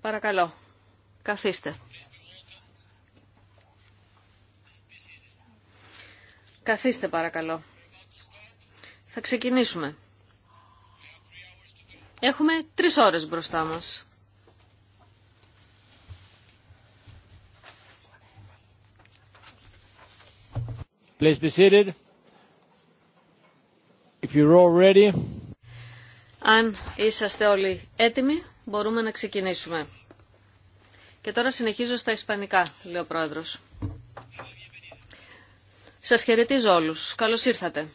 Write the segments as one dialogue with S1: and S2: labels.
S1: Παρακαλώ, καθίστε. Καθίστε παρακαλώ. Θα ξεκινήσουμε. Έχουμε τρεις ώρες μπροστά μας.
S2: Please be seated. If you're all ready.
S1: Αν είσαστε όλοι έτοιμοι, μπορούμε να ξεκινήσουμε. Και τώρα συνεχίζω στα ισπανικά, λέει ο πρόεδρος. Σας χαιρετίζω όλους. Καλώς ήρθατε.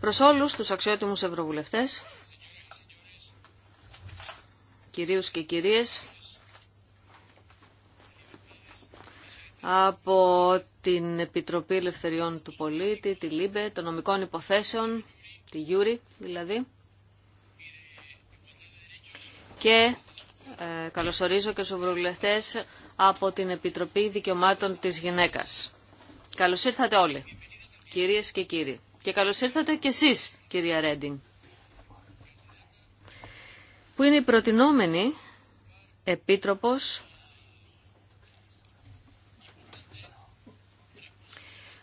S1: Προς όλους τους αξιότιμους ευρωβουλευτές, κυρίους και κυρίες, από την Επιτροπή Ελευθεριών του Πολίτη, τη ΛΥΜΠΕ, των νομικών υποθέσεων, τη Γιούρη δηλαδή. Και ε, καλωσορίζω και στους ευρωβουλευτές από την Επιτροπή Δικαιωμάτων της Γυναίκας. Καλώς ήρθατε όλοι, κυρίες και κύριοι. Και καλώς ήρθατε και εσείς, κυρία Ρέντιν. Που είναι η προτινόμενη Επίτροπος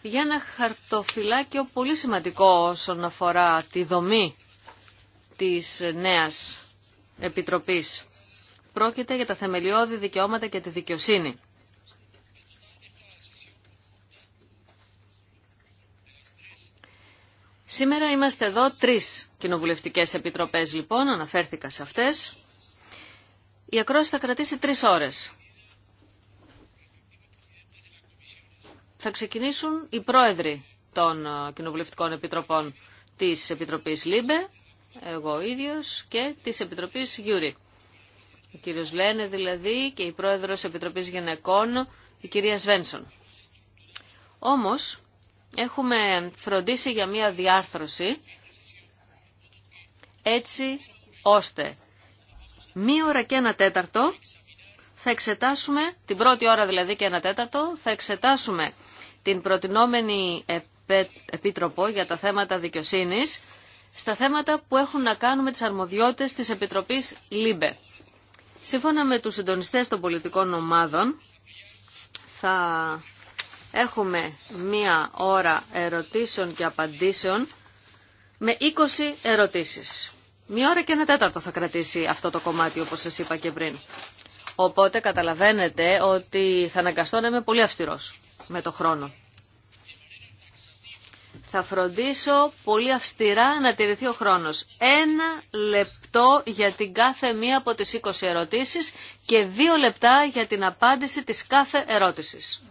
S1: για ένα χαρτοφυλάκιο πολύ σημαντικό όσον αφορά τη δομή της νέας Επιτροπής. Πρόκειται για τα θεμελιώδη δικαιώματα και τη δικαιοσύνη. Σήμερα είμαστε εδώ τρεις κοινοβουλευτικές επιτροπές λοιπόν, αναφέρθηκα σε αυτές. Η ακρόαση θα κρατήσει τρεις ώρες. θα ξεκινήσουν οι πρόεδροι των ε, Κοινοβουλευτικών Επιτροπών της Επιτροπής ΛΥΜΠΕ, εγώ ίδιος, και της Επιτροπής Γιούρη. Ο κύριος Λένε δηλαδή και η πρόεδρος Επιτροπής Γυναικών, η κυρία Σβένσον. Όμως, έχουμε φροντίσει για μια διάρθρωση έτσι ώστε μία ώρα και ένα τέταρτο θα εξετάσουμε, την πρώτη ώρα δηλαδή και ένα τέταρτο, θα εξετάσουμε την προτινόμενη Επίτροπο για τα θέματα δικαιοσύνης στα θέματα που έχουν να κάνουν με τις αρμοδιότητες της Επιτροπής ΛΥΜΠΕ. Σύμφωνα με τους συντονιστές των πολιτικών ομάδων θα έχουμε μία ώρα ερωτήσεων και απαντήσεων με 20 ερωτήσεις. Μία ώρα και ένα τέταρτο θα κρατήσει αυτό το κομμάτι όπως σας είπα και πριν. Οπότε καταλαβαίνετε ότι θα αναγκαστώ πολύ αυστηρός με το χρόνο. Θα φροντίσω πολύ αυστηρά να τηρηθεί ο χρόνος. Ένα λεπτό για την κάθε μία από τις 20 ερωτήσεις και δύο λεπτά για την απάντηση της κάθε ερώτησης.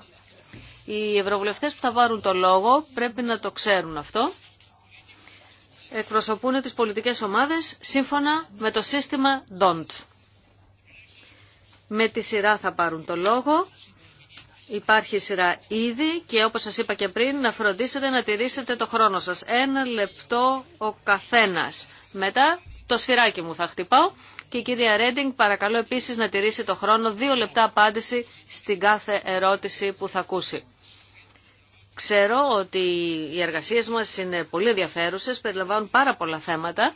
S1: Οι ευρωβουλευτές που θα πάρουν το λόγο πρέπει να το ξέρουν αυτό. Εκπροσωπούν τις πολιτικές ομάδες σύμφωνα με το σύστημα DONT. Με τη σειρά θα πάρουν το λόγο Υπάρχει σειρά ήδη και όπως σας είπα και πριν να φροντίσετε να τηρήσετε το χρόνο σας. Ένα λεπτό ο καθένας. Μετά το σφυράκι μου θα χτυπάω και η κυρία Ρέντινγκ παρακαλώ επίσης να τηρήσει το χρόνο δύο λεπτά απάντηση στην κάθε ερώτηση που θα ακούσει. Ξέρω ότι οι εργασίες μας είναι πολύ ενδιαφέρουσες, περιλαμβάνουν πάρα πολλά θέματα.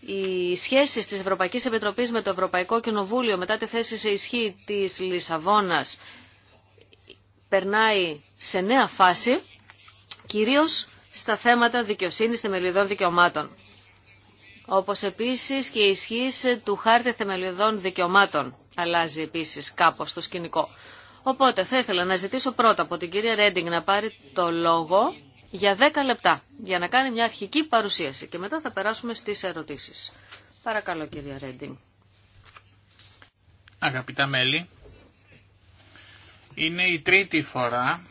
S1: Οι σχέσεις της Ευρωπαϊκής Επιτροπής με το Ευρωπαϊκό Κοινοβούλιο μετά τη θέση σε ισχύ της Λισαβόνας περνάει σε νέα φάση, κυρίως στα θέματα δικαιοσύνης θεμελιωδών δικαιωμάτων. Όπως επίσης και η ισχύ του χάρτη θεμελιωδών δικαιωμάτων αλλάζει επίσης κάπως το σκηνικό. Οπότε θα ήθελα να ζητήσω πρώτα από την κυρία Ρέντινγκ να πάρει το λόγο για 10 λεπτά για να κάνει μια αρχική παρουσίαση και μετά θα περάσουμε στις ερωτήσεις. Παρακαλώ κυρία
S2: Ρέντινγκ. Αγαπητά μέλη, είναι η τρίτη φορά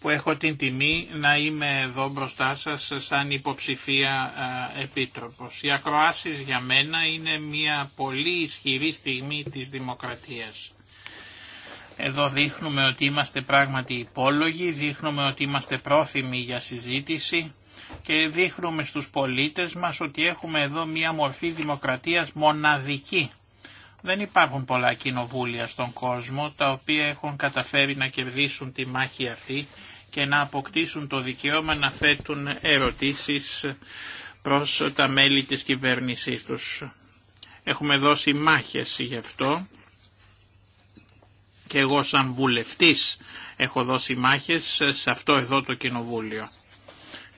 S2: που έχω την τιμή να είμαι εδώ μπροστά σας σαν υποψηφία επίτροπος. Οι ακροάσεις για μένα είναι μια πολύ ισχυρή στιγμή της δημοκρατίας. Εδώ δείχνουμε ότι είμαστε πράγματι υπόλογοι, δείχνουμε ότι είμαστε πρόθυμοι για συζήτηση και δείχνουμε στους πολίτες μας ότι έχουμε εδώ μια μορφή δημοκρατίας μοναδική δεν υπάρχουν πολλά κοινοβούλια στον κόσμο τα οποία έχουν καταφέρει να κερδίσουν τη μάχη αυτή και να αποκτήσουν το δικαίωμα να θέτουν ερωτήσεις προς τα μέλη της κυβέρνησής τους. Έχουμε δώσει μάχες γι' αυτό και εγώ σαν βουλευτής έχω δώσει μάχες σε αυτό εδώ το κοινοβούλιο.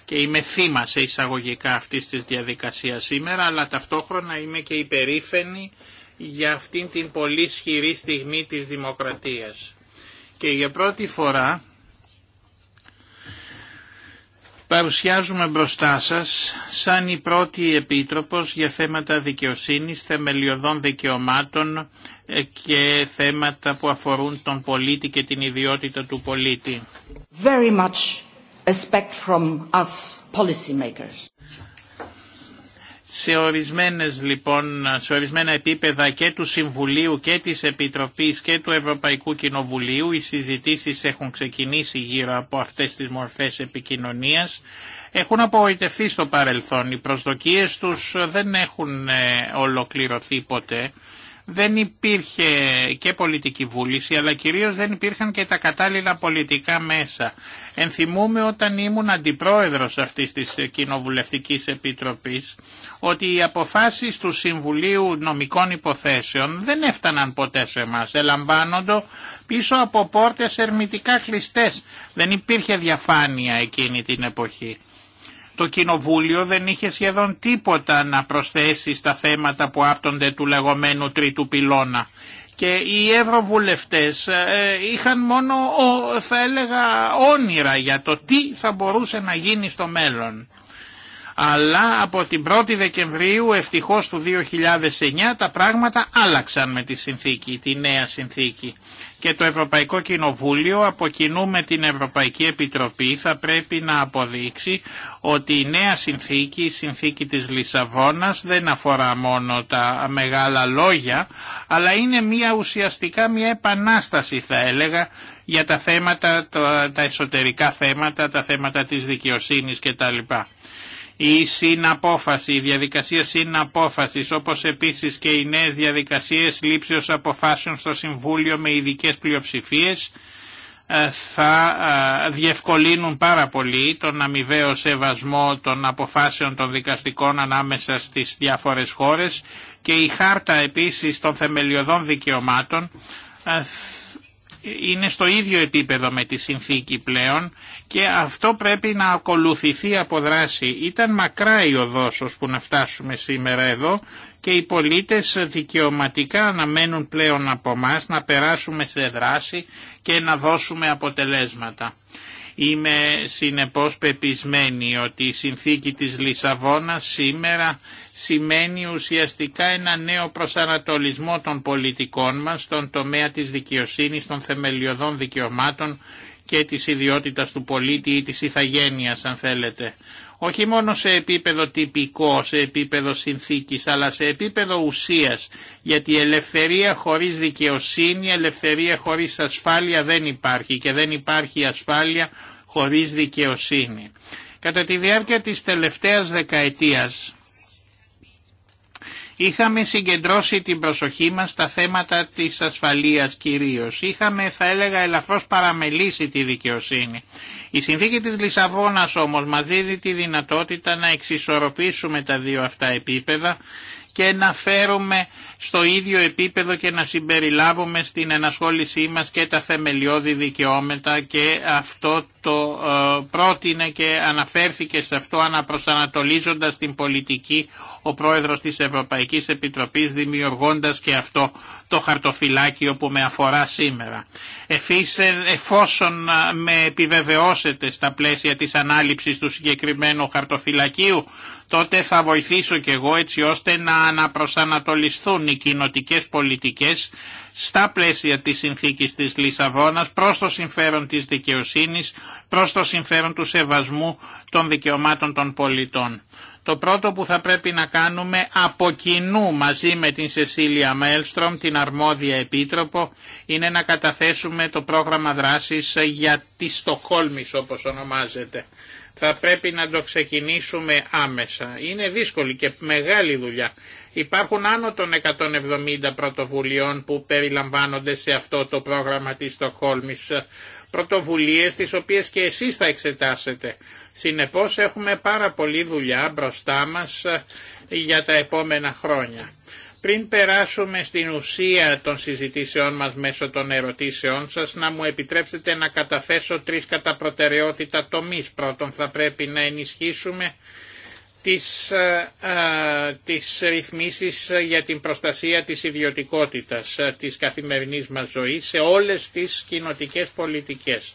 S2: Και είμαι θύμα σε εισαγωγικά αυτής της διαδικασίας σήμερα, αλλά ταυτόχρονα είμαι και υπερήφανη για αυτήν την πολύ σχηρή στιγμή της δημοκρατίας. Και για πρώτη φορά παρουσιάζουμε μπροστά σας σαν η πρώτη επίτροπος για θέματα δικαιοσύνης, θεμελιωδών δικαιωμάτων και θέματα που αφορούν τον πολίτη και την ιδιότητα του πολίτη. Σε, ορισμένες, λοιπόν, σε ορισμένα επίπεδα και του Συμβουλίου και της Επιτροπής και του Ευρωπαϊκού Κοινοβουλίου οι συζητήσεις έχουν ξεκινήσει γύρω από αυτές τις μορφές επικοινωνίας. Έχουν απογοητευτεί στο παρελθόν. Οι προσδοκίες τους δεν έχουν ε, ολοκληρωθεί ποτέ δεν υπήρχε και πολιτική βούληση αλλά κυρίως δεν υπήρχαν και τα κατάλληλα πολιτικά μέσα. Ενθυμούμε όταν ήμουν αντιπρόεδρος αυτής της Κοινοβουλευτικής Επιτροπής ότι οι αποφάσεις του Συμβουλίου Νομικών Υποθέσεων δεν έφταναν ποτέ σε εμάς, ελαμβάνοντο πίσω από πόρτες ερμητικά κλειστές. Δεν υπήρχε διαφάνεια εκείνη την εποχή το Κοινοβούλιο δεν είχε σχεδόν τίποτα να προσθέσει στα θέματα που άπτονται του λεγόμενου τρίτου πυλώνα. Και οι ευρωβουλευτές ε, είχαν μόνο, θα έλεγα, όνειρα για το τι θα μπορούσε να γίνει στο μέλλον. Αλλά από την 1η Δεκεμβρίου ευτυχώς του 2009 τα πράγματα άλλαξαν με τη συνθήκη, τη νέα συνθήκη και το Ευρωπαϊκό Κοινοβούλιο από κοινού με την Ευρωπαϊκή Επιτροπή θα πρέπει να αποδείξει ότι η νέα συνθήκη, η συνθήκη της Λισαβόνας δεν αφορά μόνο τα μεγάλα λόγια αλλά είναι μια ουσιαστικά μια επανάσταση θα έλεγα για τα θέματα, τα εσωτερικά θέματα, τα θέματα της δικαιοσύνης κτλ η συναπόφαση, η διαδικασία συναπόφασης, όπως επίσης και οι νέες διαδικασίες λήψεως αποφάσεων στο Συμβούλιο με ειδικέ πλειοψηφίες, ε, θα ε, διευκολύνουν πάρα πολύ τον αμοιβαίο σεβασμό των αποφάσεων των δικαστικών ανάμεσα στις διάφορες χώρες και η χάρτα επίσης των θεμελιωδών δικαιωμάτων ε, είναι στο ίδιο επίπεδο με τη συνθήκη πλέον και αυτό πρέπει να ακολουθηθεί από δράση. Ήταν μακρά η οδός που να φτάσουμε σήμερα εδώ και οι πολίτες δικαιωματικά αναμένουν πλέον από μας να περάσουμε σε δράση και να δώσουμε αποτελέσματα. Είμαι συνεπώς πεπισμένη ότι η συνθήκη της Λισαβόνας σήμερα σημαίνει ουσιαστικά ένα νέο προσανατολισμό των πολιτικών μας στον τομέα της δικαιοσύνης, των θεμελιωδών δικαιωμάτων και της ιδιότητας του πολίτη ή της ηθαγένειας αν θέλετε όχι μόνο σε επίπεδο τυπικό, σε επίπεδο συνθήκης, αλλά σε επίπεδο ουσίας, γιατί η ελευθερία χωρίς δικαιοσύνη, η ελευθερία χωρίς ασφάλεια δεν υπάρχει και δεν υπάρχει ασφάλεια χωρίς δικαιοσύνη. Κατά τη διάρκεια της τελευταίας δεκαετίας Είχαμε συγκεντρώσει την προσοχή μας στα θέματα της ασφαλείας κυρίως. Είχαμε, θα έλεγα, ελαφρώς παραμελήσει τη δικαιοσύνη. Η συνθήκη της Λισαβόνας όμως μας δίδει τη δυνατότητα να εξισορροπήσουμε τα δύο αυτά επίπεδα και να φέρουμε στο ίδιο επίπεδο και να συμπεριλάβουμε στην ενασχόλησή μας και τα θεμελιώδη δικαιώματα και αυτό το ε, πρότεινε και αναφέρθηκε σε αυτό αναπροσανατολίζοντας την πολιτική ο πρόεδρος της Ευρωπαϊκής Επιτροπής δημιουργώντας και αυτό το χαρτοφυλάκιο που με αφορά σήμερα. εφόσον με επιβεβαιώσετε στα πλαίσια της ανάληψης του συγκεκριμένου χαρτοφυλακίου, τότε θα βοηθήσω και εγώ έτσι ώστε να αναπροσανατολισθούν οι κοινοτικές πολιτικές στα πλαίσια της συνθήκης της Λισαβόνας προς το συμφέρον της δικαιοσύνης, προς το συμφέρον του σεβασμού των δικαιωμάτων των πολιτών. Το πρώτο που θα πρέπει να κάνουμε από κοινού μαζί με την Σεσίλια Μέλστρομ, την αρμόδια επίτροπο, είναι να καταθέσουμε το πρόγραμμα δράσης για τη Στοχόλμης όπως ονομάζεται θα πρέπει να το ξεκινήσουμε άμεσα. Είναι δύσκολη και μεγάλη δουλειά. Υπάρχουν άνω των 170 πρωτοβουλειών που περιλαμβάνονται σε αυτό το πρόγραμμα της Στοκχόλμης. Πρωτοβουλίες τις οποίες και εσείς θα εξετάσετε. Συνεπώς έχουμε πάρα πολλή δουλειά μπροστά μας ε, για τα επόμενα χρόνια. Πριν περάσουμε στην ουσία των συζητήσεών μας μέσω των ερωτήσεών σας, να μου επιτρέψετε να καταθέσω τρεις κατά προτεραιότητα τομείς. Πρώτον, θα πρέπει να ενισχύσουμε τις, α, ε, ε, τις ρυθμίσεις για την προστασία της ιδιωτικότητας ε, της καθημερινής μας ζωής σε όλες τις κοινοτικές πολιτικές.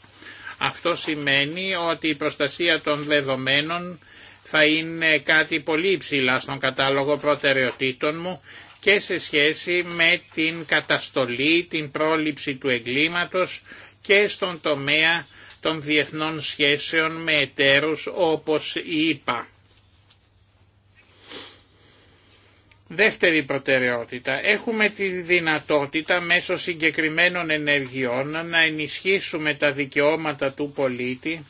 S2: Αυτό σημαίνει ότι η προστασία των δεδομένων θα είναι κάτι πολύ υψηλά στον κατάλογο προτεραιοτήτων μου και σε σχέση με την καταστολή, την πρόληψη του εγκλήματος και στον τομέα των διεθνών σχέσεων με εταίρους όπως είπα. Δεύτερη προτεραιότητα. Έχουμε τη δυνατότητα μέσω συγκεκριμένων ενεργειών να ενισχύσουμε τα δικαιώματα του πολίτη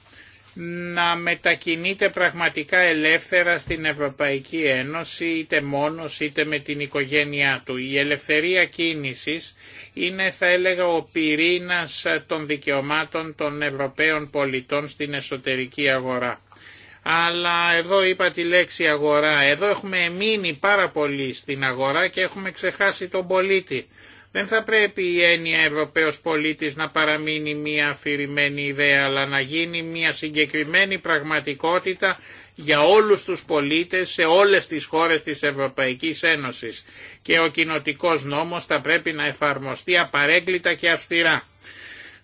S2: να μετακινείται πραγματικά ελεύθερα στην Ευρωπαϊκή Ένωση είτε μόνος είτε με την οικογένειά του. Η ελευθερία κίνησης είναι θα έλεγα ο πυρήνας των δικαιωμάτων των Ευρωπαίων πολιτών στην εσωτερική αγορά. Αλλά εδώ είπα τη λέξη αγορά. Εδώ έχουμε μείνει πάρα πολύ στην αγορά και έχουμε ξεχάσει τον πολίτη. Δεν θα πρέπει η έννοια Ευρωπαίος πολίτης να παραμείνει μια αφηρημένη ιδέα, αλλά να γίνει μια συγκεκριμένη πραγματικότητα για όλους τους πολίτες σε όλες τις χώρες της Ευρωπαϊκής Ένωσης και ο κοινοτικό νόμος θα πρέπει να εφαρμοστεί απαρέγκλιτα και αυστηρά.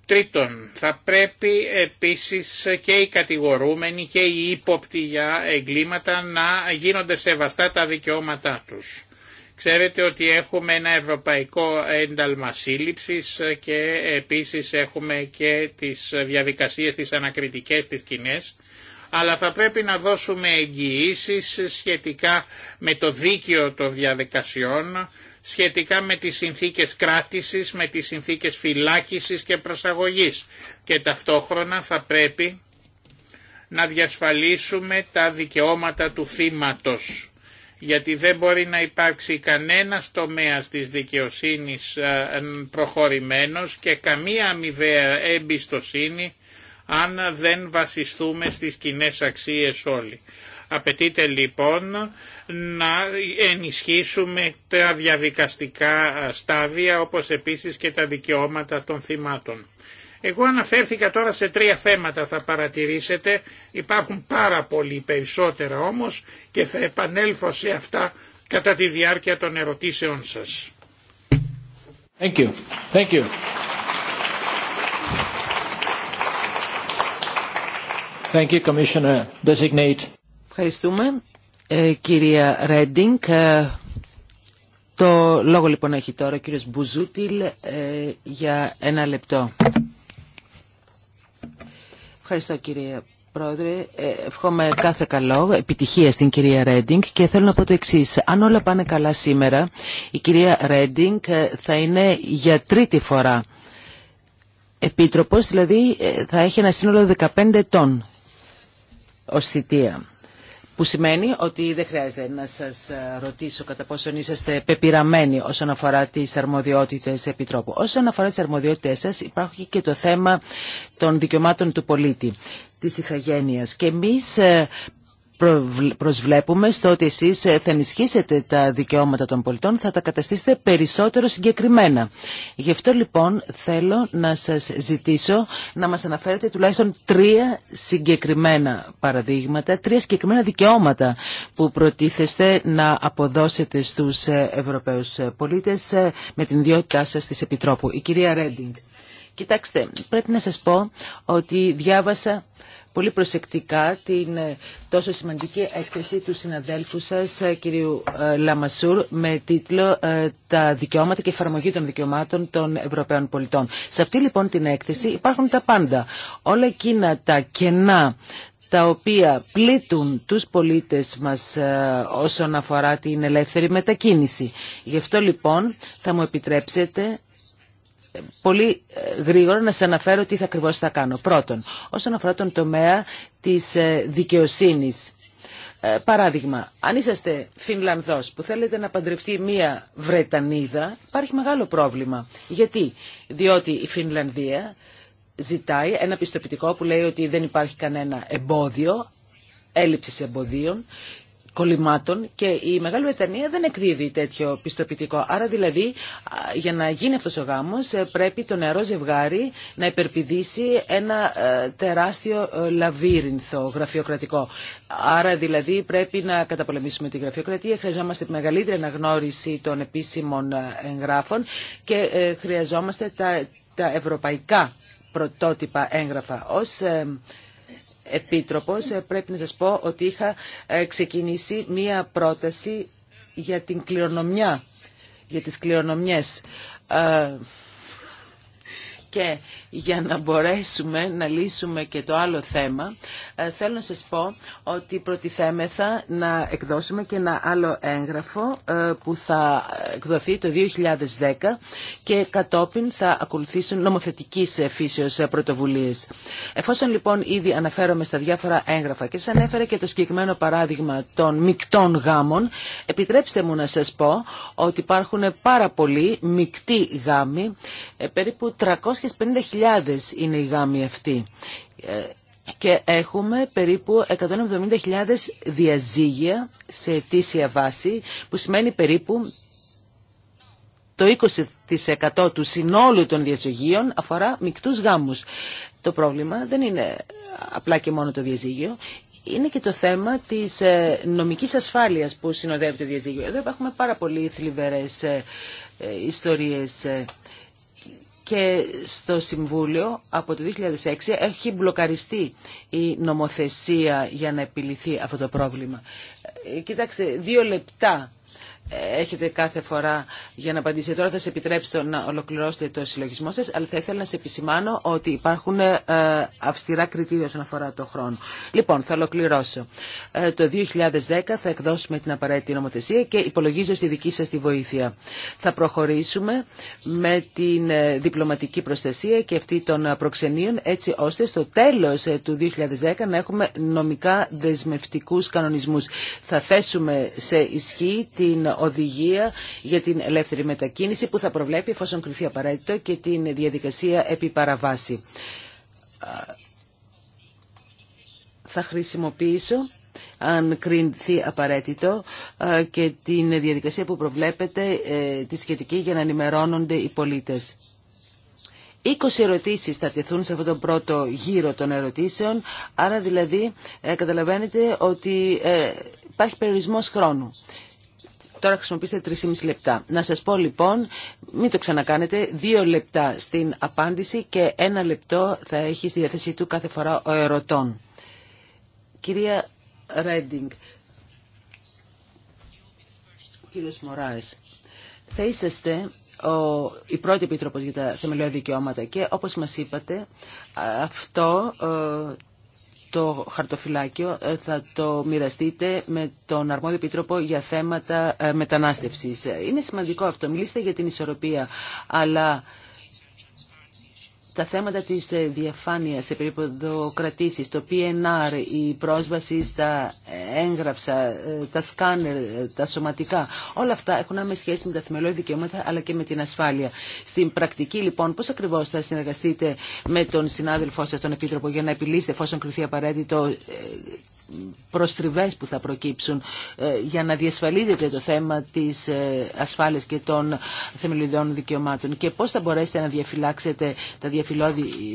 S2: Τρίτον, θα πρέπει επίσης και οι κατηγορούμενοι και οι ύποπτοι για εγκλήματα να γίνονται σεβαστά τα δικαιώματά τους. Ξέρετε ότι έχουμε ένα ευρωπαϊκό ένταλμα σύλληψης και επίσης έχουμε και τις διαδικασίες τις ανακριτικές της κοινέ, αλλά θα πρέπει να δώσουμε εγγυήσει σχετικά με το δίκαιο των διαδικασιών, σχετικά με τις συνθήκες κράτησης, με τις συνθήκες φυλάκισης και προσαγωγής και ταυτόχρονα θα πρέπει να διασφαλίσουμε τα δικαιώματα του θύματος γιατί δεν μπορεί να υπάρξει κανένας τομέας της δικαιοσύνης ε, προχωρημένος και καμία αμοιβαία εμπιστοσύνη αν δεν βασιστούμε στις κοινέ αξίες όλοι. Απαιτείται λοιπόν να ενισχύσουμε τα διαδικαστικά στάδια όπως επίσης και τα δικαιώματα των θυμάτων. Εγώ αναφέρθηκα τώρα σε τρία θέματα θα παρατηρήσετε, υπάρχουν πάρα πολύ περισσότερα όμως και θα επανέλθω σε αυτά κατά τη διάρκεια των ερωτήσεών σας. Thank you. Thank you.
S3: Thank you, Ευχαριστούμε. Ε, κυρία Ρέντινγκ, ε, το λόγο λοιπόν έχει τώρα ο κύριος Μπουζούτιλ ε, για ένα λεπτό. Ευχαριστώ κύριε Πρόεδρε, ε, ευχόμαι κάθε καλό, επιτυχία στην κυρία Ρέντινγκ και θέλω να πω το εξή. Αν όλα πάνε καλά σήμερα, η κυρία Ρέντινγκ ε, θα είναι για τρίτη φορά επίτροπος, δηλαδή ε, θα έχει ένα σύνολο 15 ετών ως θητεία. Που σημαίνει ότι δεν χρειάζεται να σας ε, ρωτήσω κατά πόσον είσαστε πεπειραμένοι όσον αφορά τις αρμοδιότητες επιτρόπου. Όσον αφορά τις αρμοδιότητες σας υπάρχει και το θέμα των δικαιωμάτων του πολίτη της ηθαγένειας. Και εμείς ε, προσβλέπουμε στο ότι εσείς ε, θα ενισχύσετε τα δικαιώματα των πολιτών, θα τα καταστήσετε περισσότερο συγκεκριμένα. Γι' αυτό λοιπόν θέλω να σας ζητήσω να μας αναφέρετε τουλάχιστον τρία συγκεκριμένα παραδείγματα, τρία συγκεκριμένα δικαιώματα που προτίθεστε να αποδώσετε στους ε, Ευρωπαίους ε, πολίτες με την ιδιότητά σας της Επιτρόπου. Η κυρία Ρέντινγκ. Κοιτάξτε, πρέπει να σας πω ότι διάβασα πολύ προσεκτικά την ε, τόσο σημαντική έκθεση του συναδέλφου σας, ε, κυρίου ε, Λαμασούρ, με τίτλο «Τα δικαιώματα και εφαρμογή των δικαιωμάτων των Ευρωπαίων πολιτών». Σε αυτή λοιπόν την έκθεση υπάρχουν τα πάντα. Όλα εκείνα τα κενά, τα οποία πλήττουν τους πολίτες μας όσον αφορά την ελεύθερη μετακίνηση. Γι' αυτό λοιπόν θα μου επιτρέψετε πολύ ε, γρήγορα να σας αναφέρω τι θα ακριβώς θα κάνω. Πρώτον, όσον αφορά τον τομέα της ε, δικαιοσύνης. Ε, παράδειγμα, αν είσαστε Φινλανδός που θέλετε να παντρευτεί μία Βρετανίδα, υπάρχει μεγάλο πρόβλημα. Γιατί, διότι η Φινλανδία ζητάει ένα πιστοποιητικό που λέει ότι δεν υπάρχει κανένα εμπόδιο, έλλειψης εμποδίων κολλημάτων και η Μεγάλη Βρετανία δεν εκδίδει τέτοιο πιστοποιητικό. Άρα δηλαδή για να γίνει αυτός ο γάμος ε, πρέπει το νεαρό ζευγάρι να υπερπηδήσει ένα ε, τεράστιο ε, λαβύρινθο γραφειοκρατικό. Άρα δηλαδή πρέπει να καταπολεμήσουμε τη γραφειοκρατία, χρειαζόμαστε μεγαλύτερη αναγνώριση των επίσημων εγγράφων και χρειαζόμαστε τα, τα ευρωπαϊκά πρωτότυπα έγγραφα. Ως Επίτροπος, ε, πρέπει να σας πω ότι είχα ε, ξεκινήσει μία πρόταση για την κληρονομιά, για τις κληρονομιές. Ε, για να μπορέσουμε να λύσουμε και το άλλο θέμα, ε, θέλω να σας πω ότι προτιθέμεθα να εκδώσουμε και ένα άλλο έγγραφο ε, που θα εκδοθεί το 2010 και κατόπιν θα ακολουθήσουν νομοθετικής φύσεως ε, πρωτοβουλίες. Εφόσον λοιπόν ήδη αναφέρομαι στα διάφορα έγγραφα και σας ανέφερα και το συγκεκριμένο παράδειγμα των μεικτών γάμων, επιτρέψτε μου να σας πω ότι υπάρχουν πάρα πολλοί μεικτοί γάμοι, περίπου είναι οι γάμοι αυτοί ε, και έχουμε περίπου 170.000 διαζύγια σε αιτήσια βάση που σημαίνει περίπου το 20% του συνόλου των διαζυγίων αφορά μικτούς γάμους. Το πρόβλημα δεν είναι απλά και μόνο το διαζύγιο, είναι και το θέμα της ε, νομικής ασφάλειας που συνοδεύει το διαζύγιο. Εδώ έχουμε πάρα πολύ θλιβερές ε, ιστορίες και στο Συμβούλιο από το 2006 έχει μπλοκαριστεί η νομοθεσία για να επιληθεί αυτό το πρόβλημα. Ε, κοιτάξτε, δύο λεπτά έχετε κάθε φορά για να απαντήσετε. Τώρα θα σε επιτρέψετε να ολοκληρώσετε το συλλογισμό σας, αλλά θα ήθελα να σε επισημάνω ότι υπάρχουν ε, αυστηρά κριτήρια όσον αφορά το χρόνο. Λοιπόν, θα ολοκληρώσω. Ε, το 2010 θα εκδώσουμε την απαραίτητη νομοθεσία και υπολογίζω στη δική σας τη βοήθεια. Θα προχωρήσουμε με την ε, διπλωματική προστασία και αυτή των προξενείων, έτσι ώστε στο τέλος του 2010 να έχουμε νομικά δεσμευτικούς κανονισμούς. Θα θέσουμε σε ισχύ την οδηγία για την ελεύθερη μετακίνηση που θα προβλέπει, εφόσον κρυθεί απαραίτητο, και την διαδικασία επί παραβάση. Θα χρησιμοποιήσω αν κρίνθει απαραίτητο και την διαδικασία που προβλέπεται ε, τη σχετική για να ενημερώνονται οι πολίτες. 20 ερωτήσεις θα τεθούν σε αυτόν τον πρώτο γύρο των ερωτήσεων, άρα δηλαδή ε, καταλαβαίνετε ότι ε, υπάρχει περιορισμός χρόνου. Τώρα χρησιμοποιήστε 3,5 λεπτά. Να σας πω λοιπόν, μην το ξανακάνετε, δύο λεπτά στην απάντηση και ένα λεπτό θα έχει στη διαθέσή του κάθε φορά ο ερωτών. Κυρία Ρέντινγκ, κύριος Μωράες, θα είσαστε ο, η πρώτη επίτροπος για τα θεμελιώδη δικαιώματα και όπως μας είπατε αυτό ε, το χαρτοφυλάκιο ε, θα το μοιραστείτε με τον αρμόδιο επιτρόπο για θέματα ε, μετανάστευσης. Ε, είναι σημαντικό αυτό. Μιλήστε για την ισορροπία, αλλά τα θέματα της ε, διαφάνειας σε περίπτωση κρατήσεις, το PNR, η πρόσβαση στα έγγραψα, ε, τα σκάνερ, ε, τα σωματικά, όλα αυτά έχουν άμεση σχέση με τα θεμελιώδη δικαιώματα αλλά και με την ασφάλεια. Στην πρακτική λοιπόν πώς ακριβώς θα συνεργαστείτε με τον συνάδελφό σας, τον Επίτροπο, για να επιλύσετε εφόσον κρυθεί απαραίτητο προστριβές που θα προκύψουν για να διασφαλίζεται το θέμα της ασφάλειας και των θεμελιωδών δικαιωμάτων και πώς θα μπορέσετε να διαφυλάξετε τα διαφυλάξετε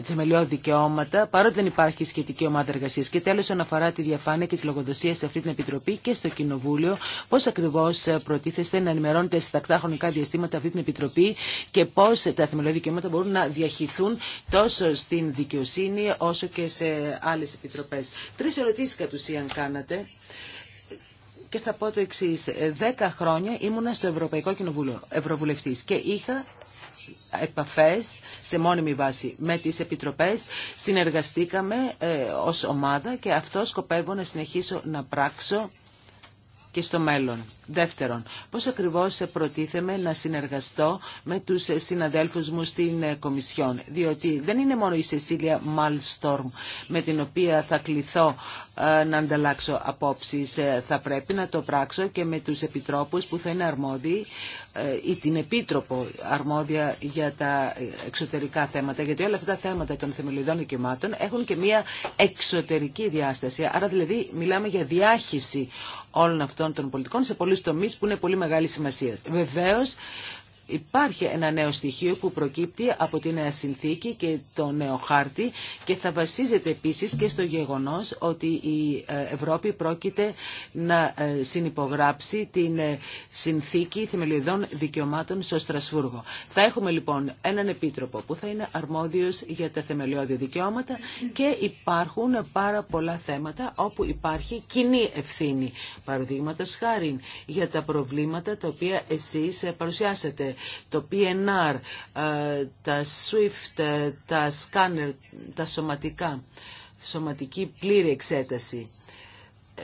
S3: θεμελιώδη δικαιώματα, παρότι δεν υπάρχει σχετική ομάδα εργασία. Και τέλο, όσον αφορά τη διαφάνεια και τη λογοδοσία σε αυτή την Επιτροπή και στο Κοινοβούλιο, πώ ακριβώ ε, προτίθεστε να ενημερώνετε σε τακτά χρονικά διαστήματα αυτή την Επιτροπή και πώ τα θεμελιώδη δικαιώματα μπορούν να διαχυθούν τόσο στην δικαιοσύνη όσο και σε άλλε επιτροπέ. Τρει ερωτήσει κατ' ουσίαν κάνατε και θα πω το εξή. Δέκα χρόνια ήμουνα στο Ευρωπαϊκό Κοινοβούλιο Ευρωβουλευτή και είχα επαφές σε μόνιμη βάση με τις επιτροπές. Συνεργαστήκαμε ε, ως ομάδα και αυτό σκοπεύω να συνεχίσω να πράξω και στο μέλλον. Δεύτερον, πώς ακριβώς προτίθεμαι να συνεργαστώ με τους συναδέλφους μου στην ε, Κομισιόν, διότι δεν είναι μόνο η Σεσίλια Μάλστορμ με την οποία θα κληθώ ε, να ανταλλάξω απόψεις. Θα πρέπει να το πράξω και με τους επιτρόπους που θα είναι αρμόδιοι ε, ή την Επίτροπο αρμόδια για τα εξωτερικά θέματα, γιατί όλα αυτά τα θέματα των θεμελιδών δικαιωμάτων έχουν και μία εξωτερική διάσταση. Άρα δηλαδή μιλάμε για διάχυση όλων αυτών των πολιτικών σε πολλού τομεί που είναι πολύ μεγάλη σημασία. Βεβαίως υπάρχει ένα νέο στοιχείο που προκύπτει από τη νέα συνθήκη και το νέο χάρτη και θα βασίζεται επίσης και στο γεγονός ότι η ε, Ευρώπη πρόκειται να ε, συνυπογράψει την ε, συνθήκη θεμελιωδών δικαιωμάτων στο Στρασβούργο. Θα έχουμε λοιπόν έναν επίτροπο που θα είναι αρμόδιος για τα θεμελιώδη δικαιώματα και υπάρχουν πάρα πολλά θέματα όπου υπάρχει κοινή ευθύνη. Παραδείγματο χάρη για τα προβλήματα τα οποία εσείς παρουσιάσατε το PNR, ε, τα SWIFT, ε, τα σκάνερ, τα σωματικά, σωματική πλήρη εξέταση. Ε,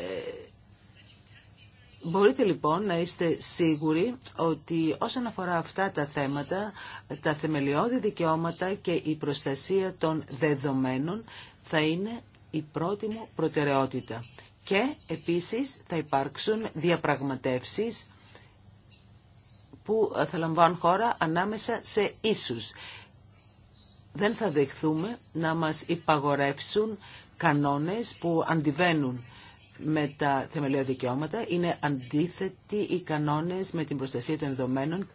S3: μπορείτε λοιπόν να είστε σίγουροι ότι όσον αφορά αυτά τα θέματα, τα θεμελιώδη δικαιώματα και η προστασία των δεδομένων θα είναι η πρώτη μου προτεραιότητα. Και επίσης θα υπάρξουν διαπραγματεύσεις που θα λαμβάνουν χώρα ανάμεσα σε ίσους. Δεν θα δεχθούμε να μας υπαγορεύσουν κανόνες που αντιβαίνουν με τα θεμελιώδη δικαιώματα. Είναι αντίθετοι οι κανόνες με την προστασία των δεδομένων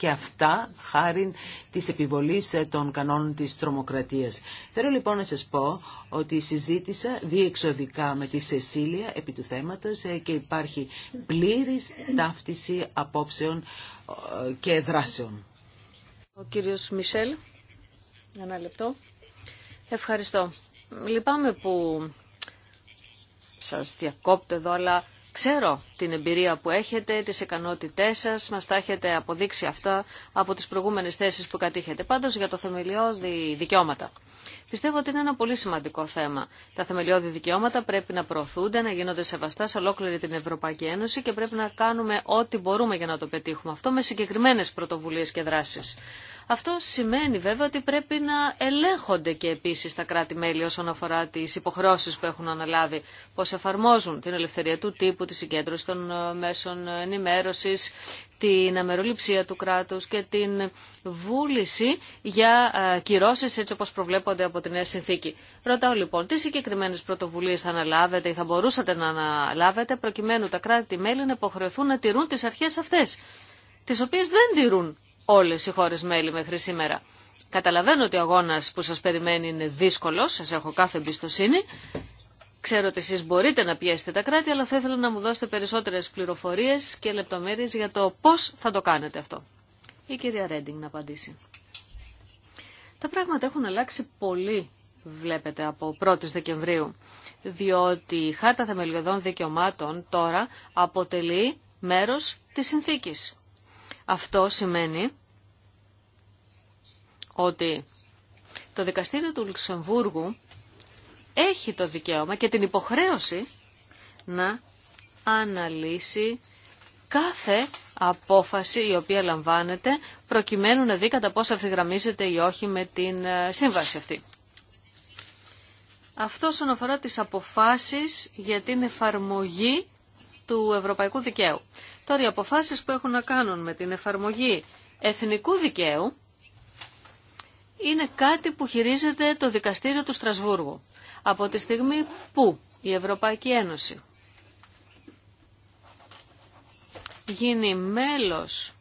S3: και αυτά χάρη της επιβολής ε, των κανόνων της τρομοκρατίας. Θέλω λοιπόν να σας πω ότι συζήτησα διεξοδικά με τη Σεσίλια επί του θέματος ε, και υπάρχει πλήρης ταύτιση απόψεων ε, και δράσεων.
S1: Ο κύριος Μισελ, ένα λεπτό. Ευχαριστώ. Λυπάμαι που σας διακόπτω εδώ, αλλά Ξέρω την εμπειρία που έχετε, τις ικανότητές σας, μας τα έχετε αποδείξει αυτά από τις προηγούμενες θέσεις που κατήχετε. Πάντως για το θεμελιώδη δικαιώματα. Πιστεύω ότι είναι ένα πολύ σημαντικό θέμα. Τα θεμελιώδη δικαιώματα πρέπει να προωθούνται, να γίνονται σεβαστά σε ολόκληρη την Ευρωπαϊκή Ένωση και πρέπει να κάνουμε ό,τι μπορούμε για να το πετύχουμε αυτό με συγκεκριμένες πρωτοβουλίες και δράσεις. Αυτό σημαίνει βέβαια ότι πρέπει να ελέγχονται και επίσης τα κράτη-μέλη όσον αφορά τις υποχρεώσεις που έχουν αναλάβει, πώς εφαρμόζουν την ελευθερία του τύπου, τη συγκέντρωση των ε, μέσων ενημέρωσης, την αμεροληψία του κράτους και την βούληση για ε, κυρώσεις έτσι όπως προβλέπονται από τη Νέα Συνθήκη. Ρωτάω λοιπόν, τι συγκεκριμένε πρωτοβουλίες θα αναλάβετε ή θα μπορούσατε να αναλάβετε προκειμένου τα κράτη-μέλη να υποχρεωθούν να τηρούν τις αρχές αυτές, τις οποίες δεν τηρούν όλες οι χώρες μέλη μέχρι σήμερα. Καταλαβαίνω ότι ο αγώνας που σας περιμένει είναι δύσκολος, σας έχω κάθε εμπιστοσύνη. Ξέρω ότι εσείς μπορείτε να πιέσετε τα κράτη, αλλά θα ήθελα να μου δώσετε περισσότερες πληροφορίες και λεπτομέρειες για το πώς θα το κάνετε αυτό. Η κυρία Ρέντινγκ να απαντήσει. Τα πράγματα έχουν αλλάξει πολύ, βλέπετε, από 1η Δεκεμβρίου, διότι η Χάρτα Θεμελιωδών Δικαιωμάτων τώρα αποτελεί μέρος της συνθήκης. Αυτό σημαίνει ότι το δικαστήριο του Λουξεμβούργου έχει το δικαίωμα και την υποχρέωση να αναλύσει κάθε απόφαση η οποία λαμβάνεται προκειμένου να δει κατά πόσο αυθυγραμμίζεται ή όχι με την ε, σύμβαση αυτή. Αυτό όσον αφορά τις αποφάσεις για την εφαρμογή του ευρωπαϊκού δικαίου. Τώρα οι αποφάσεις που έχουν να κάνουν με την εφαρμογή εθνικού δικαίου είναι κάτι που χειρίζεται το δικαστήριο του Στρασβούργου. Από τη στιγμή που η Ευρωπαϊκή Ένωση γίνει μέλος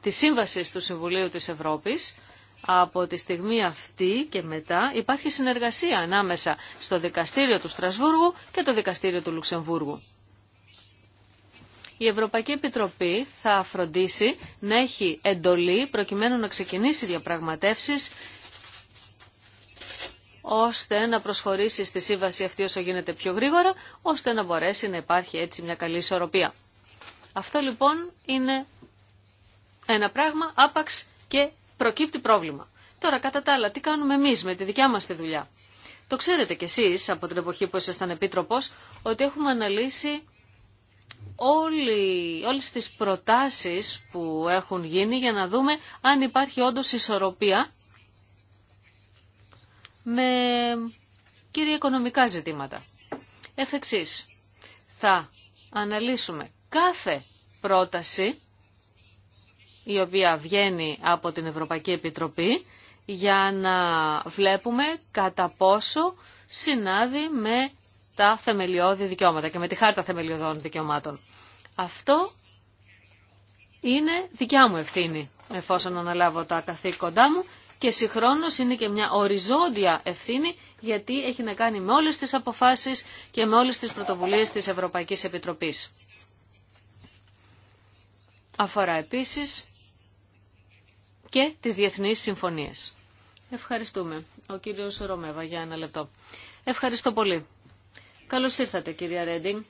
S1: της Σύμβασης του Συμβουλίου της Ευρώπης, από τη στιγμή αυτή και μετά υπάρχει συνεργασία ανάμεσα στο Δικαστήριο του Στρασβούργου και το Δικαστήριο του Λουξεμβούργου η Ευρωπαϊκή Επιτροπή θα φροντίσει να έχει εντολή προκειμένου να ξεκινήσει διαπραγματεύσεις ώστε να προσχωρήσει στη σύμβαση αυτή όσο γίνεται πιο γρήγορα, ώστε να μπορέσει να υπάρχει έτσι μια καλή ισορροπία. Αυτό λοιπόν είναι ένα πράγμα άπαξ και προκύπτει πρόβλημα. Τώρα κατά τα άλλα τι κάνουμε εμείς με τη δικιά μας τη δουλειά. Το ξέρετε κι εσείς από την εποχή που ήσασταν επίτροπος ότι έχουμε αναλύσει όλοι, όλες τις προτάσεις που έχουν γίνει για να δούμε αν υπάρχει όντως ισορροπία με κύρια οικονομικά ζητήματα. Εφ' εξής, θα αναλύσουμε κάθε πρόταση η οποία βγαίνει από την Ευρωπαϊκή Επιτροπή για να βλέπουμε κατά πόσο συνάδει με τα θεμελιώδη δικαιώματα και με τη χάρτα θεμελιωδών δικαιωμάτων. Αυτό είναι δικιά μου ευθύνη εφόσον αναλάβω τα καθήκοντά μου και συγχρόνως είναι και μια οριζόντια ευθύνη γιατί έχει να κάνει με όλες τις αποφάσεις και με όλες τις πρωτοβουλίες της Ευρωπαϊκής Επιτροπής. Αφορά επίσης και τις διεθνείς συμφωνίες. Ευχαριστούμε. Ο κύριος Ρωμέβα για ένα λεπτό. Ευχαριστώ πολύ. Καλώς ήρθατε κυρία Ρέντινγκ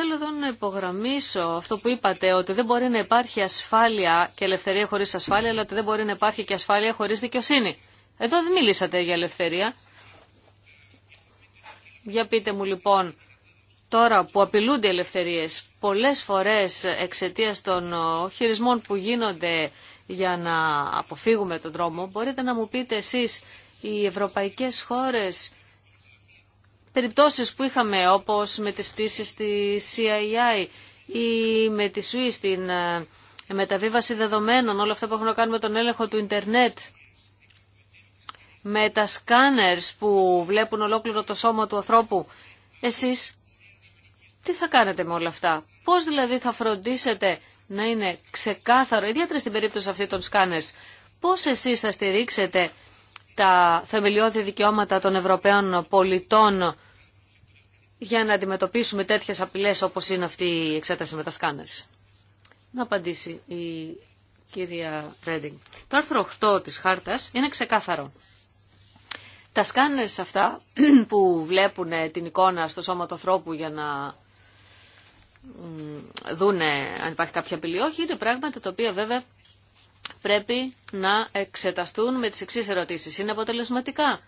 S1: θέλω εδώ να υπογραμμίσω αυτό που είπατε, ότι δεν μπορεί να υπάρχει ασφάλεια και ελευθερία χωρίς ασφάλεια, αλλά ότι δεν μπορεί να υπάρχει και ασφάλεια χωρίς δικαιοσύνη. Εδώ δεν μιλήσατε για ελευθερία. Για πείτε μου λοιπόν, τώρα που απειλούνται οι ελευθερίες, πολλές φορές εξαιτία των χειρισμών που γίνονται για να αποφύγουμε τον τρόμο, μπορείτε να μου πείτε εσείς, οι ευρωπαϊκές χώρες περιπτώσεις που είχαμε όπως με τις πτήσεις της CIA ή με τη Swiss την ε, μεταβίβαση δεδομένων, όλα αυτά που έχουν να κάνουν με τον έλεγχο του ίντερνετ, με τα σκάνερς που βλέπουν ολόκληρο το σώμα του ανθρώπου, εσείς τι θα κάνετε με όλα αυτά. Πώς δηλαδή θα φροντίσετε να είναι ξεκάθαρο, ιδιαίτερα στην περίπτωση αυτή των σκάνερς, πώς εσείς θα στηρίξετε τα θεμελιώδη δικαιώματα των Ευρωπαίων πολιτών για να αντιμετωπίσουμε τέτοιες απειλές όπως είναι αυτή η εξέταση με τα σκάνες. Να απαντήσει η κυρία Ρέντινγκ. Το άρθρο 8 της χάρτας είναι ξεκάθαρο. Τα σκάνες αυτά που βλέπουν την εικόνα στο σώμα του ανθρώπου για να δούνε αν υπάρχει κάποια απειλή, όχι, είναι πράγματα τα οποία βέβαια πρέπει να εξεταστούν με τις εξής ερωτήσεις. Είναι αποτελεσματικά.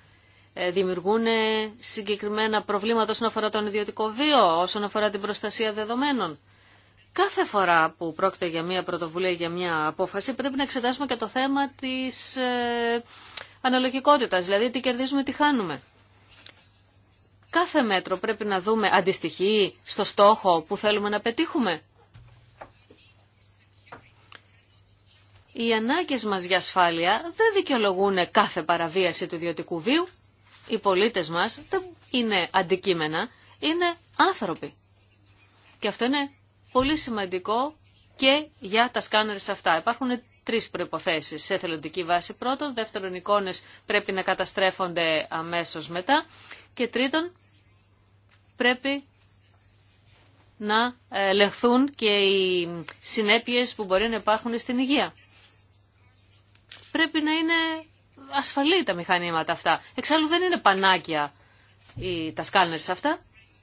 S1: Ε, δημιουργούν ε, συγκεκριμένα προβλήματα όσον αφορά τον ιδιωτικό βίο, όσον αφορά την προστασία δεδομένων. Κάθε φορά που πρόκειται για μια πρωτοβουλία, για μια απόφαση, πρέπει να εξετάσουμε και το θέμα της ε, αναλογικότητας, δηλαδή τι κερδίζουμε, τι χάνουμε. Κάθε μέτρο πρέπει να δούμε αντιστοιχεί στο στόχο που θέλουμε να πετύχουμε. οι ανάγκες μας για ασφάλεια δεν δικαιολογούν κάθε παραβίαση του ιδιωτικού βίου. Οι πολίτες μας δεν είναι αντικείμενα, είναι άνθρωποι. Και αυτό είναι πολύ σημαντικό και για τα σκάνερ αυτά. Υπάρχουν τρεις προϋποθέσεις σε θελοντική βάση. Πρώτον, δεύτερον, οι εικόνες πρέπει να καταστρέφονται αμέσως μετά. Και τρίτον, πρέπει να ελεγχθούν και οι συνέπειες που μπορεί να υπάρχουν στην υγεία πρέπει να είναι ασφαλή τα μηχανήματα αυτά. Εξάλλου δεν είναι πανάκια οι, τα σκάνερς αυτά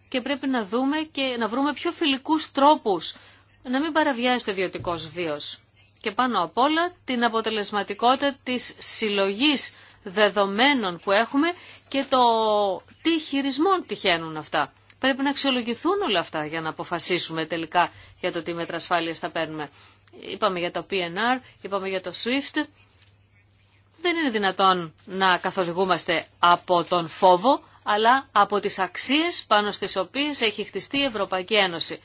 S1: και πρέπει να δούμε και να βρούμε πιο φιλικούς τρόπους να μην παραβιάζει το ιδιωτικό βίος. Και πάνω απ' όλα την αποτελεσματικότητα της συλλογής δεδομένων που έχουμε και το τι χειρισμών τυχαίνουν αυτά. Πρέπει να αξιολογηθούν όλα αυτά για να αποφασίσουμε τελικά για το τι μέτρα ασφάλειας θα παίρνουμε. Είπαμε για το PNR, είπαμε για το SWIFT δεν είναι δυνατόν να καθοδηγούμαστε από τον φόβο, αλλά από τις αξίες πάνω στις οποίες έχει χτιστεί η Ευρωπαϊκή Ένωση.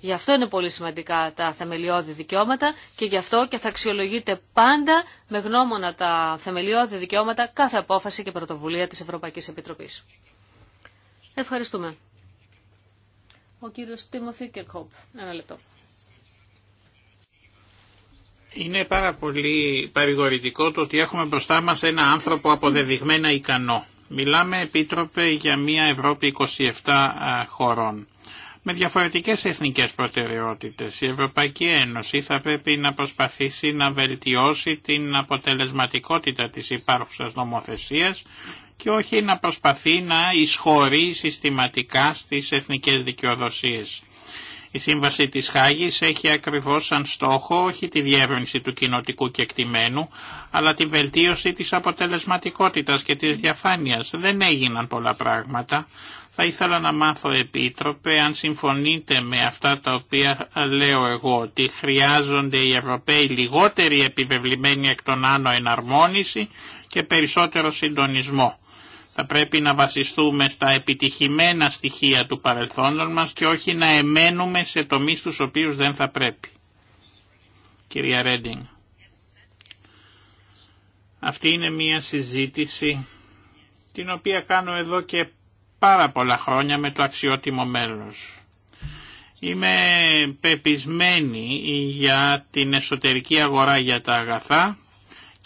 S1: Γι' αυτό είναι πολύ σημαντικά τα θεμελιώδη δικαιώματα και γι' αυτό και θα αξιολογείται πάντα με γνώμονα τα θεμελιώδη δικαιώματα κάθε απόφαση και πρωτοβουλία της Ευρωπαϊκής Επιτροπής. Ευχαριστούμε. Ο κύριος Τίμωθη Κερκόπ. Ένα λεπτό.
S2: Είναι πάρα πολύ παρηγορητικό το ότι έχουμε μπροστά μας ένα άνθρωπο αποδεδειγμένα ικανό. Μιλάμε, Επίτροπε, για μια Ευρώπη 27 χωρών. Με διαφορετικές εθνικές προτεραιότητες, η Ευρωπαϊκή Ένωση θα πρέπει να προσπαθήσει να βελτιώσει την αποτελεσματικότητα της υπάρχουσας νομοθεσίας και όχι να προσπαθεί να εισχωρεί συστηματικά στις εθνικές δικαιοδοσίες. Η Σύμβαση της Χάγης έχει ακριβώς σαν στόχο όχι τη διεύρυνση του κοινοτικού κεκτημένου, αλλά τη βελτίωση της αποτελεσματικότητας και της διαφάνειας. Δεν έγιναν πολλά πράγματα. Θα ήθελα να μάθω, Επίτροπε, αν συμφωνείτε με αυτά τα οποία λέω εγώ, ότι χρειάζονται οι Ευρωπαίοι λιγότερη επιβεβλημένη εκ των άνω εναρμόνιση και περισσότερο συντονισμό. Θα πρέπει να βασιστούμε στα επιτυχημένα στοιχεία του παρελθόντος μας και όχι να εμένουμε σε τομείς τους οποίους δεν θα πρέπει. Κυρία Ρέντινγκ. Αυτή είναι μια συζήτηση την οποία κάνω εδώ και πάρα πολλά χρόνια με το αξιότιμο μέλος. Είμαι πεπισμένη για την εσωτερική αγορά για τα αγαθά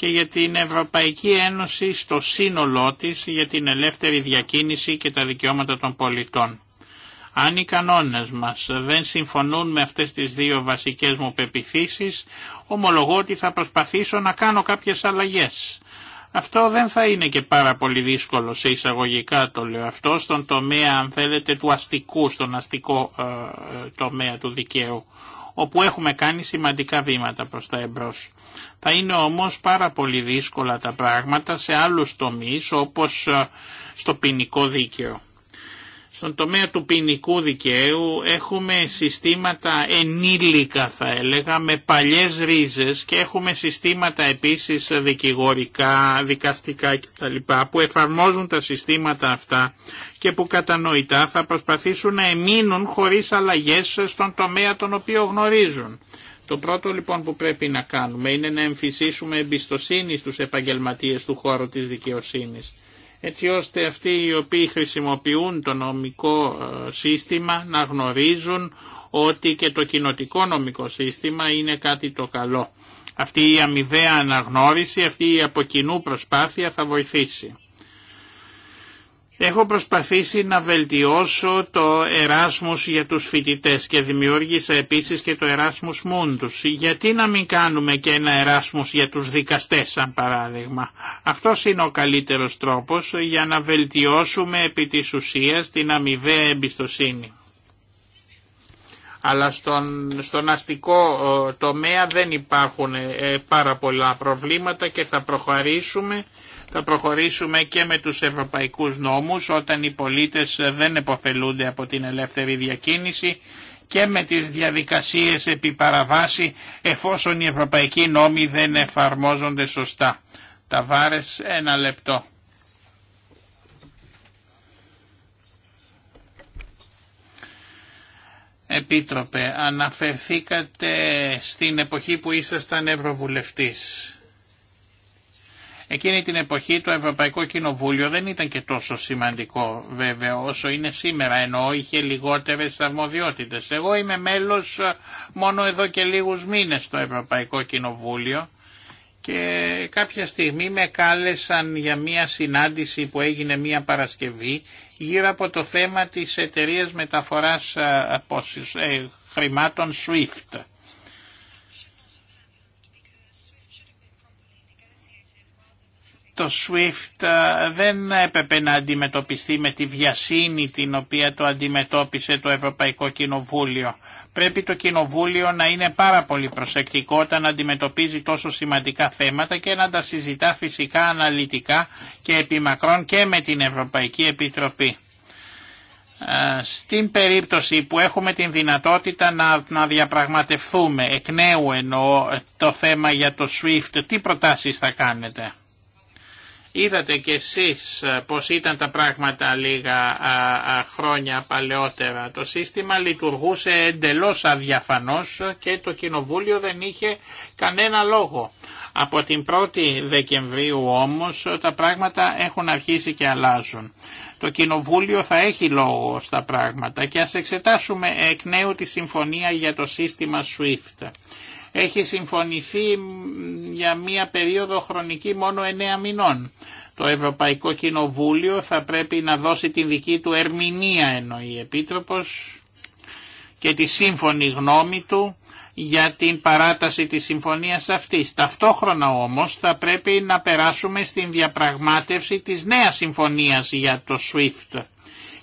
S2: και για την Ευρωπαϊκή Ένωση στο σύνολό της για την ελεύθερη διακίνηση και τα δικαιώματα των πολιτών. Αν οι κανόνες μας δεν συμφωνούν με αυτές τις δύο βασικές μου πεπιθήσεις, ομολογώ ότι θα προσπαθήσω να κάνω κάποιες αλλαγές. Αυτό δεν θα είναι και πάρα πολύ δύσκολο σε εισαγωγικά το λέω αυτό, στον τομέα αν θέλετε του αστικού, στον αστικό ε, τομέα του δικαίου όπου έχουμε κάνει σημαντικά βήματα προς τα εμπρός. Θα είναι όμως πάρα πολύ δύσκολα τα πράγματα σε άλλους τομείς όπως ε, στο ποινικό δίκαιο. Στον τομέα του ποινικού δικαίου έχουμε συστήματα ενήλικα θα έλεγα με παλιές ρίζες και έχουμε συστήματα επίσης δικηγορικά, δικαστικά κτλ. που εφαρμόζουν τα συστήματα αυτά και που κατανοητά θα προσπαθήσουν να εμείνουν χωρίς αλλαγές στον τομέα τον οποίο γνωρίζουν. Το πρώτο λοιπόν που πρέπει να κάνουμε είναι να εμφυσίσουμε εμπιστοσύνη στους επαγγελματίες του χώρου της δικαιοσύνης έτσι ώστε αυτοί οι οποίοι χρησιμοποιούν το νομικό ε, σύστημα να γνωρίζουν ότι και το κοινοτικό νομικό σύστημα είναι κάτι το καλό. Αυτή η αμοιβαία αναγνώριση, αυτή η αποκοινού προσπάθεια θα βοηθήσει. Έχω προσπαθήσει να βελτιώσω το Εράσμους για τους φοιτητές και δημιούργησα επίσης και το Εράσμους Μούντους. Γιατί να μην κάνουμε και ένα Εράσμους για τους δικαστές σαν παράδειγμα. Αυτός είναι ο καλύτερος τρόπος για να βελτιώσουμε επί της ουσίας την αμοιβαία εμπιστοσύνη. Αλλά στον, στον αστικό τομέα δεν υπάρχουν ε, πάρα πολλά προβλήματα και θα προχωρήσουμε θα προχωρήσουμε και με τους ευρωπαϊκούς νόμους όταν οι πολίτες δεν επωφελούνται από την ελεύθερη διακίνηση και με τις διαδικασίες επί παραβάση εφόσον οι ευρωπαϊκοί νόμοι δεν εφαρμόζονται σωστά. Τα βάρες ένα λεπτό. Επίτροπε, αναφερθήκατε στην εποχή που ήσασταν Ευρωβουλευτής. Εκείνη την εποχή το Ευρωπαϊκό Κοινοβούλιο δεν ήταν και τόσο σημαντικό βέβαια όσο είναι σήμερα ενώ είχε λιγότερες αρμοδιότητες. Εγώ είμαι μέλος ε, μόνο εδώ και λίγους μήνες στο Ευρωπαϊκό Κοινοβούλιο και κάποια στιγμή με κάλεσαν για μια συνάντηση που έγινε μια Παρασκευή γύρω από το θέμα της εταιρείας μεταφοράς ε, ε, χρημάτων SWIFT. το SWIFT ε, δεν έπρεπε να αντιμετωπιστεί με τη βιασύνη την οποία το αντιμετώπισε το Ευρωπαϊκό Κοινοβούλιο. Πρέπει το Κοινοβούλιο να είναι πάρα πολύ προσεκτικό όταν αντιμετωπίζει τόσο σημαντικά θέματα και να τα συζητά φυσικά αναλυτικά και επιμακρών και με την Ευρωπαϊκή Επιτροπή. Ε, στην περίπτωση που έχουμε την δυνατότητα να, να διαπραγματευτούμε εκ νέου εννοώ το θέμα για το SWIFT, τι προτάσεις θα κάνετε. Είδατε κι εσείς ε, πως ήταν τα πράγματα λίγα χρόνια παλαιότερα. Το σύστημα λειτουργούσε εντελώς αδιαφανώς και το Κοινοβούλιο δεν είχε κανένα λόγο. Από την 1η Δεκεμβρίου όμως ε, τα πράγματα έχουν αρχίσει και αλλάζουν. Το Κοινοβούλιο θα έχει λόγο στα πράγματα και ας εξετάσουμε εκ νέου τη συμφωνία για το σύστημα SWIFT έχει συμφωνηθεί για μία περίοδο χρονική μόνο 9 μηνών. Το Ευρωπαϊκό Κοινοβούλιο θα πρέπει να δώσει την δική του ερμηνεία εννοεί Επίτροπος και τη σύμφωνη γνώμη του για την παράταση της συμφωνίας αυτής. Ταυτόχρονα όμως θα πρέπει να περάσουμε στην διαπραγμάτευση της νέας συμφωνίας για το SWIFT.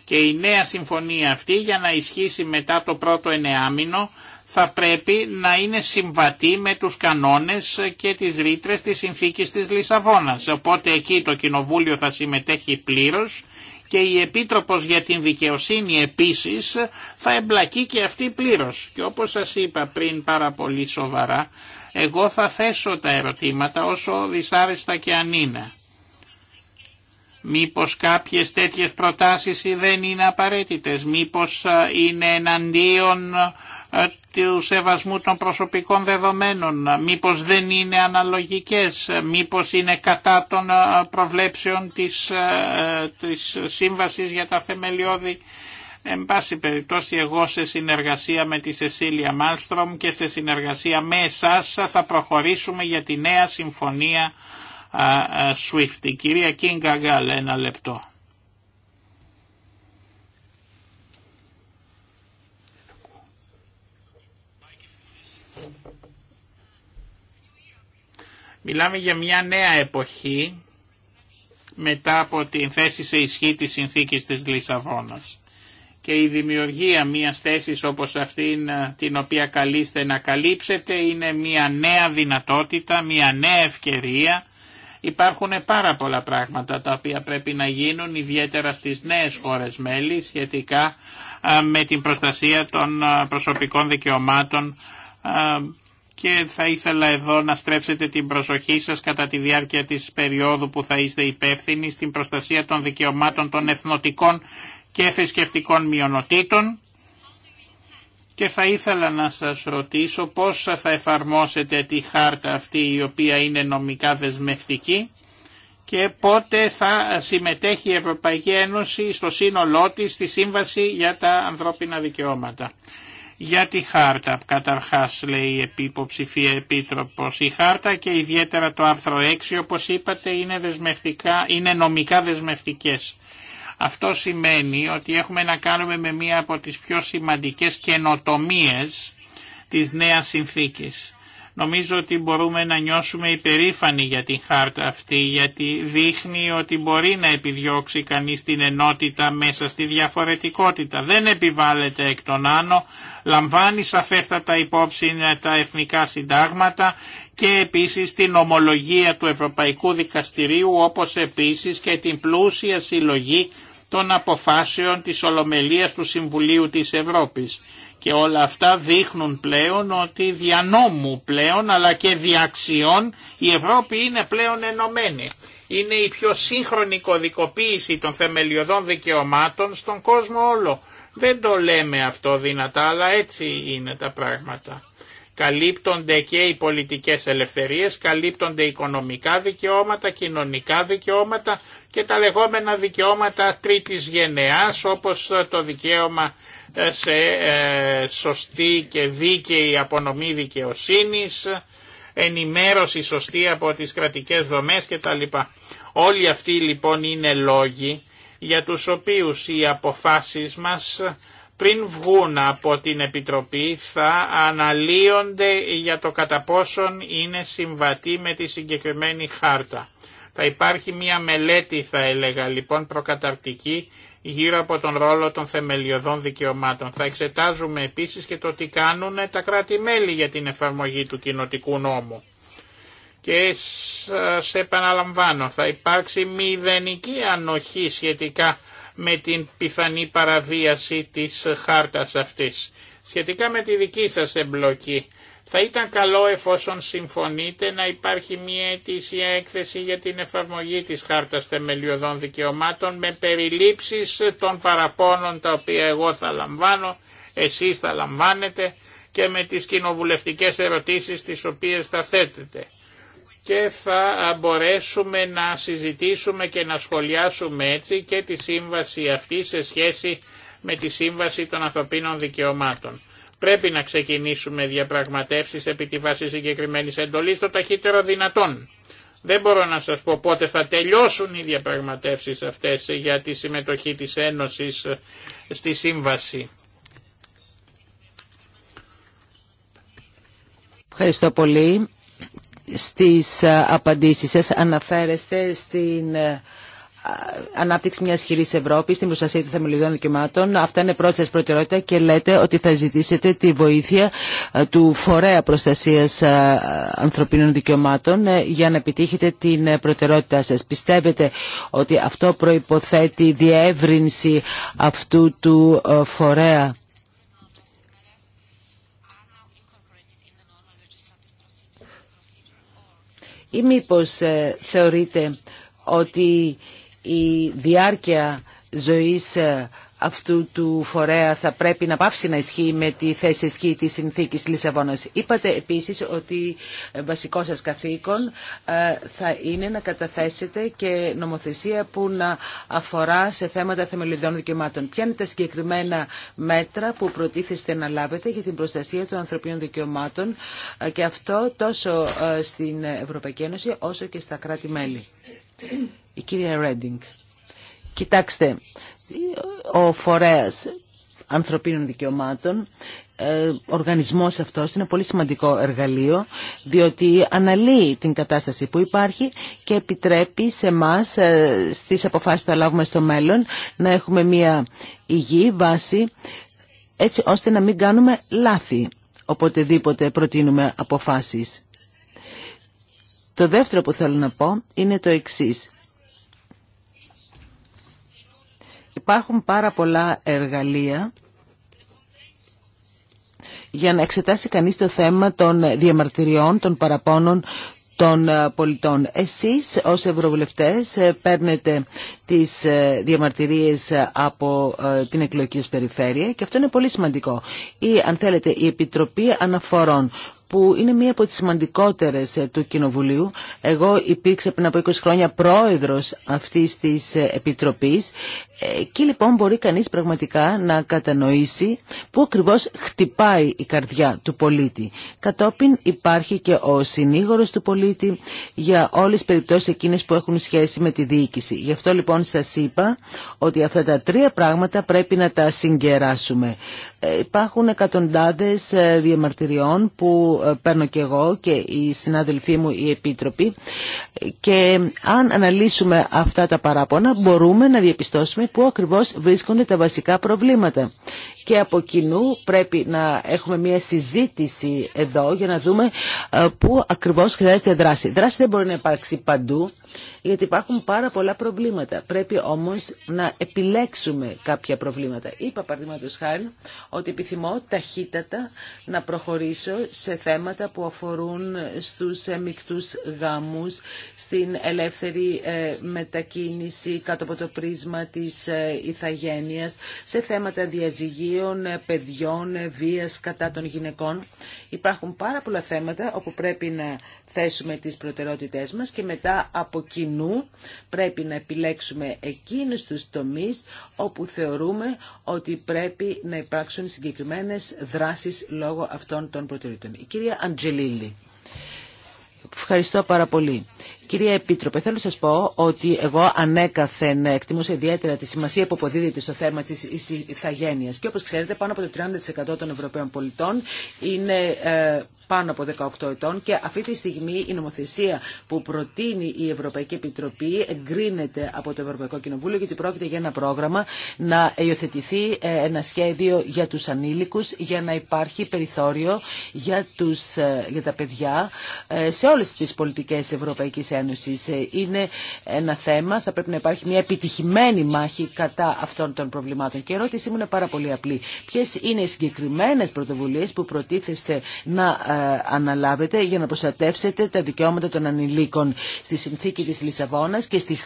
S2: Και η νέα συμφωνία αυτή για να ισχύσει μετά το πρώτο μήνο θα πρέπει να είναι συμβατή με τους κανόνες και τις ρήτρε της συνθήκης της Λισαβόνας. Οπότε εκεί το Κοινοβούλιο θα συμμετέχει πλήρως και η Επίτροπος για την Δικαιοσύνη επίσης θα εμπλακεί και αυτή πλήρως. Και όπως σας είπα πριν πάρα πολύ σοβαρά, εγώ θα θέσω τα ερωτήματα όσο δυσάρεστα και αν είναι. Μήπως κάποιες τέτοιες προτάσεις δεν είναι απαραίτητες, μήπως ε, είναι εναντίον ε, του σεβασμού των προσωπικών δεδομένων, μήπως δεν είναι αναλογικές, μήπως είναι κατά των ε, προβλέψεων της, ε, της σύμβασης για τα θεμελιώδη. Εν πάση περιπτώσει εγώ σε συνεργασία με τη Σεσίλια Μάλστρομ και σε συνεργασία με εσάς θα προχωρήσουμε για τη νέα συμφωνία SWIFT. Ε, κυρία Κίνγκα Γκάλ, ένα λεπτό. Μιλάμε για μια νέα εποχή μετά από την θέση σε ισχύ της συνθήκης της Λισαβόνας. Και η δημιουργία μιας θέσης όπως αυτήν ε, την οποία καλείστε να καλύψετε είναι μια νέα δυνατότητα, μια νέα ευκαιρία. Υπάρχουν πάρα πολλά πράγματα τα οποία πρέπει να γίνουν ιδιαίτερα στις νέες χώρες μέλη σχετικά ε, με την προστασία των ε, προσωπικών δικαιωμάτων και θα ήθελα εδώ να στρέψετε την προσοχή σας κατά τη διάρκεια της περίοδου που θα είστε υπεύθυνοι στην προστασία των δικαιωμάτων των εθνοτικών και θρησκευτικών μειονοτήτων και θα ήθελα να σας ρωτήσω πώς θα εφαρμόσετε τη χάρτα αυτή η οποία είναι νομικά δεσμευτική και πότε θα συμμετέχει η Ευρωπαϊκή Ένωση στο σύνολό της στη Σύμβαση για τα Ανθρώπινα Δικαιώματα. Για τη χάρτα, καταρχάς λέει η υποψηφία επίτροπος, η χάρτα και ιδιαίτερα το άρθρο 6 όπως είπατε είναι, δεσμευτικά, είναι νομικά δεσμευτικές. Αυτό σημαίνει ότι έχουμε να κάνουμε με μία από τις πιο σημαντικές καινοτομίες της νέας συνθήκης. Νομίζω ότι μπορούμε να νιώσουμε υπερήφανοι για την χάρτα αυτή γιατί δείχνει ότι μπορεί να επιδιώξει κανείς την ενότητα μέσα στη διαφορετικότητα. Δεν επιβάλλεται εκ των άνω, λαμβάνει σαφέστατα υπόψη τα εθνικά συντάγματα και επίσης την ομολογία του Ευρωπαϊκού Δικαστηρίου όπως επίσης και την πλούσια συλλογή των αποφάσεων της Ολομελίας του Συμβουλίου της Ευρώπης. Και όλα αυτά δείχνουν πλέον ότι δια νόμου πλέον αλλά και δια αξιών η Ευρώπη είναι πλέον ενωμένη. Είναι η πιο σύγχρονη κωδικοποίηση των θεμελιωδών δικαιωμάτων στον κόσμο όλο. Δεν το λέμε αυτό δυνατά αλλά έτσι είναι τα πράγματα καλύπτονται και οι πολιτικές ελευθερίες, καλύπτονται οικονομικά δικαιώματα, κοινωνικά δικαιώματα και τα λεγόμενα δικαιώματα τρίτης γενεάς όπως ε, το δικαίωμα ε, σε ε, σωστή και δίκαιη απονομή δικαιοσύνης, ενημέρωση σωστή από τις κρατικές δομές κτλ. Όλοι αυτοί λοιπόν είναι λόγοι για τους οποίους οι αποφάσεις μας πριν βγουν από την Επιτροπή θα αναλύονται για το κατά πόσον είναι συμβατή με τη συγκεκριμένη χάρτα. Θα υπάρχει μια μελέτη θα έλεγα λοιπόν προκαταρκτική γύρω από τον ρόλο των θεμελιωδών δικαιωμάτων. Θα εξετάζουμε επίσης και το τι κάνουν τα κράτη-μέλη για την εφαρμογή του κοινοτικού νόμου. Και σε επαναλαμβάνω, θα υπάρξει μηδενική ανοχή σχετικά με την πιθανή παραβίαση της χάρτας αυτής. Σχετικά με τη δική σας εμπλοκή, θα ήταν καλό εφόσον συμφωνείτε να υπάρχει μια αιτήσια έκθεση για την εφαρμογή της Χάρτας Θεμελιωδών Δικαιωμάτων με περιλήψεις των παραπώνων τα οποία εγώ θα λαμβάνω, εσείς θα λαμβάνετε και με τις κοινοβουλευτικές ερωτήσεις τις οποίες θα θέτετε και θα μπορέσουμε να συζητήσουμε και να σχολιάσουμε έτσι και τη σύμβαση αυτή σε σχέση με τη Σύμβαση των Ανθρωπίνων Δικαιωμάτων. Πρέπει να ξεκινήσουμε διαπραγματεύσεις επί τη βάση συγκεκριμένης εντολής το ταχύτερο δυνατόν. Δεν μπορώ να σας πω πότε θα τελειώσουν οι διαπραγματεύσεις αυτές για τη συμμετοχή της Ένωσης στη Σύμβαση.
S3: Ευχαριστώ πολύ στις ε, απαντήσεις σας αναφέρεστε στην ε, ανάπτυξη μιας χειρής Ευρώπης, στην προστασία των θεμελιωδών δικαιωμάτων. Αυτά είναι πρώτη προτεραιότητα και λέτε ότι θα ζητήσετε τη βοήθεια ε, του Φορέα Προστασίας Ανθρωπίνων Δικαιωμάτων για να επιτύχετε την προτεραιότητά σας. Πιστεύετε ότι αυτό προϋποθέτει διεύρυνση αυτού του φορέα. ή μήπως ε, θεωρείτε ότι η διάρκεια ζωής ε, αυτού του φορέα θα πρέπει να πάψει να ισχύει με τη θέση ισχύ της συνθήκης Λισαβόνας. Είπατε επίσης ότι ε, βασικό σας καθήκον ε, θα είναι να καταθέσετε και νομοθεσία που να αφορά σε θέματα θεμελιωδών δικαιωμάτων. Ποια είναι τα συγκεκριμένα μέτρα που προτίθεστε να λάβετε για την προστασία των ανθρωπίνων δικαιωμάτων ε, και αυτό τόσο στην Ευρωπαϊκή Ένωση όσο και στα κράτη-μέλη. Η κυρία Ρέντινγκ. Κοιτάξτε, ο φορέας ανθρωπίνων δικαιωμάτων ε, οργανισμός αυτός είναι πολύ σημαντικό εργαλείο διότι αναλύει την κατάσταση που υπάρχει και επιτρέπει σε μας ε, στις αποφάσεις που θα λάβουμε στο μέλλον να έχουμε μια υγιή βάση έτσι ώστε να μην κάνουμε λάθη οποτεδήποτε προτείνουμε αποφάσεις. Το δεύτερο που θέλω να πω είναι το εξής. Υπάρχουν πάρα πολλά εργαλεία για να εξετάσει κανείς το θέμα των διαμαρτυριών, των παραπώνων των ε, πολιτών. Εσείς ως ευρωβουλευτές ε, παίρνετε τις ε, διαμαρτυρίες από την εκλογική περιφέρεια και αυτό είναι πολύ σημαντικό. Ή αν θέλετε η Επιτροπή Αναφορών που είναι μία από τις σημαντικότερες ε, του Κοινοβουλίου. Εγώ υπήρξα πριν από 20 χρόνια πρόεδρος αυτής της ε, Επιτροπής ε, και λοιπόν μπορεί κανείς πραγματικά να κατανοήσει που ακριβώς χτυπάει η καρδιά του πολίτη. Κατόπιν υπάρχει και ο συνήγορος του πολίτη για όλες τις περιπτώσεις εκείνες που έχουν σχέση με τη διοίκηση. Γι' αυτό λοιπόν σας είπα ότι αυτά τα τρία πράγματα πρέπει να τα συγκεράσουμε. Υπάρχουν εκατοντάδες διαμαρτυριών που ε, παίρνω και εγώ και οι συνάδελφοί μου οι επίτροποι και αν αναλύσουμε αυτά τα παράπονα μπορούμε να διαπιστώσουμε πού ακριβώς βρίσκονται τα βασικά προβλήματα και από κοινού πρέπει να έχουμε μια συζήτηση εδώ για να δούμε ε, πού ακριβώς χρειάζεται δράση. Δράση δεν μπορεί να υπάρξει παντού γιατί υπάρχουν πάρα πολλά προβλήματα. Πρέπει όμως να επιλέξουμε κάποια προβλήματα. Είπα παραδείγματο χάρη ότι επιθυμώ ταχύτατα να προχωρήσω σε θέματα που αφορούν στους εμικτούς γάμους, στην ελεύθερη ε, μετακίνηση κάτω από το πρίσμα της ε, ηθαγένειας, σε θέματα κατω απο το πρισμα της ηθαγενειας σε θεματα διαζυγης ε, παιδιών, ε, βίας κατά των γυναικών. Υπάρχουν πάρα πολλά θέματα όπου πρέπει να θέσουμε τις προτεραιότητές μας και μετά από κοινού πρέπει να επιλέξουμε εκείνους τους τομείς όπου θεωρούμε ότι πρέπει να υπάρξουν συγκεκριμένες δράσεις λόγω αυτών των προτεραιότητων. Η κυρία Αντζελίλη. Ευχαριστώ πάρα πολύ. Κυρία Επίτροπε, θέλω να σα πω ότι εγώ ανέκαθεν εκτιμούσα ιδιαίτερα τη σημασία που αποδίδεται στο θέμα τη ηθαγένεια. Και όπω ξέρετε, πάνω από το 30% των Ευρωπαίων πολιτών είναι ε, πάνω από 18 ετών και αυτή τη στιγμή η νομοθεσία που προτείνει η Ευρωπαϊκή Επιτροπή εγκρίνεται από το Ευρωπαϊκό Κοινοβούλιο γιατί πρόκειται για ένα πρόγραμμα να υιοθετηθεί ε, ένα σχέδιο για τους ανήλικους για να υπάρχει περιθώριο για, τους, ε, για τα παιδιά σε όλες τις πολιτικές Ευρωπαϊκής ε, είναι ένα θέμα, θα πρέπει να υπάρχει μια επιτυχημένη μάχη κατά αυτών των προβλημάτων. Και η ερώτησή μου είναι πάρα πολύ απλή. Ποιε είναι οι συγκεκριμένε πρωτοβουλίε που προτίθεστε να ε, αναλάβετε για να προστατεύσετε τα δικαιώματα των ανηλίκων στη συνθήκη τη Λισαβόνα και στη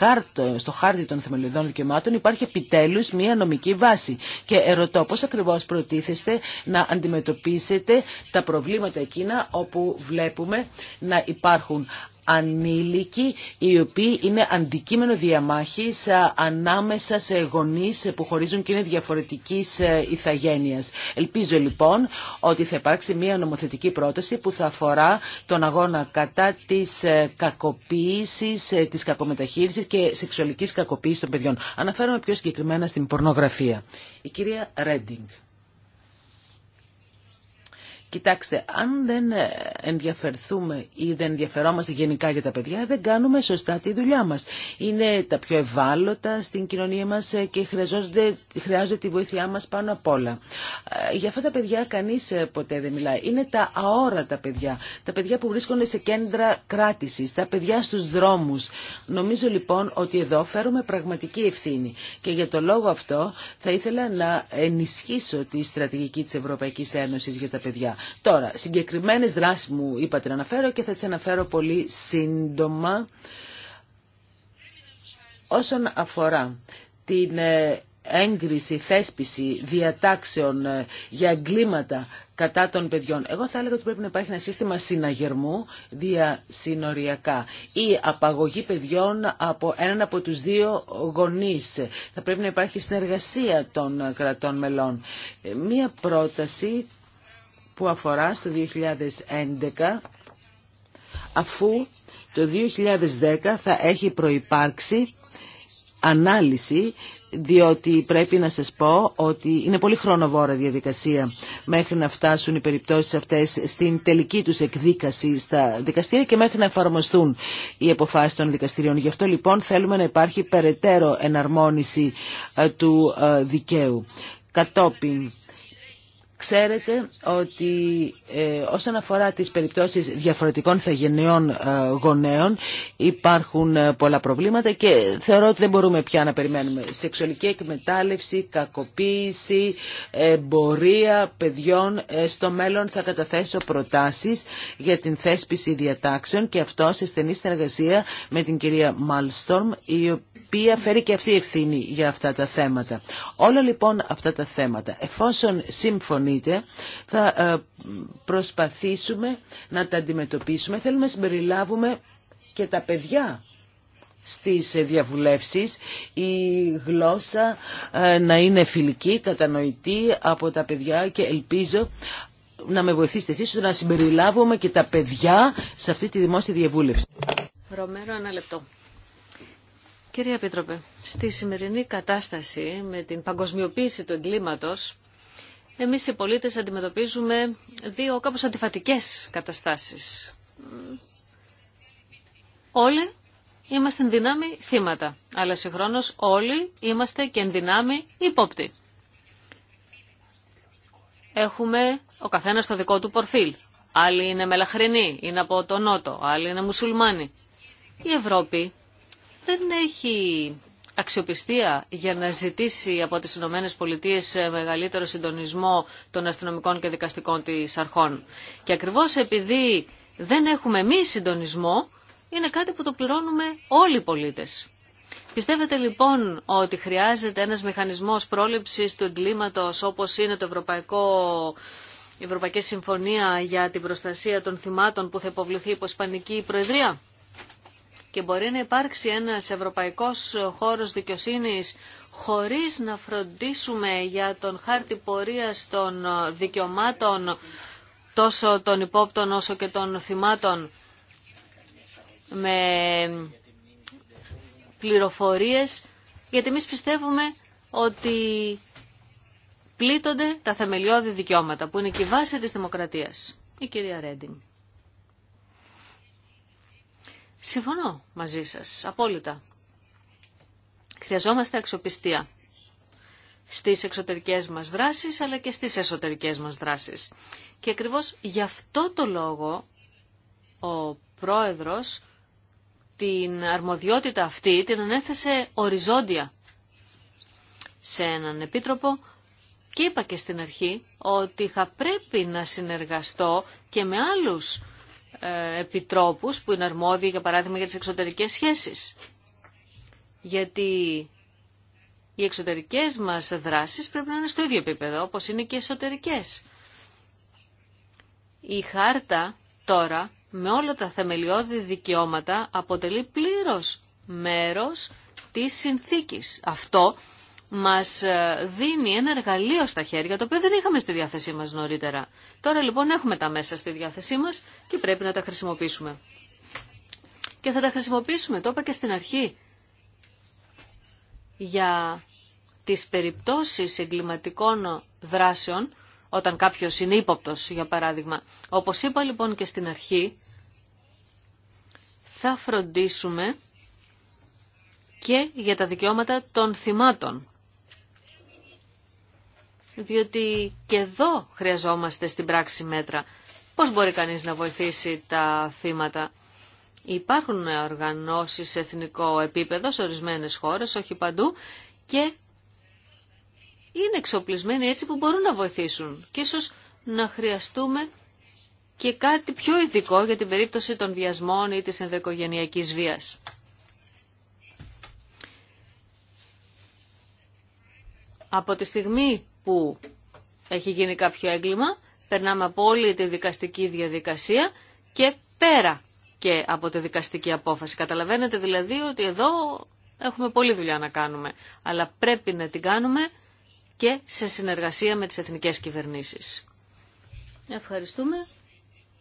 S3: στο χάρτη των θεμελιωδών δικαιωμάτων υπάρχει επιτέλου μια νομική βάση. Και ερωτώ πώ ακριβώ προτίθεστε να αντιμετωπίσετε τα προβλήματα εκείνα όπου βλέπουμε να υπάρχουν ανήλικοι οι οποίοι είναι αντικείμενο διαμάχης ε, ανάμεσα σε γονείς που χωρίζουν και είναι διαφορετικής ε, ηθαγένειας. Ελπίζω λοιπόν ότι θα υπάρξει μια νομοθετική πρόταση που θα αφορά τον αγώνα κατά της ε, κακοποίησης, της κακομεταχείρισης και σεξουαλικής κακοποίησης των παιδιών. Αναφέρομαι πιο συγκεκριμένα στην πορνογραφία. Η κυρία Ρέντινγκ. Κοιτάξτε, αν δεν ενδιαφερθούμε ή δεν ενδιαφερόμαστε γενικά για τα παιδιά, δεν κάνουμε σωστά τη δουλειά μας. Είναι τα πιο ευάλωτα στην κοινωνία μας ε, και χρειάζονται, τη βοήθειά μας πάνω απ' όλα. Ε, για αυτά τα παιδιά κανείς ε, ποτέ δεν μιλάει. Είναι τα αόρατα παιδιά, τα παιδιά που βρίσκονται σε κέντρα κράτησης, τα παιδιά στους δρόμους. Νομίζω λοιπόν ότι εδώ φέρουμε πραγματική ευθύνη και για το λόγο αυτό θα ήθελα να ενισχύσω τη στρατηγική τη Ευρωπαϊκή Ένωση για τα παιδιά. Τώρα, συγκεκριμένες δράσεις μου είπατε να αναφέρω και θα τις αναφέρω πολύ σύντομα όσον αφορά την ε, έγκριση, θέσπιση διατάξεων ε, για εγκλήματα κατά των παιδιών. Εγώ θα έλεγα ότι πρέπει να υπάρχει ένα σύστημα συναγερμού διασυνοριακά ή απαγωγή παιδιών από έναν από τους δύο γονείς. Θα πρέπει να υπάρχει συνεργασία των ε, κρατών μελών. Μία πρόταση που αφορά στο 2011 αφού το 2010 θα έχει προϋπάρξει ανάλυση διότι πρέπει να σας πω ότι είναι πολύ χρονοβόρα διαδικασία μέχρι να φτάσουν οι περιπτώσεις αυτές στην τελική τους εκδίκαση στα δικαστήρια και μέχρι να εφαρμοστούν οι αποφάσεις των δικαστηριών. Γι' αυτό λοιπόν θέλουμε να υπάρχει περαιτέρω εναρμόνιση ε, του ε, δικαίου. Κατόπιν Ξέρετε ότι ε, όσον αφορά τις περιπτώσεις διαφορετικών θεγενειών ε, γονέων υπάρχουν ε, πολλά προβλήματα και θεωρώ ότι δεν μπορούμε πια να περιμένουμε σεξουαλική εκμετάλλευση, κακοποίηση, εμπορία παιδιών. Ε, στο μέλλον θα καταθέσω προτάσεις για την θέσπιση διατάξεων και αυτό σε στενή συνεργασία με την κυρία Μάλστορμ η οποία φέρει και αυτή η ευθύνη για αυτά τα θέματα. Όλα λοιπόν αυτά τα θέματα, εφόσον συμφωνείτε, θα ε, προσπαθήσουμε να τα αντιμετωπίσουμε. Θέλουμε να συμπεριλάβουμε και τα παιδιά στις διαβουλεύσεις η γλώσσα ε, να είναι φιλική, κατανοητή από τα παιδιά και ελπίζω να με βοηθήσετε εσείς να συμπεριλάβουμε και τα παιδιά σε αυτή τη δημόσια διαβούλευση.
S1: Ρωμέρο, ένα λεπτό. Κυρία Επίτροπε, στη σημερινή κατάσταση με την παγκοσμιοποίηση του εγκλήματος, εμείς οι πολίτες αντιμετωπίζουμε δύο κάπως αντιφατικές καταστάσεις. Όλοι είμαστε εν δυνάμει θύματα, αλλά συγχρόνως όλοι είμαστε και εν δυνάμει ύποπτοι. Έχουμε ο καθένας το δικό του πορφίλ. Άλλοι είναι μελαχρινοί, είναι από τον Νότο, άλλοι είναι μουσουλμάνοι. Η Ευρώπη δεν έχει αξιοπιστία για να ζητήσει από τις Ηνωμένε Πολιτείες ε, μεγαλύτερο συντονισμό των αστυνομικών και δικαστικών της αρχών. Και ακριβώς επειδή δεν έχουμε εμεί συντονισμό, είναι κάτι που το πληρώνουμε όλοι οι πολίτες. Πιστεύετε λοιπόν ότι χρειάζεται ένας μηχανισμός πρόληψης του εγκλήματος όπως είναι το Ευρωπαϊκό η Ευρωπαϊκή Συμφωνία για την Προστασία των Θυμάτων που θα υποβληθεί υπό Ισπανική Προεδρία και μπορεί να υπάρξει ένας ευρωπαϊκός χώρος δικαιοσύνης χωρίς να φροντίσουμε για τον χάρτη πορείας των δικαιωμάτων τόσο των υπόπτων όσο και των θυμάτων με πληροφορίες γιατί εμεί πιστεύουμε ότι πλήττονται τα θεμελιώδη δικαιώματα που είναι και η βάση της δημοκρατίας. Η κυρία Ρέντιν. Συμφωνώ μαζί σας, απόλυτα. Χρειαζόμαστε αξιοπιστία στις εξωτερικές μας δράσεις αλλά και στις εσωτερικές μας δράσεις. Και ακριβώς γι' αυτό το λόγο ο πρόεδρος την αρμοδιότητα αυτή την ανέθεσε οριζόντια σε έναν επίτροπο και είπα και στην αρχή ότι θα πρέπει να συνεργαστώ και με άλλους ε, επιτρόπους που είναι αρμόδιοι για παράδειγμα για τις εξωτερικές σχέσεις. Γιατί οι εξωτερικές μας δράσεις πρέπει να είναι στο ίδιο επίπεδο όπως είναι και οι εσωτερικές. Η χάρτα τώρα με όλα τα θεμελιώδη δικαιώματα αποτελεί πλήρως μέρος της συνθήκης. Αυτό μας ε, δίνει ένα εργαλείο στα χέρια το οποίο δεν είχαμε στη διάθεσή μας νωρίτερα. Τώρα λοιπόν έχουμε τα μέσα στη διάθεσή μας και πρέπει να τα χρησιμοποιήσουμε. Και θα τα χρησιμοποιήσουμε, το είπα και στην αρχή, για τις περιπτώσεις εγκληματικών δράσεων, όταν κάποιος είναι ύποπτος, για παράδειγμα. Όπως είπα λοιπόν και στην αρχή, θα φροντίσουμε και για τα δικαιώματα των θυμάτων διότι και εδώ χρειαζόμαστε στην πράξη μέτρα. Πώς μπορεί κανείς να βοηθήσει τα θύματα. Υπάρχουν οργανώσεις σε εθνικό επίπεδο σε ορισμένες χώρες, όχι παντού, και είναι εξοπλισμένοι έτσι που μπορούν να βοηθήσουν. Και ίσως να χρειαστούμε και κάτι πιο ειδικό για την περίπτωση των βιασμών ή της ενδοοικογενειακής βίας. από τη στιγμή που έχει γίνει κάποιο έγκλημα, περνάμε από όλη τη δικαστική διαδικασία και πέρα και από τη δικαστική απόφαση. Καταλαβαίνετε δηλαδή ότι εδώ έχουμε πολλή δουλειά να κάνουμε, αλλά πρέπει να την κάνουμε και σε συνεργασία με τις εθνικές κυβερνήσεις. Ευχαριστούμε.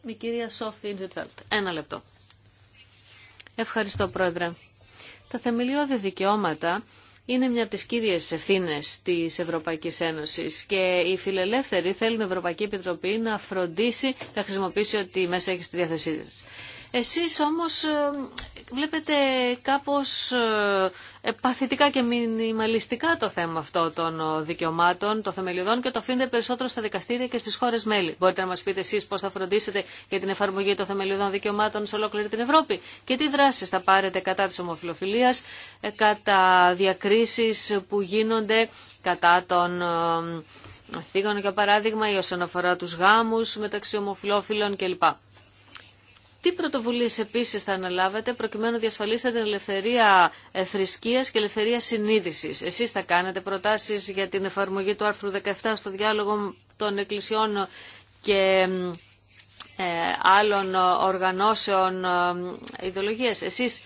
S1: Η κυρία Σόφη Ιντζετφέλτ. Ένα λεπτό. Ευχαριστώ, Πρόεδρε. Τα θεμελιώδη δικαιώματα είναι μια από τις κύριες ευθύνε της Ευρωπαϊκής Ένωσης και οι φιλελεύθεροι θέλουν η Ευρωπαϊκή Επιτροπή να φροντίσει να χρησιμοποιήσει ό,τι μέσα έχει στη διάθεσή της. Εσείς όμως ε, βλέπετε κάπως ε, παθητικά και μινιμαλιστικά το θέμα αυτό των ε, δικαιωμάτων, των θεμελιωδών και το αφήνετε περισσότερο στα δικαστήρια και στις χώρες μέλη. Μπορείτε να μας πείτε εσείς πώς θα φροντίσετε για την εφαρμογή των θεμελιωδών δικαιωμάτων σε ολόκληρη την Ευρώπη και τι δράσεις θα πάρετε κατά της ομοφιλοφιλίας, κατά διακρίσεις που γίνονται κατά των θήγων για παράδειγμα ή όσον αφορά τους γάμους μεταξύ ομοφιλόφιλων κλπ. Τι πρωτοβουλίε επίσης θα αναλάβετε προκειμένου να διασφαλίσετε την ελευθερία ε, θρησκείας και ελευθερία συνείδησης. Εσείς θα κάνετε προτάσεις για την εφαρμογή του άρθρου 17 στο διάλογο των εκκλησιών και ε, άλλων οργανώσεων ε, ιδεολογία. Εσείς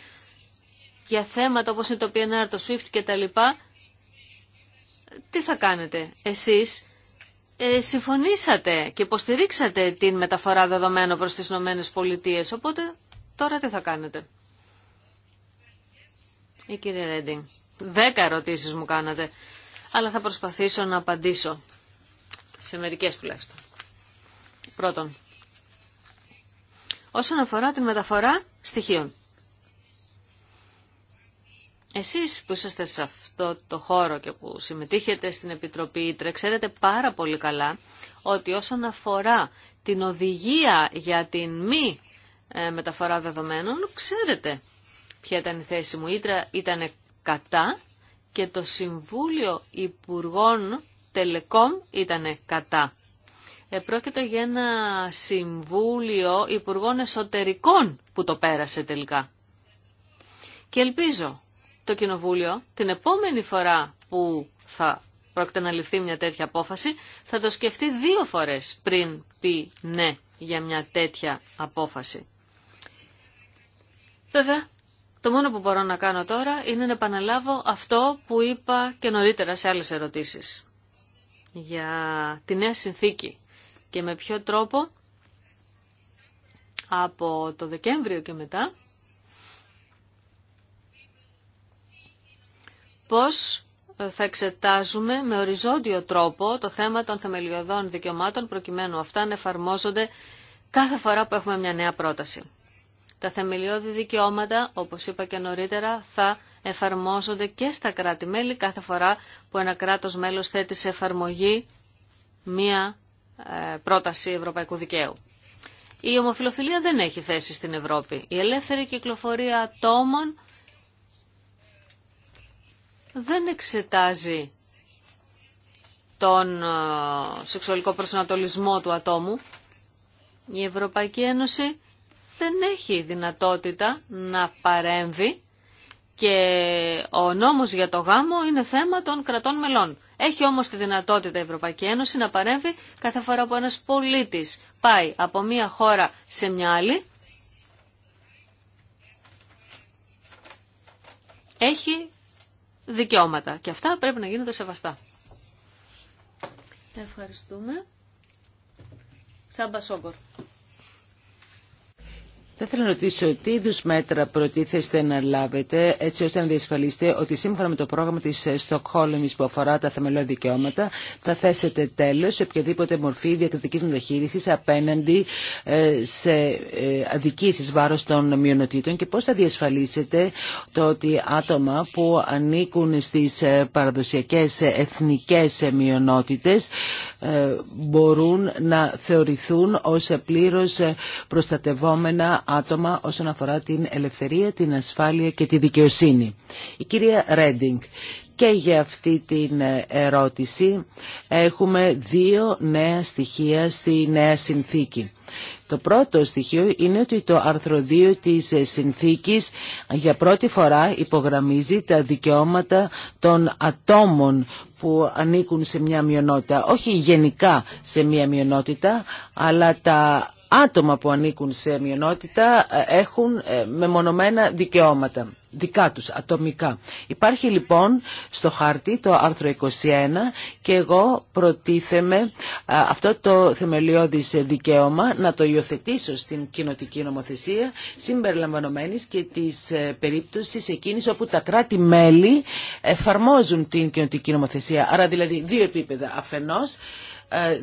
S1: για θέματα όπως είναι το PNR, το SWIFT και τα λοιπά, τι θα κάνετε εσείς ε, συμφωνήσατε και υποστηρίξατε την μεταφορά δεδομένων προς τις Ηνωμένε Πολιτείε. Οπότε τώρα τι θα κάνετε. Η ε, κύριε Ρέντινγκ. Δέκα ερωτήσεις μου κάνατε. Αλλά θα προσπαθήσω να απαντήσω. Σε μερικές τουλάχιστον. Πρώτον. Όσον αφορά την μεταφορά στοιχείων. Εσείς που είσαστε σε αυτό το χώρο και που συμμετείχετε στην Επιτροπή Ήτρε, ξέρετε πάρα πολύ καλά ότι όσον αφορά την οδηγία για την μη ε, μεταφορά δεδομένων, ξέρετε ποια ήταν η θέση μου. Ήτρα ήταν κατά και το Συμβούλιο Υπουργών Τελεκόμ ήταν κατά. Ε, πρόκειται για ένα Συμβούλιο Υπουργών Εσωτερικών που το πέρασε τελικά. Και ελπίζω το Κοινοβούλιο την επόμενη φορά που θα πρόκειται να ληφθεί μια τέτοια απόφαση, θα το σκεφτεί δύο φορές πριν πει ναι για μια τέτοια απόφαση. Βέβαια, το μόνο που μπορώ να κάνω τώρα είναι να επαναλάβω αυτό που είπα και νωρίτερα σε άλλες ερωτήσεις για τη νέα συνθήκη και με ποιο τρόπο από το Δεκέμβριο και μετά πώς ε, θα εξετάζουμε με οριζόντιο τρόπο το θέμα των θεμελιωδών δικαιωμάτων προκειμένου αυτά να εφαρμόζονται κάθε φορά που έχουμε μια νέα πρόταση. Τα θεμελιώδη δικαιώματα, όπως είπα και νωρίτερα, θα εφαρμόζονται και στα κράτη-μέλη κάθε φορά που ένα κράτος μέλος θέτει σε εφαρμογή μία ε, πρόταση ευρωπαϊκού δικαίου. Η ομοφιλοφιλία δεν έχει θέση στην Ευρώπη. Η ελεύθερη κυκλοφορία ατόμων δεν εξετάζει τον ε, σεξουαλικό προσανατολισμό του ατόμου. Η Ευρωπαϊκή Ένωση δεν έχει δυνατότητα να παρέμβει και ο νόμος για το γάμο είναι θέμα των κρατών μελών. Έχει όμως τη δυνατότητα η Ευρωπαϊκή Ένωση να παρέμβει κάθε φορά που ένας πολίτης πάει από μία χώρα σε μια άλλη. Έχει δικαιώματα. Και αυτά πρέπει να γίνονται σεβαστά. Ευχαριστούμε. Σάμπα Σόγκορ. Θα ήθελα να ρωτήσω τι
S3: είδου μέτρα προτίθεστε να λάβετε έτσι ώστε να διασφαλίσετε ότι σύμφωνα με το πρόγραμμα τη ε, Στοκχόλμη που αφορά τα θεμελιώδη δικαιώματα θα θέσετε τέλο, σε οποιαδήποτε μορφή διακριτική μεταχείριση απέναντι ε, σε ε, αδικήσει βάρο των μειονοτήτων και πώ θα διασφαλίσετε το ότι άτομα που ανήκουν στις παραδοσιακέ εθνικές μειονότητες μπορούν να θεωρηθούν ως πλήρω προστατευόμενα άτομα όσον αφορά την ελευθερία, την ασφάλεια και τη δικαιοσύνη. Η κυρία Ρέντινγκ, και για αυτή την ε, ερώτηση έχουμε δύο νέα στοιχεία στη νέα συνθήκη. Το πρώτο στοιχείο είναι ότι το άρθρο 2 της συνθήκης για πρώτη φορά υπογραμμίζει τα δικαιώματα των ατόμων που ανήκουν σε μια μειονότητα. Όχι γενικά σε μια μειονότητα, αλλά τα άτομα που ανήκουν σε μειονότητα ε, έχουν ε, μεμονωμένα δικαιώματα δικά τους, ατομικά. Υπάρχει λοιπόν στο χάρτη το άρθρο 21 και εγώ προτίθεμαι ε, αυτό το θεμελιώδης δικαίωμα να το υιοθετήσω στην κοινοτική νομοθεσία συμπεριλαμβανομένης και της περίπτωσης εκείνης όπου τα κράτη-μέλη εφαρμόζουν την κοινοτική νομοθεσία. Άρα δηλαδή δύο επίπεδα. Αφενός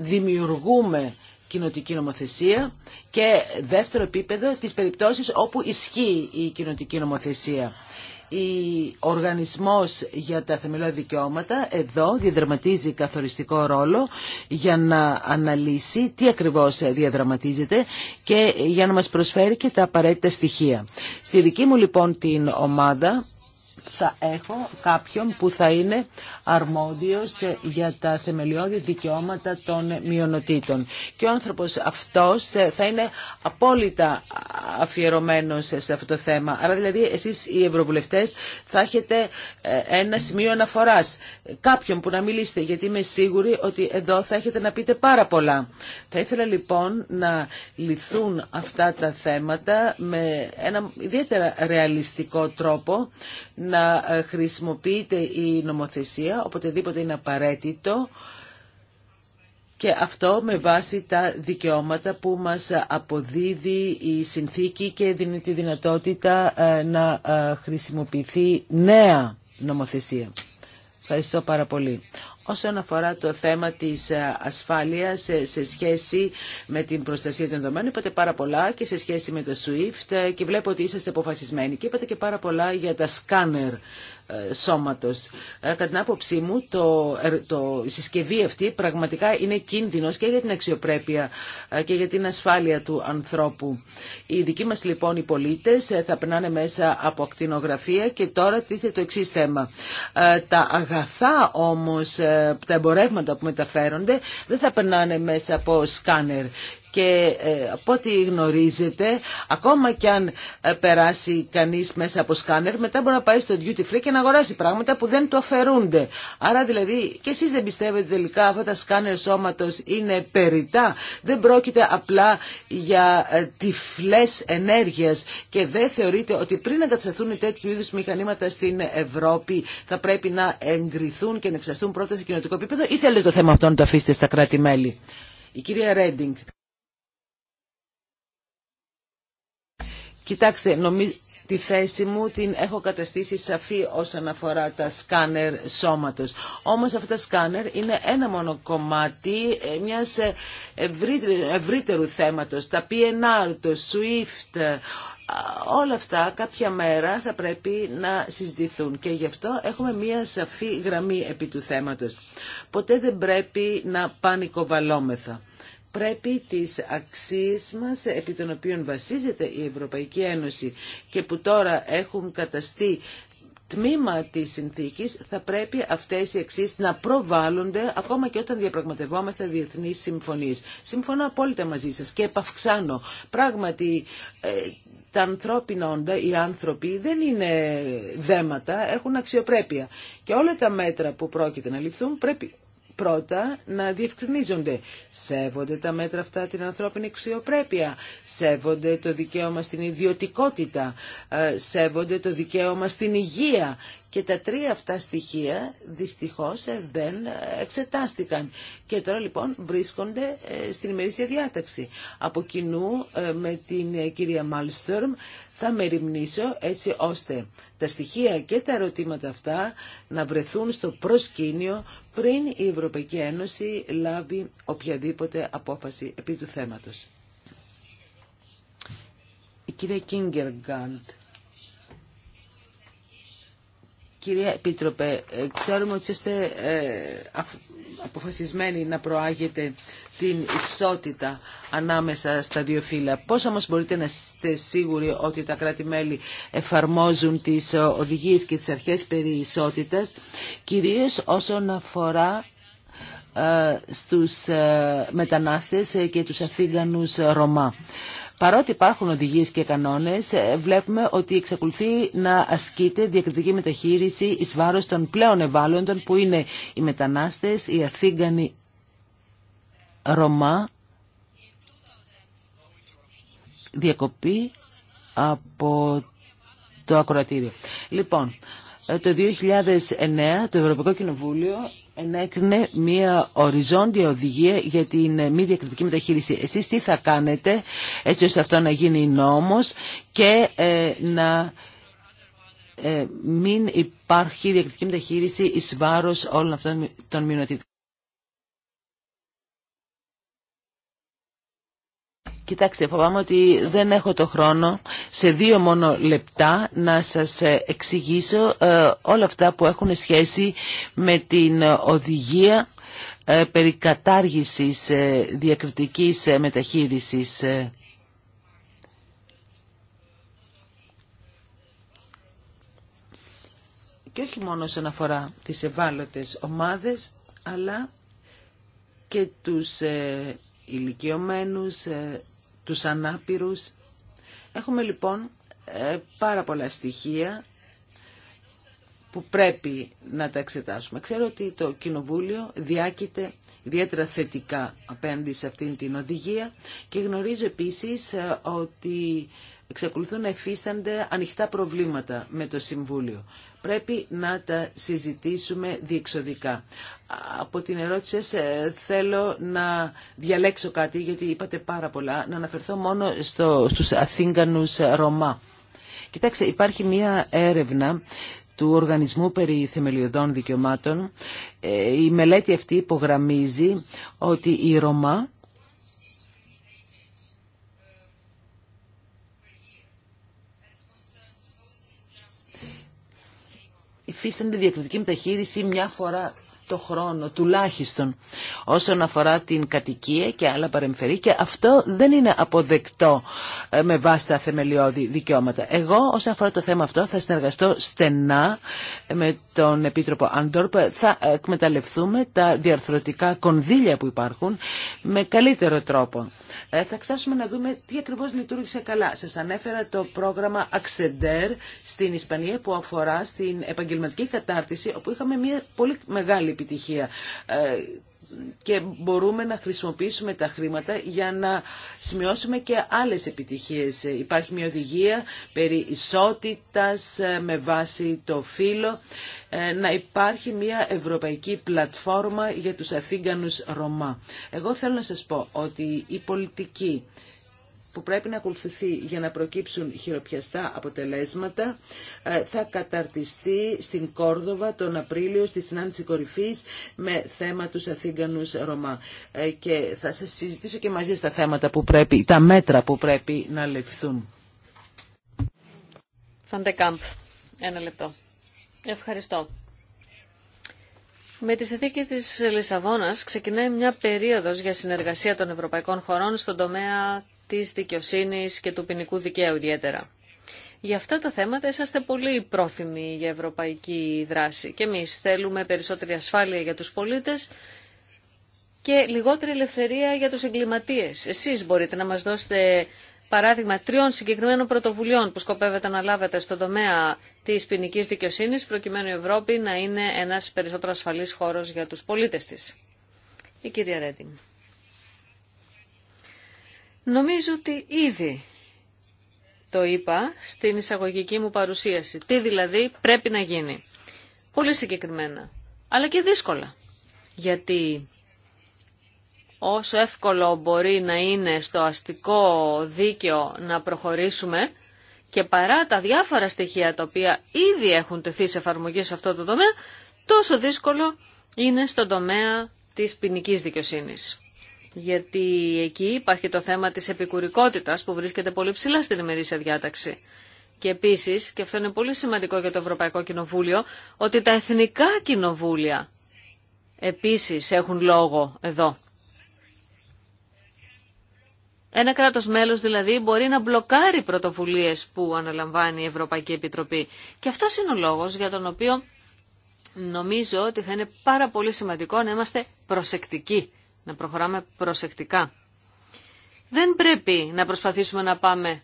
S3: δημιουργούμε κοινοτική νομοθεσία και δεύτερο επίπεδο τις περιπτώσεις όπου ισχύει η κοινοτική νομοθεσία. Ο Οργανισμός για τα Θεμελιώδη Δικαιώματα εδώ διαδραματίζει καθοριστικό ρόλο για να αναλύσει τι ακριβώς διαδραματίζεται και για να μας προσφέρει και τα απαραίτητα στοιχεία. Στη δική μου λοιπόν την ομάδα θα έχω κάποιον που θα είναι αρμόδιος για τα θεμελιώδη δικαιώματα των μειονοτήτων. Και ο άνθρωπος αυτός θα είναι απόλυτα αφιερωμένος σε αυτό το θέμα. Άρα δηλαδή εσείς οι ευρωβουλευτές θα έχετε ε, ένα σημείο αναφοράς. Κάποιον που να μιλήσετε γιατί είμαι σίγουρη ότι εδώ θα έχετε να πείτε πάρα πολλά. Θα ήθελα λοιπόν να λυθούν αυτά τα θέματα με ένα ιδιαίτερα ρεαλιστικό τρόπο να ε, χρησιμοποιείται η νομοθεσία οποτεδήποτε είναι απαραίτητο και αυτό με βάση τα δικαιώματα που μας αποδίδει η συνθήκη και δίνει τη δυνατότητα ε, να ε, χρησιμοποιηθεί νέα νομοθεσία. Ευχαριστώ πάρα πολύ. Όσον αφορά το θέμα της ε, ασφάλειας ε, σε σχέση με την προστασία των δεδομένων, είπατε πάρα πολλά και σε σχέση με το SWIFT ε, και βλέπω ότι είσαστε αποφασισμένοι και είπατε και πάρα πολλά για τα σκάνερ ε, σώματος. Ε, κατά την άποψή μου το, ε, το, η συσκευή αυτή πραγματικά είναι κίνδυνος και για την αξιοπρέπεια και για την ασφάλεια του ανθρώπου. Οι δικοί μας λοιπόν οι πολίτες θα περνάνε μέσα από ακτινογραφία και τώρα τίθεται το εξή θέμα. Τα αγαθά όμως, τα εμπορεύματα που μεταφέρονται δεν θα περνάνε μέσα από σκάνερ και ε, από ό,τι γνωρίζετε, ακόμα κι αν ε, περάσει κανείς μέσα από σκάνερ, μετά μπορεί να πάει στο duty free και να αγοράσει πράγματα που δεν το αφαιρούνται. Άρα δηλαδή και εσείς δεν πιστεύετε τελικά αυτά τα σκάνερ σώματος είναι περιτά. Δεν πρόκειται απλά για ε, τυφλές ενέργειας και δεν θεωρείτε ότι πριν εγκατασταθούν τέτοιου είδους μηχανήματα στην Ευρώπη θα πρέπει να εγκριθούν και να εξαστούν πρώτα σε κοινωτικό επίπεδο ή θέλετε το θέμα αυτό να το αφήσετε στα κράτη-μέλη. Η κυρία Ρέντινγκ. Κοιτάξτε, νομίζω τη θέση μου την έχω καταστήσει σαφή όσον αφορά τα σκάνερ σώματος. Όμως αυτά τα σκάνερ είναι ένα μόνο κομμάτι ε, μιας ε, ευρύτερου θέματος. Τα PNR, το SWIFT, ε, όλα αυτά κάποια μέρα θα πρέπει να συζητηθούν και γι' αυτό έχουμε μία σαφή γραμμή επί του θέματος. Ποτέ δεν πρέπει να πανικοβαλόμεθα πρέπει τις αξίες μας επί των οποίων βασίζεται η Ευρωπαϊκή Ένωση και που τώρα έχουν καταστεί τμήμα της συνθήκης θα πρέπει αυτές οι αξίες να προβάλλονται ακόμα και όταν διαπραγματευόμεθα διεθνείς συμφωνίες. Συμφωνώ απόλυτα μαζί σας και επαυξάνω. Πράγματι ε, τα ανθρώπινα όντα, οι άνθρωποι δεν είναι δέματα, έχουν αξιοπρέπεια. Και όλα τα μέτρα που πρόκειται να ληφθούν πρέπει πρώτα να διευκρινίζονται. Σέβονται τα μέτρα αυτά την ανθρώπινη αξιοπρέπεια, σέβονται το δικαίωμα στην ιδιωτικότητα, ε, σέβονται το δικαίωμα στην υγεία. Και τα τρία αυτά στοιχεία δυστυχώς ε, δεν εξετάστηκαν. Και τώρα λοιπόν βρίσκονται ε, στην ημερήσια διάταξη. Από κοινού με την κυρία Μάλστορμ θα μεριμνήσω έτσι ώστε τα στοιχεία και τα ερωτήματα αυτά να βρεθούν στο προσκήνιο πριν η Ευρωπαϊκή Ένωση λάβει οποιαδήποτε απόφαση επί του θέματος. Η κυρία Κυρία Επίτροπε, ε, ξέρουμε ότι είστε ε, αποφασισμένοι να προάγετε την ισότητα ανάμεσα στα δύο φύλλα. Πώς όμως μπορείτε να είστε σίγουροι ότι τα κράτη-μέλη εφαρμόζουν τις ε, οδηγίες και τις αρχές περί ισότητας, κυρίως όσον αφορά στους μετανάστες και τους αφήγανους Ρωμά. Παρότι υπάρχουν οδηγίες και κανόνες, ε, βλέπουμε ότι εξακολουθεί να ασκείται διακριτική μεταχείριση εις βάρος των πλέον ευάλωτων που είναι οι μετανάστες, οι Αθήγανοι Ρωμά, διακοπή από το ακροατήριο. Λοιπόν, ε, το 2009 το Ευρωπαϊκό Κοινοβούλιο ενέκρινε μια οριζόντια οδηγία για την ε, μη διακριτική μεταχείριση. Εσείς τι θα κάνετε έτσι ώστε αυτό να γίνει νόμος και ε, να ε, μην υπάρχει διακριτική μεταχείριση εις βάρος όλων αυτών των μειονοτήτων. Κοιτάξτε, φοβάμαι ότι δεν έχω το χρόνο σε δύο μόνο λεπτά να σας ε, εξηγήσω ε, όλα αυτά που έχουν σχέση με την οδηγία ε, περί κατάργησης διακριτικής μεταχείρισης. Και όχι μόνο όσον αναφορά τις ευάλωτες ομάδες, αλλά και τους ηλικιωμένους, τους ανάπηρους. Έχουμε λοιπόν ε, πάρα πολλά στοιχεία που πρέπει να τα εξετάσουμε. Ξέρω ότι το Κοινοβούλιο διάκειται ιδιαίτερα θετικά απέναντι σε αυτήν την οδηγία και γνωρίζω επίσης ε, ότι εξακολουθούν να εφίστανται ανοιχτά προβλήματα με το Συμβούλιο πρέπει να τα συζητήσουμε διεξοδικά. Από την ερώτηση σας ε, θέλω να διαλέξω κάτι, γιατί είπατε πάρα πολλά, να αναφερθώ μόνο στο, στους Αθήγανους Ρωμά. Κοιτάξτε, υπάρχει μία έρευνα του Οργανισμού περί Θεμελιωδών Δικαιωμάτων. Ε, η μελέτη αυτή υπογραμμίζει ότι οι Ρωμά υφίστανται διακριτική μεταχείριση μια φορά το χρόνο τουλάχιστον όσον αφορά την κατοικία και άλλα παρεμφερή και αυτό δεν είναι αποδεκτό ε, με βάση τα θεμελιώδη δικαιώματα. Εγώ όσον αφορά το θέμα αυτό θα συνεργαστώ στενά ε, με τον Επίτροπο Άντορπ, θα εκμεταλλευτούμε τα διαρθρωτικά κονδύλια που υπάρχουν με καλύτερο τρόπο. Ε, θα εξετάσουμε να δούμε τι ακριβώς λειτουργήσε καλά. Σας ανέφερα το πρόγραμμα Αξεντέρ στην Ισπανία που αφορά στην επαγγελματική κατάρτιση όπου είχαμε μια πολύ μεγάλη επιτυχία ε, και μπορούμε να χρησιμοποιήσουμε τα χρήματα για να σημειώσουμε και άλλες επιτυχίες. Ε, υπάρχει μια οδηγία περί ισότητας ε, με βάση το φύλλο, να υπάρχει μια ευρωπαϊκή πλατφόρμα για τους Αθήγανους Ρωμά. Εγώ θέλω να σας πω ότι η πολιτική που πρέπει να ακολουθηθεί για να προκύψουν χειροπιαστά αποτελέσματα ε, θα καταρτιστεί στην Κόρδοβα τον Απρίλιο στη συνάντηση κορυφής με θέμα τους Αθήγανους Ρωμά. Ε, και θα σας συζητήσω και μαζί στα θέματα που πρέπει, τα μέτρα που πρέπει να ληφθούν.
S1: Φαντεκάμπ, ένα λεπτό. Ευχαριστώ. Με τη συνθήκη της Λισαβόνας ξεκινάει μια περίοδος για συνεργασία των ευρωπαϊκών χωρών στον τομέα της δικαιοσύνης και του ποινικού δικαίου ιδιαίτερα. Για αυτά τα θέματα είσαστε πολύ πρόθυμοι για ευρωπαϊκή δράση και εμείς θέλουμε περισσότερη ασφάλεια για τους πολίτες και λιγότερη ελευθερία για τους εγκληματίες. Εσείς μπορείτε να μας δώσετε παράδειγμα τριών συγκεκριμένων πρωτοβουλειών που σκοπεύετε να λάβετε στον τομέα της ποινική δικαιοσύνης προκειμένου η Ευρώπη να είναι ένας περισσότερο ασφαλής χώρος για τους πολίτες της. Η κυρία Ρέντιν. Νομίζω ότι ήδη το είπα στην εισαγωγική μου παρουσίαση. Τι δηλαδή πρέπει να γίνει. Πολύ συγκεκριμένα, αλλά και δύσκολα. Γιατί όσο εύκολο μπορεί να είναι στο αστικό δίκαιο να προχωρήσουμε και παρά τα διάφορα στοιχεία τα οποία ήδη έχουν τεθεί σε εφαρμογή σε αυτό το τομέα, τόσο δύσκολο είναι στον τομέα της ποινική δικαιοσύνης γιατί εκεί υπάρχει το θέμα της επικουρικότητας που βρίσκεται πολύ ψηλά στην ημερήσια διάταξη. Και επίσης, και αυτό είναι πολύ σημαντικό για το Ευρωπαϊκό Κοινοβούλιο, ότι τα εθνικά κοινοβούλια επίσης έχουν λόγο εδώ. Ένα κράτος μέλος δηλαδή μπορεί να μπλοκάρει πρωτοβουλίες που αναλαμβάνει η Ευρωπαϊκή Επιτροπή. Και αυτό είναι ο λόγος για τον οποίο νομίζω ότι θα είναι πάρα πολύ σημαντικό να είμαστε προσεκτικοί να προχωράμε προσεκτικά. Δεν πρέπει να προσπαθήσουμε να πάμε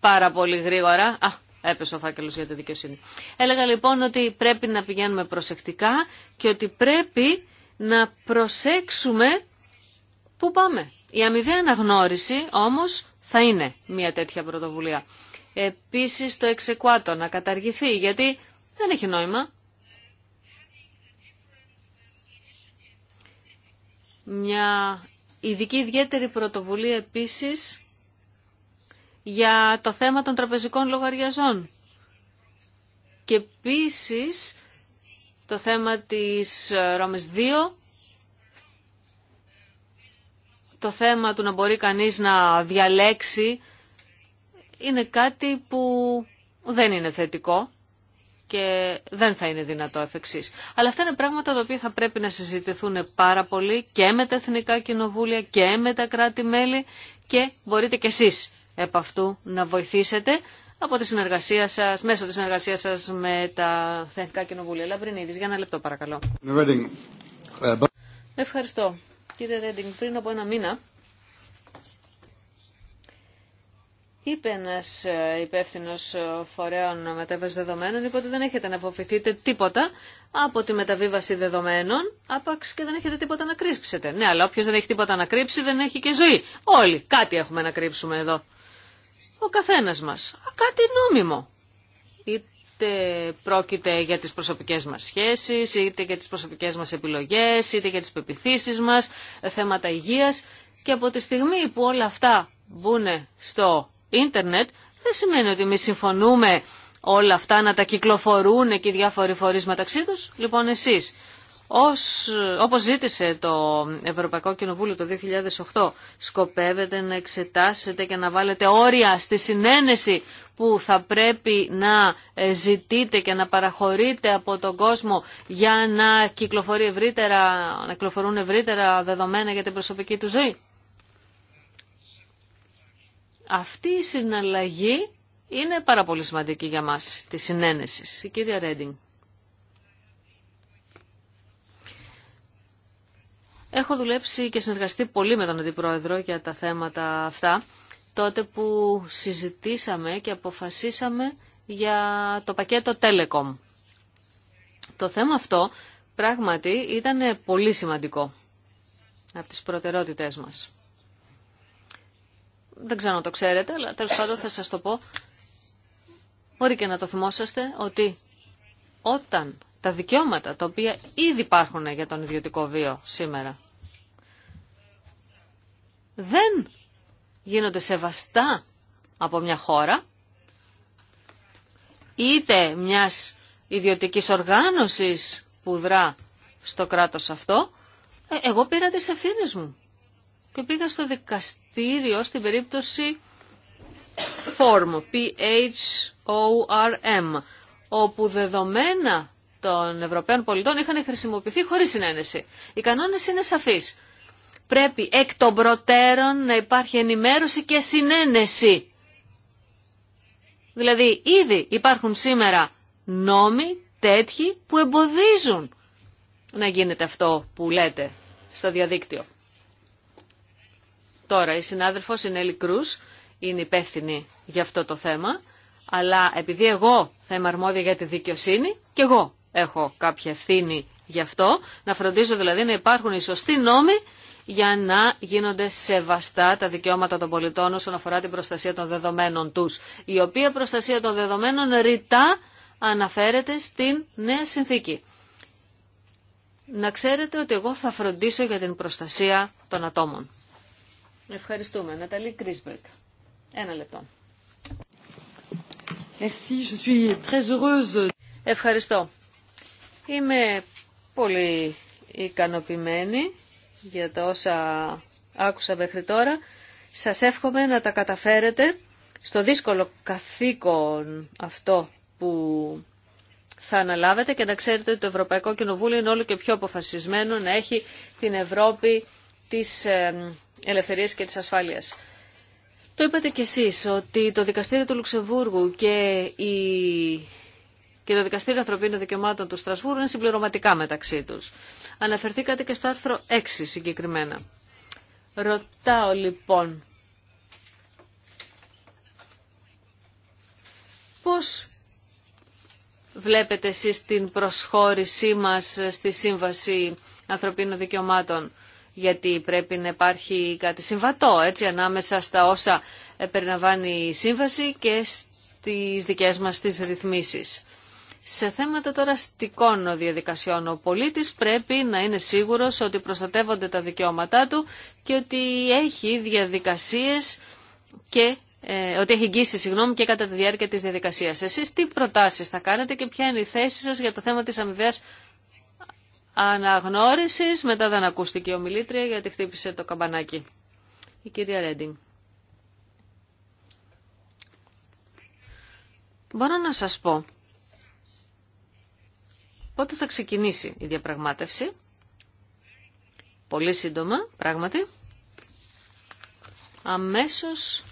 S1: πάρα πολύ γρήγορα. Α, έπεσε ο φάκελος για τη δικαιοσύνη. Έλεγα λοιπόν ότι πρέπει να πηγαίνουμε προσεκτικά και ότι πρέπει να προσέξουμε πού πάμε. Η αμοιβαία αναγνώριση όμως θα είναι μια τέτοια πρωτοβουλία. Επίσης το εξεκουάτο να καταργηθεί γιατί δεν έχει νόημα. μια ειδική ιδιαίτερη πρωτοβουλία επίσης για το θέμα των τραπεζικών λογαριαζών. Και επίσης το θέμα της ε, Ρώμης 2, το θέμα του να μπορεί κανείς να διαλέξει, είναι κάτι που δεν είναι θετικό και δεν θα είναι δυνατό εφ' εξής. Αλλά αυτά είναι πράγματα τα οποία θα πρέπει να συζητηθούν πάρα πολύ και με τα Εθνικά Κοινοβούλια και με τα κράτη-μέλη και μπορείτε κι εσείς επ' αυτού να βοηθήσετε από τη συνεργασία σας, μέσω της συνεργασίας σας με τα Εθνικά Κοινοβούλια. Λαμπρινίδης, για ένα λεπτό παρακαλώ. Ε, Ευχαριστώ. Κύριε Ρέντινγκ, πριν από ένα μήνα Είπε ένα ε, υπεύθυνο ε, φορέων μετάβαση δεδομένων, είπε ότι δεν έχετε να αποφηθείτε τίποτα από τη μεταβίβαση δεδομένων, άπαξ και δεν έχετε τίποτα να κρύψετε. Ναι, αλλά όποιο δεν έχει τίποτα να κρύψει δεν έχει και ζωή. Όλοι κάτι έχουμε να κρύψουμε εδώ. Ο καθένα μα. Κάτι νόμιμο. Είτε πρόκειται για τι προσωπικέ μα σχέσει, είτε για τι προσωπικέ μα επιλογέ, είτε για τι πεπιθήσει μα, θέματα υγεία. Και από τη στιγμή που όλα αυτά μπουν στο ίντερνετ δεν σημαίνει ότι εμεί συμφωνούμε όλα αυτά να τα κυκλοφορούν και οι διάφοροι φορείς μεταξύ τους. Λοιπόν, εσείς, ως, όπως ζήτησε το Ευρωπαϊκό Κοινοβούλιο το 2008, σκοπεύετε να εξετάσετε και να βάλετε όρια στη συνένεση που θα πρέπει να ε, ζητείτε και να παραχωρείτε από τον κόσμο για να, κυκλοφορεί ευρύτερα, να κυκλοφορούν ευρύτερα δεδομένα για την προσωπική του ζωή αυτή η συναλλαγή είναι πάρα πολύ σημαντική για μας, τη συνένεση. Η κυρία Ρέντινγκ. Έχω δουλέψει και συνεργαστεί πολύ με τον Αντιπρόεδρο για τα θέματα αυτά, τότε που συζητήσαμε και αποφασίσαμε για το πακέτο Telecom. Το θέμα αυτό πράγματι ήταν πολύ σημαντικό από τις προτεραιότητές μας δεν ξέρω αν το ξέρετε, αλλά τέλος πάντων θα σας το πω. Μπορεί και να το θυμόσαστε ότι όταν τα δικαιώματα τα οποία ήδη υπάρχουν για τον ιδιωτικό βίο σήμερα δεν γίνονται σεβαστά από μια χώρα, είτε μιας ιδιωτικής οργάνωσης που δρά στο κράτος αυτό, ε, εγώ πήρα τις ευθύνε μου και πήγα στο δικαστήριο στην περίπτωση FORM, P-H-O-R-M, όπου δεδομένα των Ευρωπαίων πολιτών είχαν χρησιμοποιηθεί χωρίς συνένεση. Οι κανόνες είναι σαφείς. Πρέπει εκ των προτέρων να υπάρχει ενημέρωση και συνένεση. Δηλαδή ήδη υπάρχουν σήμερα νόμοι τέτοιοι που εμποδίζουν να γίνεται αυτό που λέτε στο διαδίκτυο. Τώρα η συνάδελφος η Νέλη Κρούς είναι υπεύθυνη για αυτό το θέμα, αλλά επειδή εγώ θα είμαι αρμόδια για τη δικαιοσύνη και εγώ έχω κάποια ευθύνη γι' αυτό, να φροντίζω δηλαδή να υπάρχουν οι σωστοί νόμοι για να γίνονται σεβαστά τα δικαιώματα των πολιτών όσον αφορά την προστασία των δεδομένων τους, η οποία προστασία των δεδομένων ρητά αναφέρεται στην νέα συνθήκη. Να ξέρετε ότι εγώ θα φροντίσω για την προστασία των ατόμων. Ευχαριστούμε. Ναταλή Κρίσμπερκ. Ένα λεπτό. Ευχαριστώ. Είμαι πολύ ικανοποιημένη για τα όσα άκουσα μέχρι τώρα. Σας εύχομαι να τα καταφέρετε στο δύσκολο καθήκον αυτό που θα αναλάβετε και να ξέρετε ότι το Ευρωπαϊκό Κοινοβούλιο είναι όλο και πιο αποφασισμένο να έχει την Ευρώπη της ελευθερίας και της ασφάλειας. Το είπατε κι εσείς ότι το Δικαστήριο του Λουξεμβούργου και, η... και το Δικαστήριο Ανθρωπίνων Δικαιωμάτων του Στρασβούργου είναι συμπληρωματικά μεταξύ τους. Αναφερθήκατε και στο άρθρο 6 συγκεκριμένα. Ρωτάω λοιπόν, πώς βλέπετε εσείς την προσχώρησή μας στη Σύμβαση Ανθρωπίνων Δικαιωμάτων γιατί πρέπει να υπάρχει κάτι συμβατό έτσι, ανάμεσα στα όσα περιλαμβάνει η σύμβαση και στις δικές μας τις ρυθμίσεις. Σε θέματα τώρα στικών διαδικασιών, ο πολίτης πρέπει να είναι σίγουρος ότι προστατεύονται τα δικαιώματά του και ότι έχει διαδικασίες και ε, ότι έχει εγγύσει συγγνώμη και κατά τη διάρκεια της διαδικασίας. Εσείς τι προτάσεις θα κάνετε και ποια είναι η θέση σας για το θέμα της αμοιβαίας αναγνώρισης. Μετά δεν ακούστηκε η ομιλήτρια γιατί χτύπησε το καμπανάκι. Η κυρία Ρέντινγκ. Μπορώ να σας πω πότε θα ξεκινήσει η διαπραγμάτευση. Πολύ σύντομα, πράγματι. Αμέσως,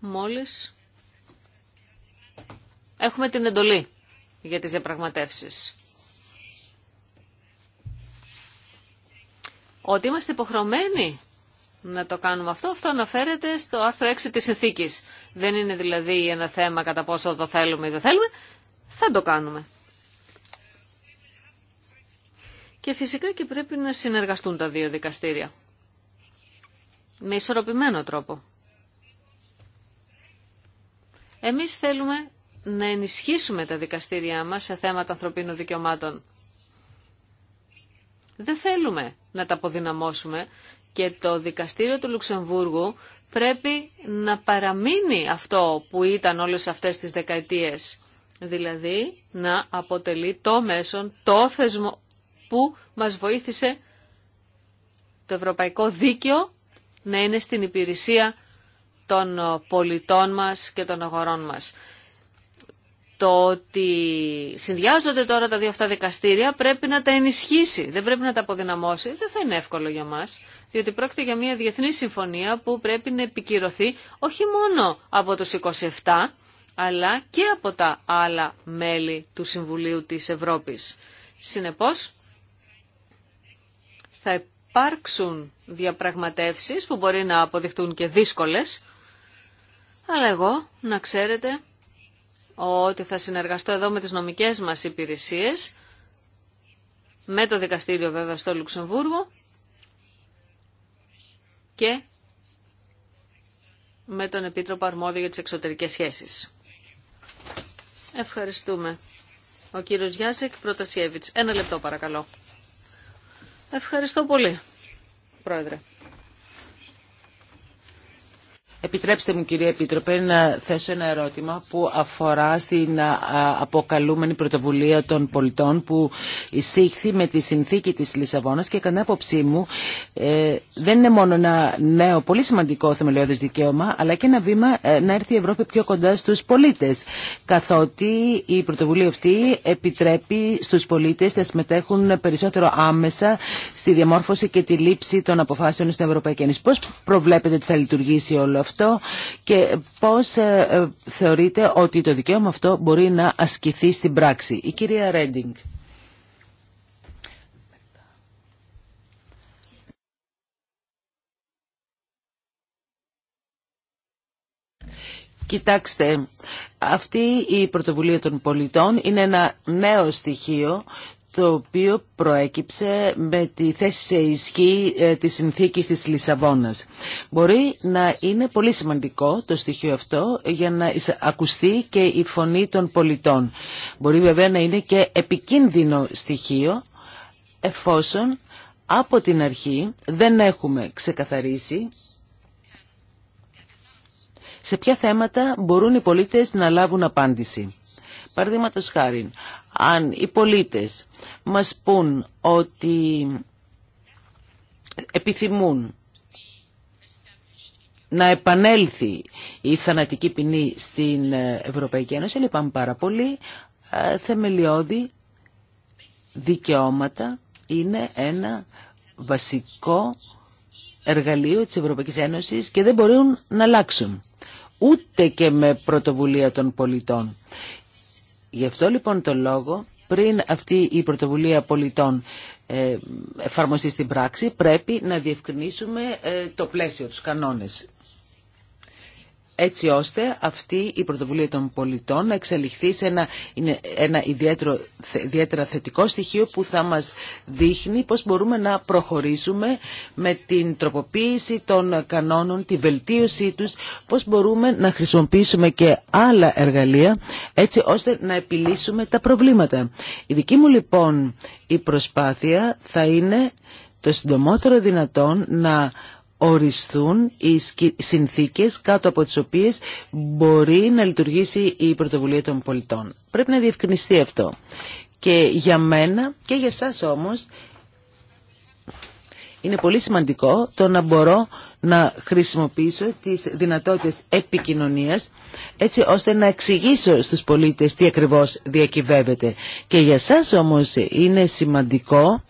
S1: μόλις, έχουμε την εντολή για τις διαπραγματεύσεις. Ότι είμαστε υποχρεωμένοι να το κάνουμε αυτό, αυτό αναφέρεται στο άρθρο 6 της συνθήκης. Δεν είναι δηλαδή ένα θέμα κατά πόσο το θέλουμε ή δεν θέλουμε, θα το κάνουμε. Και φυσικά και πρέπει να συνεργαστούν τα δύο δικαστήρια. Με ισορροπημένο τρόπο. Εμείς θέλουμε να ενισχύσουμε τα δικαστήριά μας σε θέματα ανθρωπίνων δικαιωμάτων. Δεν θέλουμε να τα αποδυναμώσουμε και το δικαστήριο του Λουξεμβούργου πρέπει να παραμείνει αυτό που ήταν όλες αυτές τις δεκαετίες. Δηλαδή να αποτελεί το μέσον, το θεσμό που μας βοήθησε το ευρωπαϊκό δίκαιο να είναι στην υπηρεσία των πολιτών μας και των αγορών μας το ότι συνδυάζονται τώρα τα δύο αυτά δικαστήρια πρέπει να τα ενισχύσει, δεν πρέπει να τα αποδυναμώσει. Δεν θα είναι εύκολο για μας, διότι πρόκειται για μια διεθνή συμφωνία που πρέπει να επικυρωθεί όχι μόνο από τους 27, αλλά και από τα άλλα μέλη του Συμβουλίου της Ευρώπης. Συνεπώς, θα υπάρξουν διαπραγματεύσεις που μπορεί να αποδειχτούν και δύσκολες, αλλά εγώ, να ξέρετε, ότι θα συνεργαστώ εδώ με τις νομικές μας υπηρεσίες, με το δικαστήριο βέβαια στο Λουξεμβούργο και με τον Επίτροπο Αρμόδιο για τις Εξωτερικές Σχέσεις. Ευχαριστούμε. Ο κύριος Γιάσεκ Προτασιέβιτς. Ένα λεπτό παρακαλώ. Ευχαριστώ πολύ, Πρόεδρε.
S3: Επιτρέψτε μου κυρία Επίτροπε να θέσω ένα ερώτημα που αφορά στην αποκαλούμενη πρωτοβουλία των πολιτών που εισήχθη με τη συνθήκη της Λισαβόνας και κατά άποψή μου ε, δεν είναι μόνο ένα νέο πολύ σημαντικό θεμελιώδης δικαίωμα αλλά και ένα βήμα ε, να έρθει η Ευρώπη πιο κοντά στους πολίτες καθότι η πρωτοβουλία αυτή επιτρέπει στους πολίτες να συμμετέχουν περισσότερο άμεσα στη διαμόρφωση και τη λήψη των αποφάσεων στην Ευρωπαϊκή Ένωση. Πώς προβλέπετε ότι θα λειτουργήσει όλο αυτό και πώς ε, ε, θεωρείτε ότι το δικαίωμα αυτό μπορεί να ασκηθεί στην πράξη. Η κυρία Ρέντινγκ. Κοιτάξτε, αυτή η πρωτοβουλία των πολιτών είναι ένα νέο στοιχείο το οποίο προέκυψε με τη θέση σε ισχύ ε, της συνθήκης της Λισαβόνας. Μπορεί να είναι πολύ σημαντικό το στοιχείο αυτό για να ακουστεί και η φωνή των πολιτών. Μπορεί βέβαια να είναι και επικίνδυνο στοιχείο εφόσον από την αρχή δεν έχουμε ξεκαθαρίσει σε ποια θέματα μπορούν οι πολίτες να λάβουν απάντηση. Παραδείγματο χάρη, αν οι πολίτες μας πούν ότι επιθυμούν να επανέλθει η θανατική ποινή στην Ευρωπαϊκή Ένωση, λυπάμαι πάρα πολύ, ε, θεμελιώδη δικαιώματα είναι ένα βασικό εργαλείο της Ευρωπαϊκής Ένωσης και δεν μπορούν να αλλάξουν ούτε και με πρωτοβουλία των πολιτών. Γι' αυτό λοιπόν το λόγο πριν αυτή η πρωτοβουλία πολιτών ε, εφαρμοστεί στην πράξη πρέπει να διευκρινίσουμε ε, το πλαίσιο, τους κανόνες έτσι ώστε αυτή η πρωτοβουλία των πολιτών να εξελιχθεί σε ένα, ένα ιδιαίτερο, ιδιαίτερα θετικό στοιχείο που θα μας δείχνει πώς μπορούμε να προχωρήσουμε με την τροποποίηση των κανόνων, τη βελτίωσή τους, πώς μπορούμε να χρησιμοποιήσουμε και άλλα εργαλεία έτσι ώστε να επιλύσουμε τα προβλήματα. Η δική μου λοιπόν η προσπάθεια θα είναι το συντομότερο δυνατόν να οριστούν οι συνθήκες κάτω από τις οποίες μπορεί να λειτουργήσει η πρωτοβουλία των πολιτών. Πρέπει να διευκρινιστεί αυτό. Και για μένα και για σας όμως είναι πολύ σημαντικό το να μπορώ να χρησιμοποιήσω τις δυνατότητες επικοινωνίας έτσι ώστε να εξηγήσω στους πολίτες τι ακριβώς διακυβεύεται. Και για σας όμως είναι σημαντικό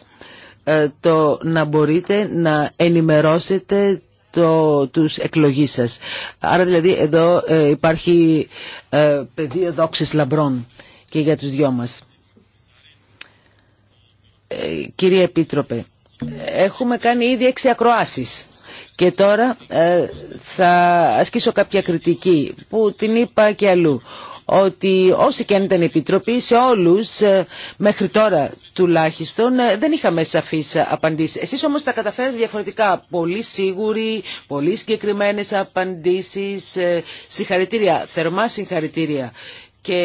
S3: ε, το να μπορείτε να ενημερώσετε το, τους εκλογείς σας. Άρα δηλαδή εδώ ε, υπάρχει ε, πεδίο δόξης λαμπρών και για τους δυο μας. Ε, Επίτροπε, έχουμε κάνει ήδη έξι ακροάσεις. Και τώρα θα ασκήσω κάποια κριτική που την είπα και αλλού ότι όσοι και αν ήταν επιτροπή σε όλους ε, μέχρι τώρα τουλάχιστον ε, δεν είχαμε σαφείς απαντήσεις. Εσείς όμως τα καταφέρατε διαφορετικά. Πολύ σίγουροι, πολύ συγκεκριμένες απαντήσεις. Ε, συγχαρητήρια, θερμά συγχαρητήρια. Και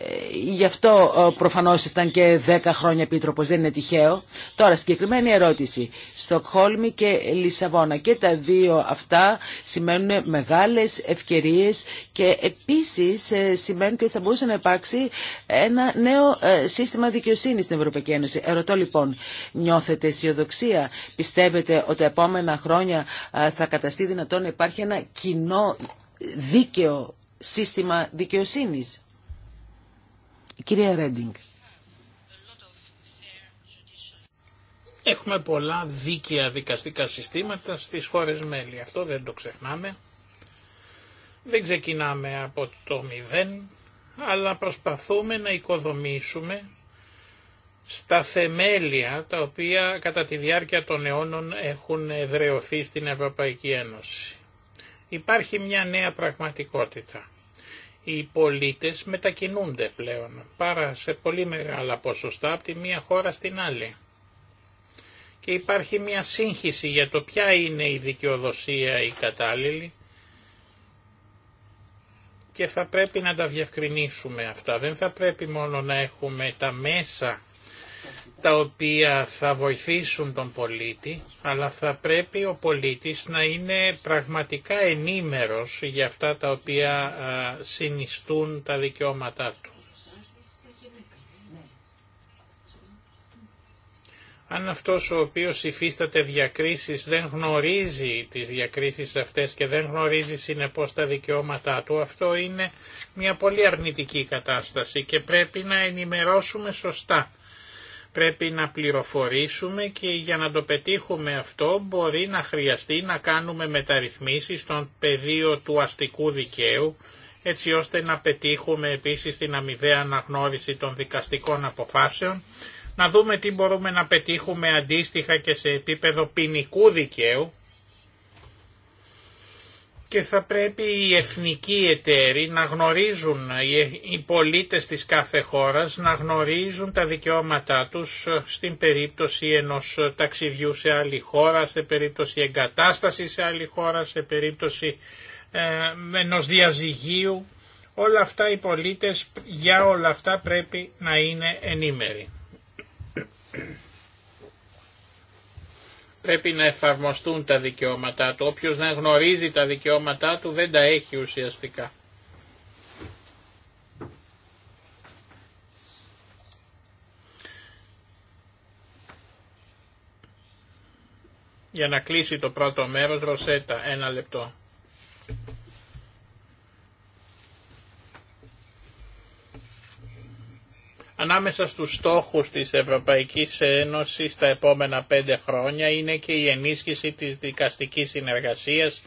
S3: ε, γι' αυτό ε, προφανώς ήταν και 10 χρόνια επίτροπος, δεν είναι τυχαίο. Τώρα, συγκεκριμένη ερώτηση. Στοκχόλμη και Λισαβόνα και τα δύο αυτά σημαίνουν μεγάλες ευκαιρίες και επίσης ε, σημαίνουν και ότι θα μπορούσε να υπάρξει ένα νέο σύστημα δικαιοσύνης στην Ευρωπαϊκή Ένωση. Ερωτώ λοιπόν, νιώθετε αισιοδοξία, πιστεύετε ότι τα επόμενα χρόνια θα καταστεί δυνατόν να υπάρχει ένα κοινό δίκαιο σύστημα δικαιοσύνης κυρία Ρέντινγκ.
S2: Έχουμε πολλά δίκαια δικαστικά συστήματα στις χώρες μέλη. Αυτό δεν το ξεχνάμε. Δεν ξεκινάμε από το μηδέν, αλλά προσπαθούμε να οικοδομήσουμε στα θεμέλια τα οποία κατά τη διάρκεια των αιώνων έχουν εδρεωθεί στην Ευρωπαϊκή Ένωση. Υπάρχει μια νέα πραγματικότητα οι πολίτες μετακινούνται πλέον πάρα σε πολύ μεγάλα ποσοστά από τη μία χώρα στην άλλη. Και υπάρχει μια σύγχυση για το ποια είναι η δικαιοδοσία η κατάλληλη και θα πρέπει να τα διευκρινίσουμε αυτά. Δεν θα πρέπει μόνο να έχουμε τα μέσα τα οποία θα βοηθήσουν τον πολίτη, αλλά θα πρέπει ο πολίτης να είναι πραγματικά ενήμερος για αυτά τα οποία συνιστούν τα δικαιώματά του. Αν αυτός ο οποίος υφίσταται διακρίσεις δεν γνωρίζει τις διακρίσεις αυτές και δεν γνωρίζει συνεπώς τα δικαιώματά του, αυτό είναι μια πολύ αρνητική κατάσταση και πρέπει να ενημερώσουμε σωστά Πρέπει να πληροφορήσουμε και για να το πετύχουμε αυτό μπορεί να χρειαστεί να κάνουμε μεταρρυθμίσεις στον πεδίο του αστικού δικαίου έτσι ώστε να πετύχουμε επίσης την αμοιβαία αναγνώριση των δικαστικών αποφάσεων, να δούμε τι μπορούμε να πετύχουμε αντίστοιχα και σε επίπεδο ποινικού δικαίου, και θα πρέπει οι εθνικοί εταίροι να γνωρίζουν, ε, οι πολίτες της κάθε χώρας να γνωρίζουν τα δικαιώματά τους ε, στην περίπτωση ενός ε, ταξιδιού σε άλλη χώρα, σε περίπτωση εγκατάστασης σε άλλη χώρα, σε περίπτωση ε, ενός διαζυγίου. Όλα αυτά οι πολίτες για όλα αυτά πρέπει να είναι ενήμεροι πρέπει να εφαρμοστούν τα δικαιώματά του. Όποιος δεν γνωρίζει τα δικαιώματά του δεν τα έχει ουσιαστικά. Για να κλείσει το πρώτο μέρος, Ρωσέτα, ένα λεπτό. Ανάμεσα στους στόχους της Ευρωπαϊκής Ένωσης τα επόμενα πέντε χρόνια είναι και η ενίσχυση της δικαστικής συνεργασίας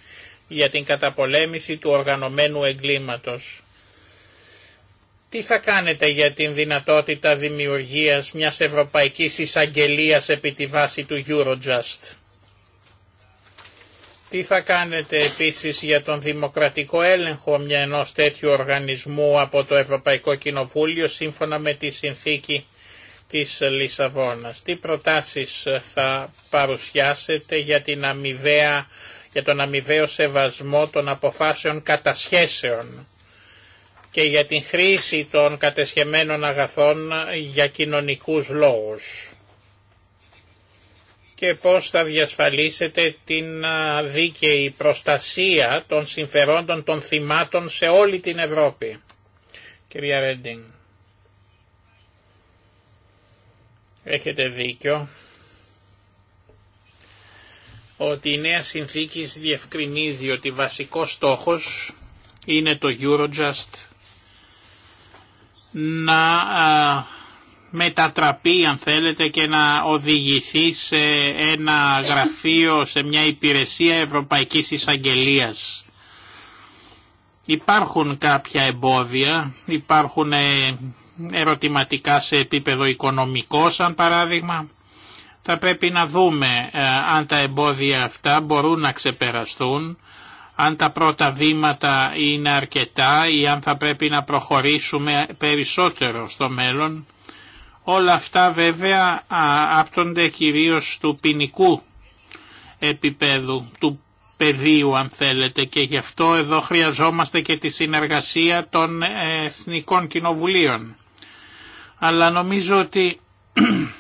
S2: για την καταπολέμηση του οργανωμένου εγκλήματος. Τι θα κάνετε για την δυνατότητα δημιουργίας μιας Ευρωπαϊκής εισαγγελία επί τη βάση του Eurojust. Τι θα κάνετε επίσης για τον δημοκρατικό έλεγχο μια ενός τέτοιου οργανισμού από το Ευρωπαϊκό Κοινοβούλιο σύμφωνα με τη συνθήκη της Λισαβόνας. Τι προτάσεις θα παρουσιάσετε για, την αμοιβαία, για τον αμοιβαίο σεβασμό των αποφάσεων κατασχέσεων και για την χρήση των κατεσχεμένων αγαθών για κοινωνικούς λόγους και πώς θα διασφαλίσετε την δίκαιη προστασία των συμφερόντων των θυμάτων σε όλη την Ευρώπη. Κυρία Ρέντινγκ, έχετε δίκιο ότι η νέα συνθήκη διευκρινίζει ότι βασικός στόχος είναι το Eurojust να μετατραπεί αν θέλετε και να οδηγηθεί σε ένα γραφείο, σε μια υπηρεσία Ευρωπαϊκής εισαγγελία. Υπάρχουν κάποια εμπόδια, υπάρχουν ε, ερωτηματικά σε επίπεδο οικονομικό σαν παράδειγμα. Θα πρέπει να δούμε ε, αν τα εμπόδια αυτά μπορούν να ξεπεραστούν, αν τα πρώτα βήματα είναι αρκετά ή αν θα πρέπει να προχωρήσουμε περισσότερο στο μέλλον Όλα αυτά βέβαια άπτονται κυρίως του ποινικού επίπεδου, του πεδίου αν θέλετε και γι' αυτό εδώ χρειαζόμαστε και τη συνεργασία των ε, εθνικών κοινοβουλίων. Αλλά νομίζω ότι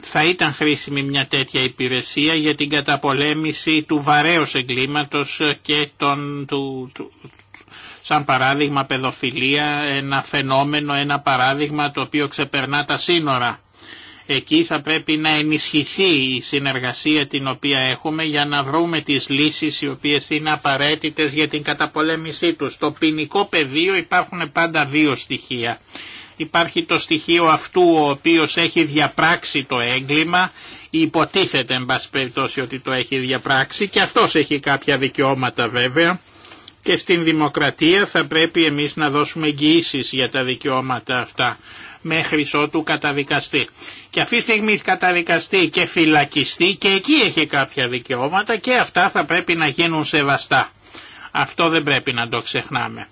S2: θα ήταν χρήσιμη μια τέτοια υπηρεσία για την καταπολέμηση του βαρέως εγκλήματος και των, του, σαν παράδειγμα παιδοφιλία, ένα φαινόμενο, ένα παράδειγμα το οποίο ξεπερνά τα σύνορα. Εκεί θα πρέπει να ενισχυθεί η συνεργασία την οποία έχουμε για να βρούμε τις λύσεις οι οποίες είναι απαραίτητες για την καταπολέμησή τους. Στο ποινικό πεδίο υπάρχουν πάντα δύο στοιχεία. Υπάρχει το στοιχείο αυτού ο οποίος έχει διαπράξει το έγκλημα ή υποτίθεται εν πάση περιπτώσει ότι το έχει διαπράξει και αυτός έχει κάποια δικαιώματα βέβαια και στην δημοκρατία θα πρέπει εμείς να δώσουμε εγγυήσει για τα δικαιώματα αυτά μέχρι ότου καταδικαστεί. Και αυτή τη στιγμή καταδικαστεί και φυλακιστεί και εκεί έχει κάποια δικαιώματα και αυτά θα πρέπει να γίνουν σεβαστά. Αυτό δεν πρέπει να το ξεχνάμε.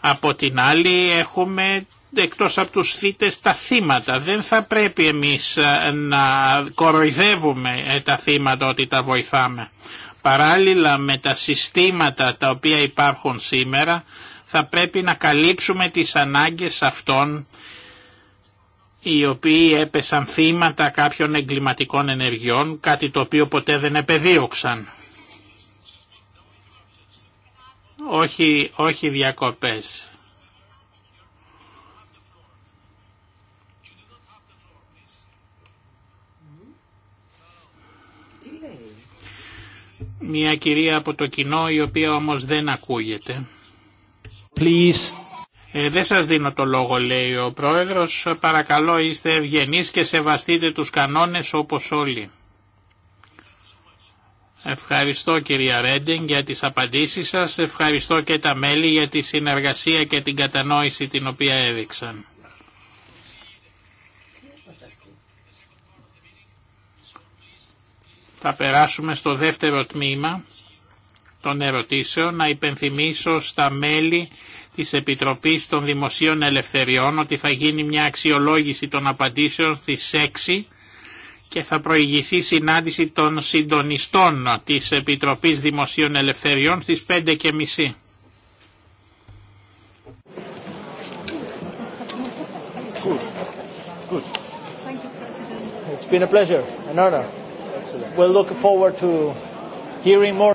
S2: Από την άλλη έχουμε εκτός από τους θύτες τα θύματα. Δεν θα πρέπει εμείς ε, να κοροϊδεύουμε ε, τα θύματα ότι τα βοηθάμε. Παράλληλα με τα συστήματα τα οποία υπάρχουν σήμερα θα πρέπει να καλύψουμε τις ανάγκες αυτών οι οποίοι έπεσαν θύματα κάποιων εγκληματικών ενεργειών, κάτι το οποίο ποτέ δεν επεδίωξαν. Όχι, όχι διακοπές. Μια κυρία από το κοινό η οποία όμως δεν ακούγεται. Please. Ε, δεν σας δίνω το λόγο λέει ο πρόεδρος. Παρακαλώ είστε ευγενείς και σεβαστείτε τους κανόνες όπως όλοι. Ευχαριστώ κυρία Ρέντινγκ για τις απαντήσεις σας. Ευχαριστώ και τα μέλη για τη συνεργασία και την κατανόηση την οποία έδειξαν. Θα περάσουμε στο δεύτερο τμήμα των ερωτήσεων να υπενθυμίσω στα μέλη της Επιτροπής των Δημοσίων Ελευθεριών ότι θα γίνει μια αξιολόγηση των απαντήσεων στις 6 και θα προηγηθεί συνάντηση των συντονιστών της Επιτροπής Δημοσίων Ελευθεριών στις 5 και μισή. We'll looking forward to hearing more.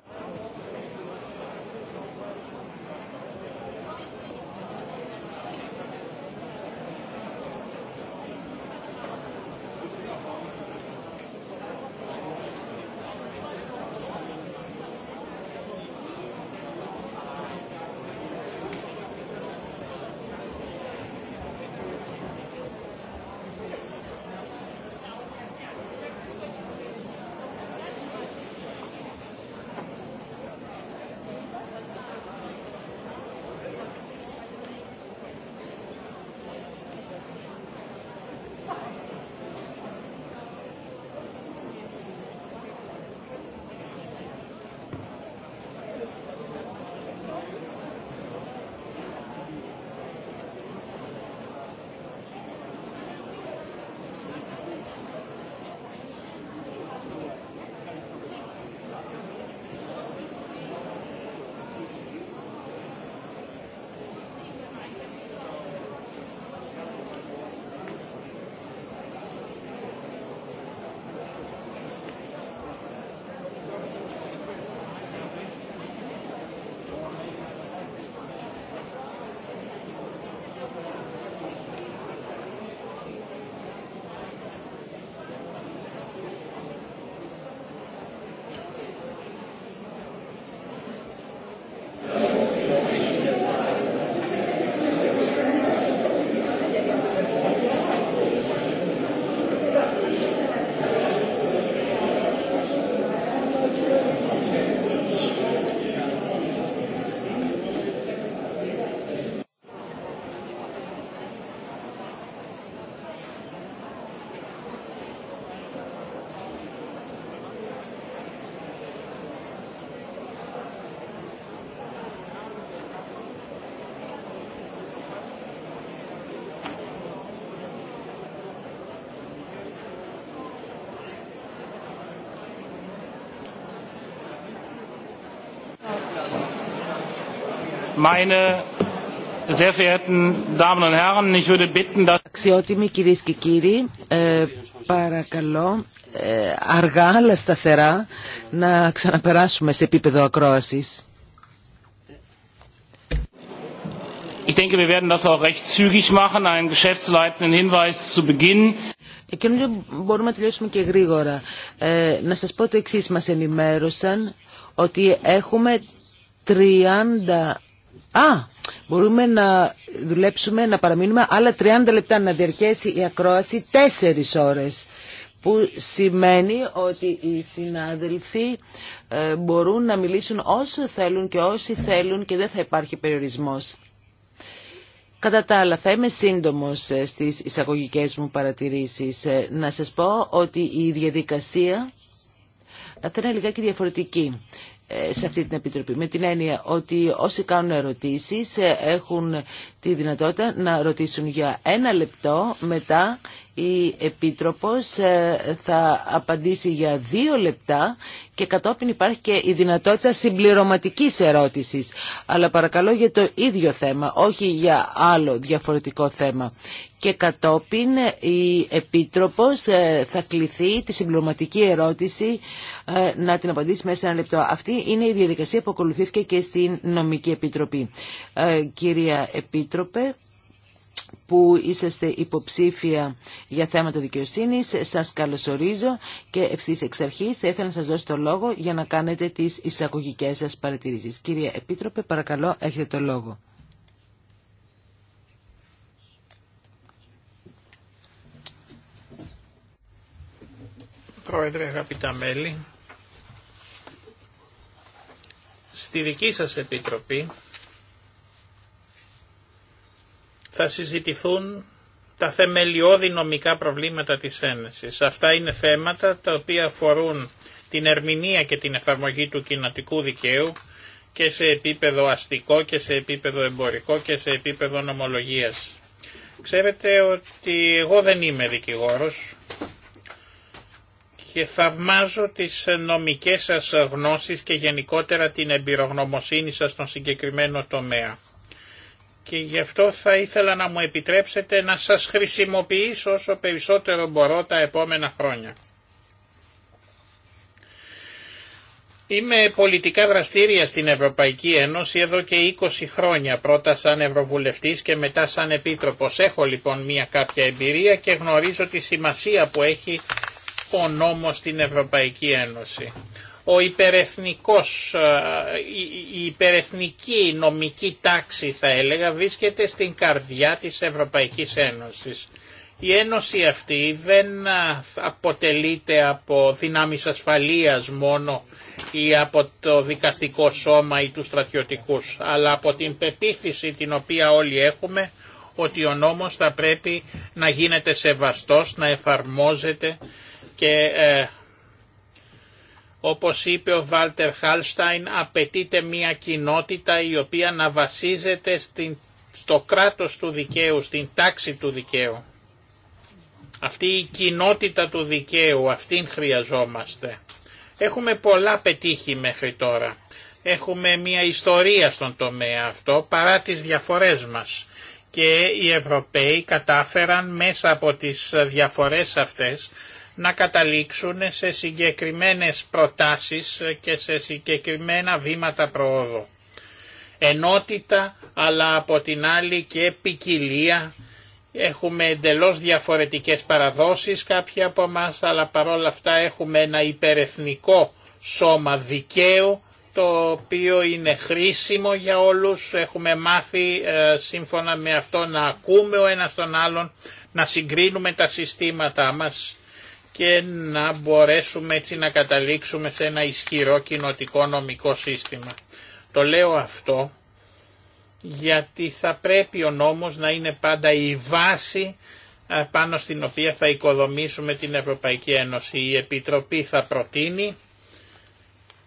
S2: Meine sehr verehrten Damen und Herren, ich würde bitten, dass...
S3: Αξιότιμοι κυρίε και κύριοι, ε, παρακαλώ ε, αργά αλλά σταθερά να ξαναπεράσουμε σε επίπεδο ακρόασης.
S2: Ich denke, wir werden das auch recht zügig machen, einen geschäftsleitenden Hinweis zu Beginn.
S3: Εκείνο μπορούμε να τελειώσουμε και γρήγορα. Ε, να σας πω το εξής, μας ενημέρωσαν ότι έχουμε 30 Α, μπορούμε να δουλέψουμε, να παραμείνουμε άλλα 30 λεπτά, να διαρκέσει η ακρόαση 4 ώρες. Που σημαίνει ότι οι συνάδελφοι ε, μπορούν να μιλήσουν όσο θέλουν και όσοι θέλουν και δεν θα υπάρχει περιορισμός. Κατά τα άλλα, θα είμαι σύντομος ε, στις εισαγωγικές μου παρατηρήσεις. Ε, να σας πω ότι η διαδικασία θα είναι λιγάκι διαφορετική σε αυτή την Επιτροπή. Με την έννοια ότι όσοι κάνουν ερωτήσεις έχουν τη δυνατότητα να ρωτήσουν για ένα λεπτό μετά η Επίτροπος ε, θα απαντήσει για δύο λεπτά και κατόπιν υπάρχει και η δυνατότητα συμπληρωματικής ερώτησης. Αλλά παρακαλώ για το ίδιο θέμα, όχι για άλλο διαφορετικό θέμα. Και κατόπιν ε, η Επίτροπος ε, θα κληθεί τη συμπληρωματική ερώτηση να την απαντήσει μέσα σε ένα λεπτό. Αυτή είναι η διαδικασία που ακολουθήθηκε και στην Νομική Επιτροπή. Κυρία Επίτροπε που είσαστε υποψήφια για θέματα δικαιοσύνη. Σας καλωσορίζω και ευθύ εξ αρχή. θα ήθελα να σας δώσω το λόγο για να κάνετε τις εισαγωγικέ σας παρατηρήσεις. Κύριε Επίτροπε, παρακαλώ, έχετε το λόγο.
S2: Πρόεδρε, αγαπητά μέλη, στη δική σας Επιτροπή θα συζητηθούν τα θεμελιώδη νομικά προβλήματα της Ένεσης. Αυτά είναι θέματα τα οποία αφορούν την ερμηνεία και την εφαρμογή του κοινοτικού δικαίου και σε επίπεδο αστικό και σε επίπεδο εμπορικό και σε επίπεδο νομολογίας. Ξέρετε ότι εγώ δεν είμαι δικηγόρος και θαυμάζω τις νομικές σας γνώσεις και γενικότερα την εμπειρογνωμοσύνη σας στον συγκεκριμένο τομέα και γι' αυτό θα ήθελα να μου επιτρέψετε να σας χρησιμοποιήσω όσο περισσότερο μπορώ τα επόμενα χρόνια. Είμαι πολιτικά δραστήρια στην Ευρωπαϊκή Ένωση εδώ και 20 χρόνια, πρώτα σαν Ευρωβουλευτής και μετά σαν Επίτροπος. Έχω λοιπόν μια κάποια εμπειρία και γνωρίζω τη σημασία που έχει ο νόμος στην Ευρωπαϊκή Ένωση ο υπερεθνικός, ε, η υπερεθνική νομική τάξη θα έλεγα βρίσκεται στην καρδιά της Ευρωπαϊκής Ένωσης. Η Ένωση αυτή δεν ε, αποτελείται από δυνάμεις ασφαλείας μόνο ή από το δικαστικό σώμα ή τους στρατιωτικούς, αλλά από την πεποίθηση την οποία όλοι έχουμε ότι ο νόμος θα πρέπει να γίνεται σεβαστός, να εφαρμόζεται και ε, όπως είπε ο Βάλτερ Χάλσταϊν, απαιτείται μια κοινότητα η οποία να βασίζεται στην, στο κράτος του δικαίου, στην τάξη του δικαίου. Αυτή η κοινότητα του δικαίου, αυτήν χρειαζόμαστε. Έχουμε πολλά πετύχει μέχρι τώρα. Έχουμε μια ιστορία στον τομέα αυτό παρά τις διαφορές μας και οι Ευρωπαίοι κατάφεραν μέσα από τις διαφορές αυτές να καταλήξουν σε συγκεκριμένες προτάσεις και σε συγκεκριμένα βήματα προόδου. Ενότητα αλλά από την άλλη και ποικιλία Έχουμε εντελώς διαφορετικές παραδόσεις κάποιοι από εμά, αλλά παρόλα αυτά έχουμε ένα υπερεθνικό σώμα δικαίου το οποίο είναι χρήσιμο για όλους. Έχουμε μάθει ε, σύμφωνα με αυτό να ακούμε ο ένας τον άλλον, να συγκρίνουμε τα συστήματά μας και να μπορέσουμε έτσι να καταλήξουμε σε ένα ισχυρό κοινοτικό νομικό σύστημα. Το λέω αυτό γιατί θα πρέπει ο νόμος να είναι πάντα η βάση πάνω στην οποία θα οικοδομήσουμε την Ευρωπαϊκή Ένωση. Η Επιτροπή θα προτείνει,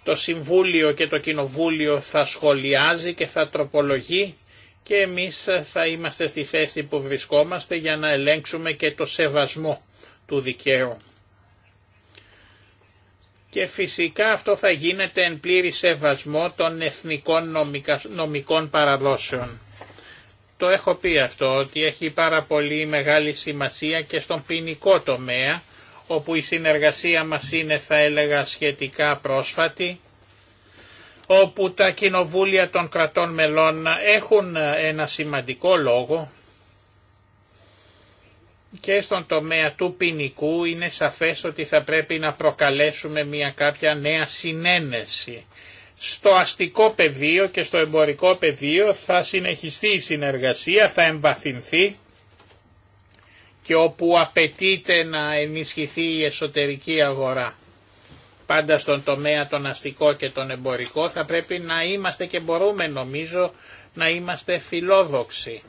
S2: το Συμβούλιο και το Κοινοβούλιο θα σχολιάζει και θα τροπολογεί και εμείς θα είμαστε στη θέση που βρισκόμαστε για να ελέγξουμε και το σεβασμό του δικαίου και φυσικά αυτό θα γίνεται εν πλήρη σεβασμό των εθνικών νομικών παραδόσεων. Το έχω πει αυτό ότι έχει πάρα πολύ μεγάλη σημασία και στον ποινικό τομέα όπου η συνεργασία μας είναι θα έλεγα σχετικά πρόσφατη όπου τα κοινοβούλια των κρατών μελών έχουν ένα σημαντικό λόγο και στον τομέα του ποινικού είναι σαφές ότι θα πρέπει να προκαλέσουμε μια κάποια νέα συνένεση. Στο αστικό πεδίο και στο εμπορικό πεδίο θα συνεχιστεί η συνεργασία, θα εμβαθυνθεί και όπου απαιτείται να ενισχυθεί η εσωτερική αγορά. Πάντα στον τομέα τον αστικό και τον εμπορικό θα πρέπει να είμαστε και μπορούμε νομίζω να είμαστε φιλόδοξοι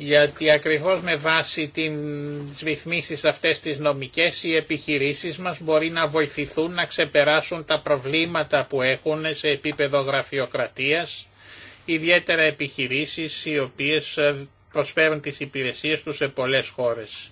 S2: γιατί ακριβώς με βάση τις ρυθμίσεις αυτές τις νομικές οι επιχειρήσεις μας μπορεί να βοηθηθούν να ξεπεράσουν τα προβλήματα που έχουν σε επίπεδο γραφειοκρατίας, ιδιαίτερα επιχειρήσεις οι οποίες ε, προσφέρουν τις υπηρεσίες τους σε πολλές χώρες.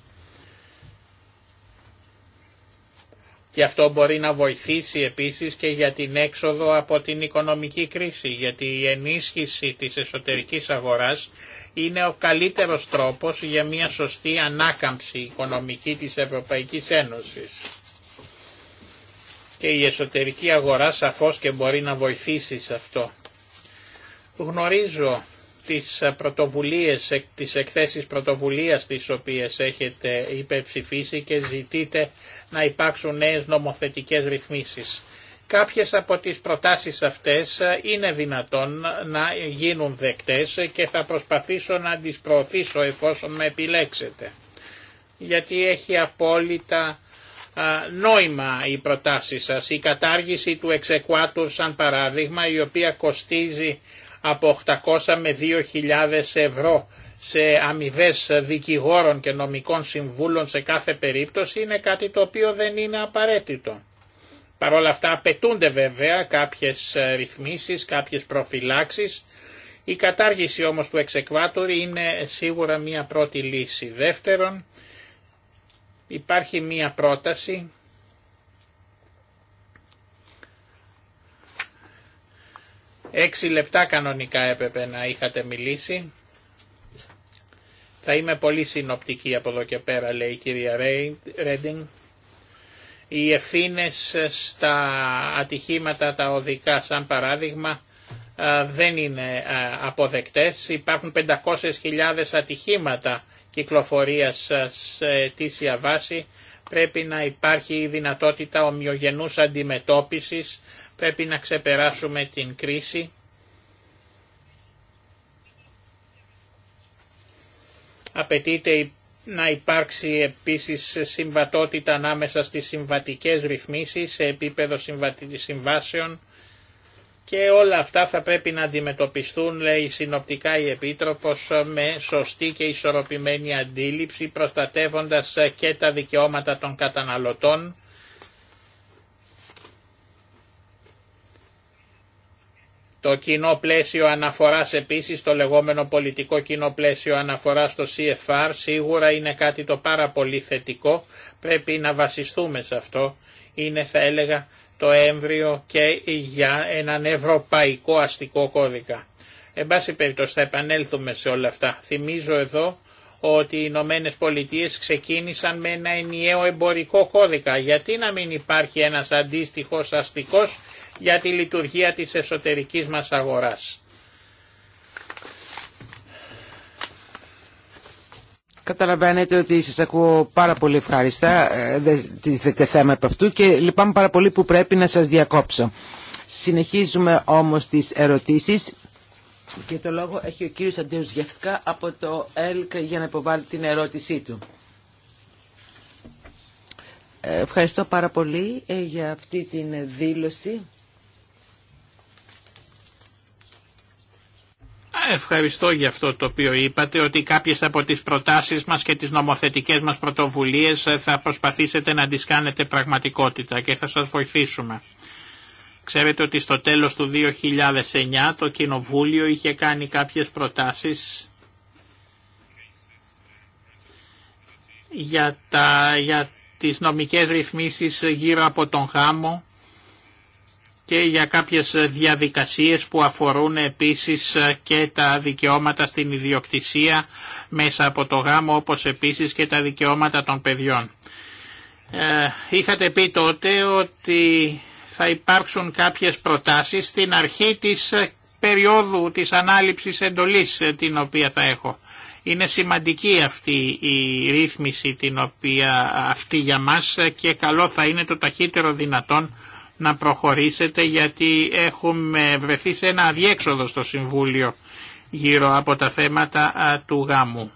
S2: Και αυτό μπορεί να βοηθήσει επίσης και για την έξοδο από την οικονομική κρίση, γιατί η ενίσχυση της εσωτερικής αγοράς είναι ο καλύτερος τρόπος για μια σωστή ανάκαμψη οικονομική της Ευρωπαϊκής Ένωσης. Και η εσωτερική αγορά σαφώς και μπορεί να βοηθήσει σε αυτό. Γνωρίζω τις πρωτοβουλίες, τις εκθέσεις πρωτοβουλίας τις οποίες έχετε υπερψηφίσει και ζητείτε να υπάρξουν νέες νομοθετικές ρυθμίσεις. Κάποιες από τις προτάσεις αυτές ε, είναι δυνατόν να γίνουν δεκτές και θα προσπαθήσω να τις προωθήσω εφόσον με επιλέξετε. Γιατί έχει απόλυτα ε, νόημα οι προτάσεις σας. Η κατάργηση του εξεκουάτου σαν παράδειγμα η οποία κοστίζει από 800 με 2.000 ευρώ σε αμοιβέ δικηγόρων και νομικών συμβούλων σε κάθε περίπτωση είναι κάτι το οποίο δεν είναι απαραίτητο. Παρ' όλα αυτά απαιτούνται βέβαια κάποιες ε, ρυθμίσεις, κάποιες προφυλάξεις. Η κατάργηση όμως του εξεκβάτορη είναι σίγουρα μία πρώτη λύση. Δεύτερον, υπάρχει μία πρόταση Έξι λεπτά κανονικά έπρεπε να είχατε μιλήσει. Θα είμαι πολύ συνοπτική από εδώ και πέρα, λέει η κυρία Ρέντινγκ. Οι ευθύνε στα ατυχήματα τα οδικά, σαν παράδειγμα, δεν είναι αποδεκτές. Υπάρχουν 500.000 ατυχήματα κυκλοφορίας σε αιτήσια βάση. Πρέπει να υπάρχει η δυνατότητα ομοιογενούς αντιμετώπισης Πρέπει να ξεπεράσουμε την κρίση Απαιτείται να υπάρξει επίσης συμβατότητα ανάμεσα στις συμβατικές ρυθμίσεις σε επίπεδο συμβάσεων και όλα αυτά θα πρέπει να αντιμετωπιστούν, λέει συνοπτικά η Επίτροπος, με σωστή και ισορροπημένη αντίληψη, προστατεύοντας και τα δικαιώματα των καταναλωτών Το κοινό πλαίσιο αναφοράς επίσης, το λεγόμενο πολιτικό κοινό πλαίσιο αναφοράς στο CFR, σίγουρα είναι κάτι το πάρα πολύ θετικό, πρέπει να βασιστούμε σε αυτό. Είναι θα έλεγα το έμβριο και για έναν ευρωπαϊκό αστικό κώδικα. Εν πάση περιπτώσει θα επανέλθουμε σε όλα αυτά. Θυμίζω εδώ ότι οι Ηνωμένε Πολιτείε ξεκίνησαν με ένα ενιαίο εμπορικό κώδικα. Γιατί να μην υπάρχει ένας αντίστοιχος αστικός για τη λειτουργία της εσωτερικής μας αγοράς.
S3: Καταλαβαίνετε ότι σας ακούω πάρα πολύ ευχάριστα, ε, δεν τη θέμα από αυτού και λυπάμαι πάρα πολύ που πρέπει να σας διακόψω. Συνεχίζουμε όμως τις ερωτήσεις και το λόγο έχει ο κύριος Αντέος από το ΕΛΚ για να υποβάλει την ερώτησή του. Ε, ευχαριστώ πάρα πολύ ε, για αυτή την δήλωση.
S2: Ευχαριστώ για αυτό το οποίο είπατε, ότι κάποιες από τις προτάσεις μας και τις νομοθετικές μας πρωτοβουλίες ε, θα προσπαθήσετε να τις κάνετε πραγματικότητα και θα σας βοηθήσουμε. Ξέρετε ότι στο τέλος του 2009 το Κοινοβούλιο είχε κάνει κάποιες προτάσεις για, τα, για τις νομικές ρυθμίσεις γύρω από τον γάμο και για κάποιες διαδικασίες που αφορούν επίσης ε, και τα δικαιώματα στην ιδιοκτησία μέσα από το γάμο όπως επίσης και τα δικαιώματα των παιδιών. Ε, είχατε πει τότε ότι θα υπάρξουν κάποιες προτάσεις στην αρχή της ε, περίοδου της ανάληψης εντολής την οποία θα έχω. Είναι σημαντική αυτή η ρύθμιση την οποία αυτή για μας και καλό θα είναι το ταχύτερο δυνατόν να προχωρήσετε γιατί έχουμε βρεθεί σε ένα αδιέξοδο στο Συμβούλιο γύρω από τα θέματα του γάμου.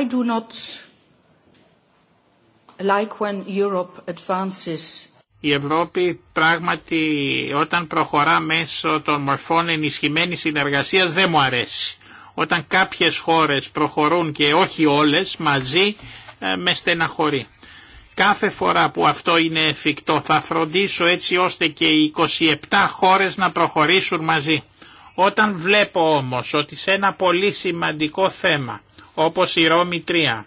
S1: I do not like when Europe advances.
S2: Η Ευρώπη πράγματι όταν προχωρά μέσω των μορφών ενισχυμένης συνεργασίας δεν μου αρέσει. Όταν κάποιες χώρες προχωρούν και όχι όλες μαζί ε, με στεναχωρεί. Κάθε φορά που αυτό είναι εφικτό θα φροντίσω έτσι ώστε και οι 27 χώρες να προχωρήσουν μαζί. Όταν βλέπω όμως ότι σε ένα πολύ σημαντικό θέμα όπως η Ρώμη 3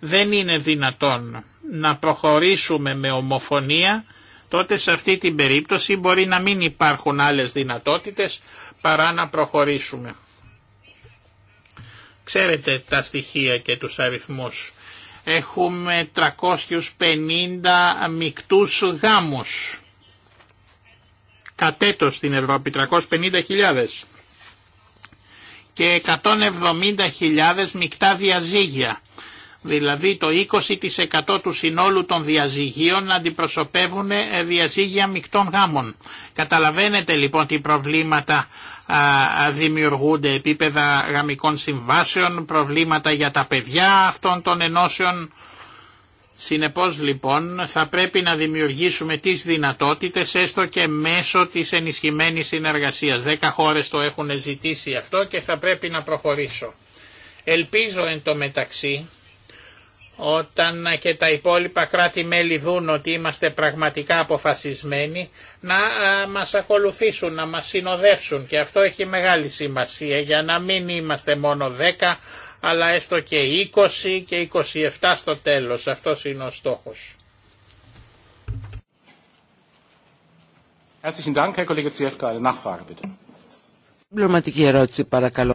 S2: δεν είναι δυνατόν να προχωρήσουμε με ομοφωνία τότε σε αυτή την περίπτωση μπορεί να μην υπάρχουν άλλες δυνατότητες παρά να προχωρήσουμε. Ξέρετε τα στοιχεία και τους αριθμούς. Έχουμε 350 μικτούς γάμους. Κατέτος στην Ευρώπη 350.000 και 170.000 μεικτά διαζύγια. Δηλαδή το 20% του συνόλου των διαζυγίων αντιπροσωπεύουν ε, διαζύγια μεικτών γάμων. Καταλαβαίνετε λοιπόν τι προβλήματα δημιουργούνται επίπεδα γαμικών συμβάσεων, προβλήματα για τα παιδιά αυτών των ενώσεων. Συνεπώς λοιπόν θα πρέπει να δημιουργήσουμε τις δυνατότητες έστω και μέσω της ενισχυμένης συνεργασίας. Δέκα χώρες το έχουν ζητήσει αυτό και θα πρέπει να προχωρήσω. Ελπίζω εν τω μεταξύ όταν και τα υπόλοιπα κράτη-μέλη δουν ότι είμαστε πραγματικά αποφασισμένοι να μας ακολουθήσουν, να μας συνοδεύσουν και αυτό έχει μεγάλη σημασία για να μην είμαστε μόνο 10 αλλά έστω και 20 και 27 στο τέλος. Αυτός είναι ο στόχος. Herzlichen Dank, Herr Kollege Nachfrage bitte
S3: ερώτηση παρακαλώ.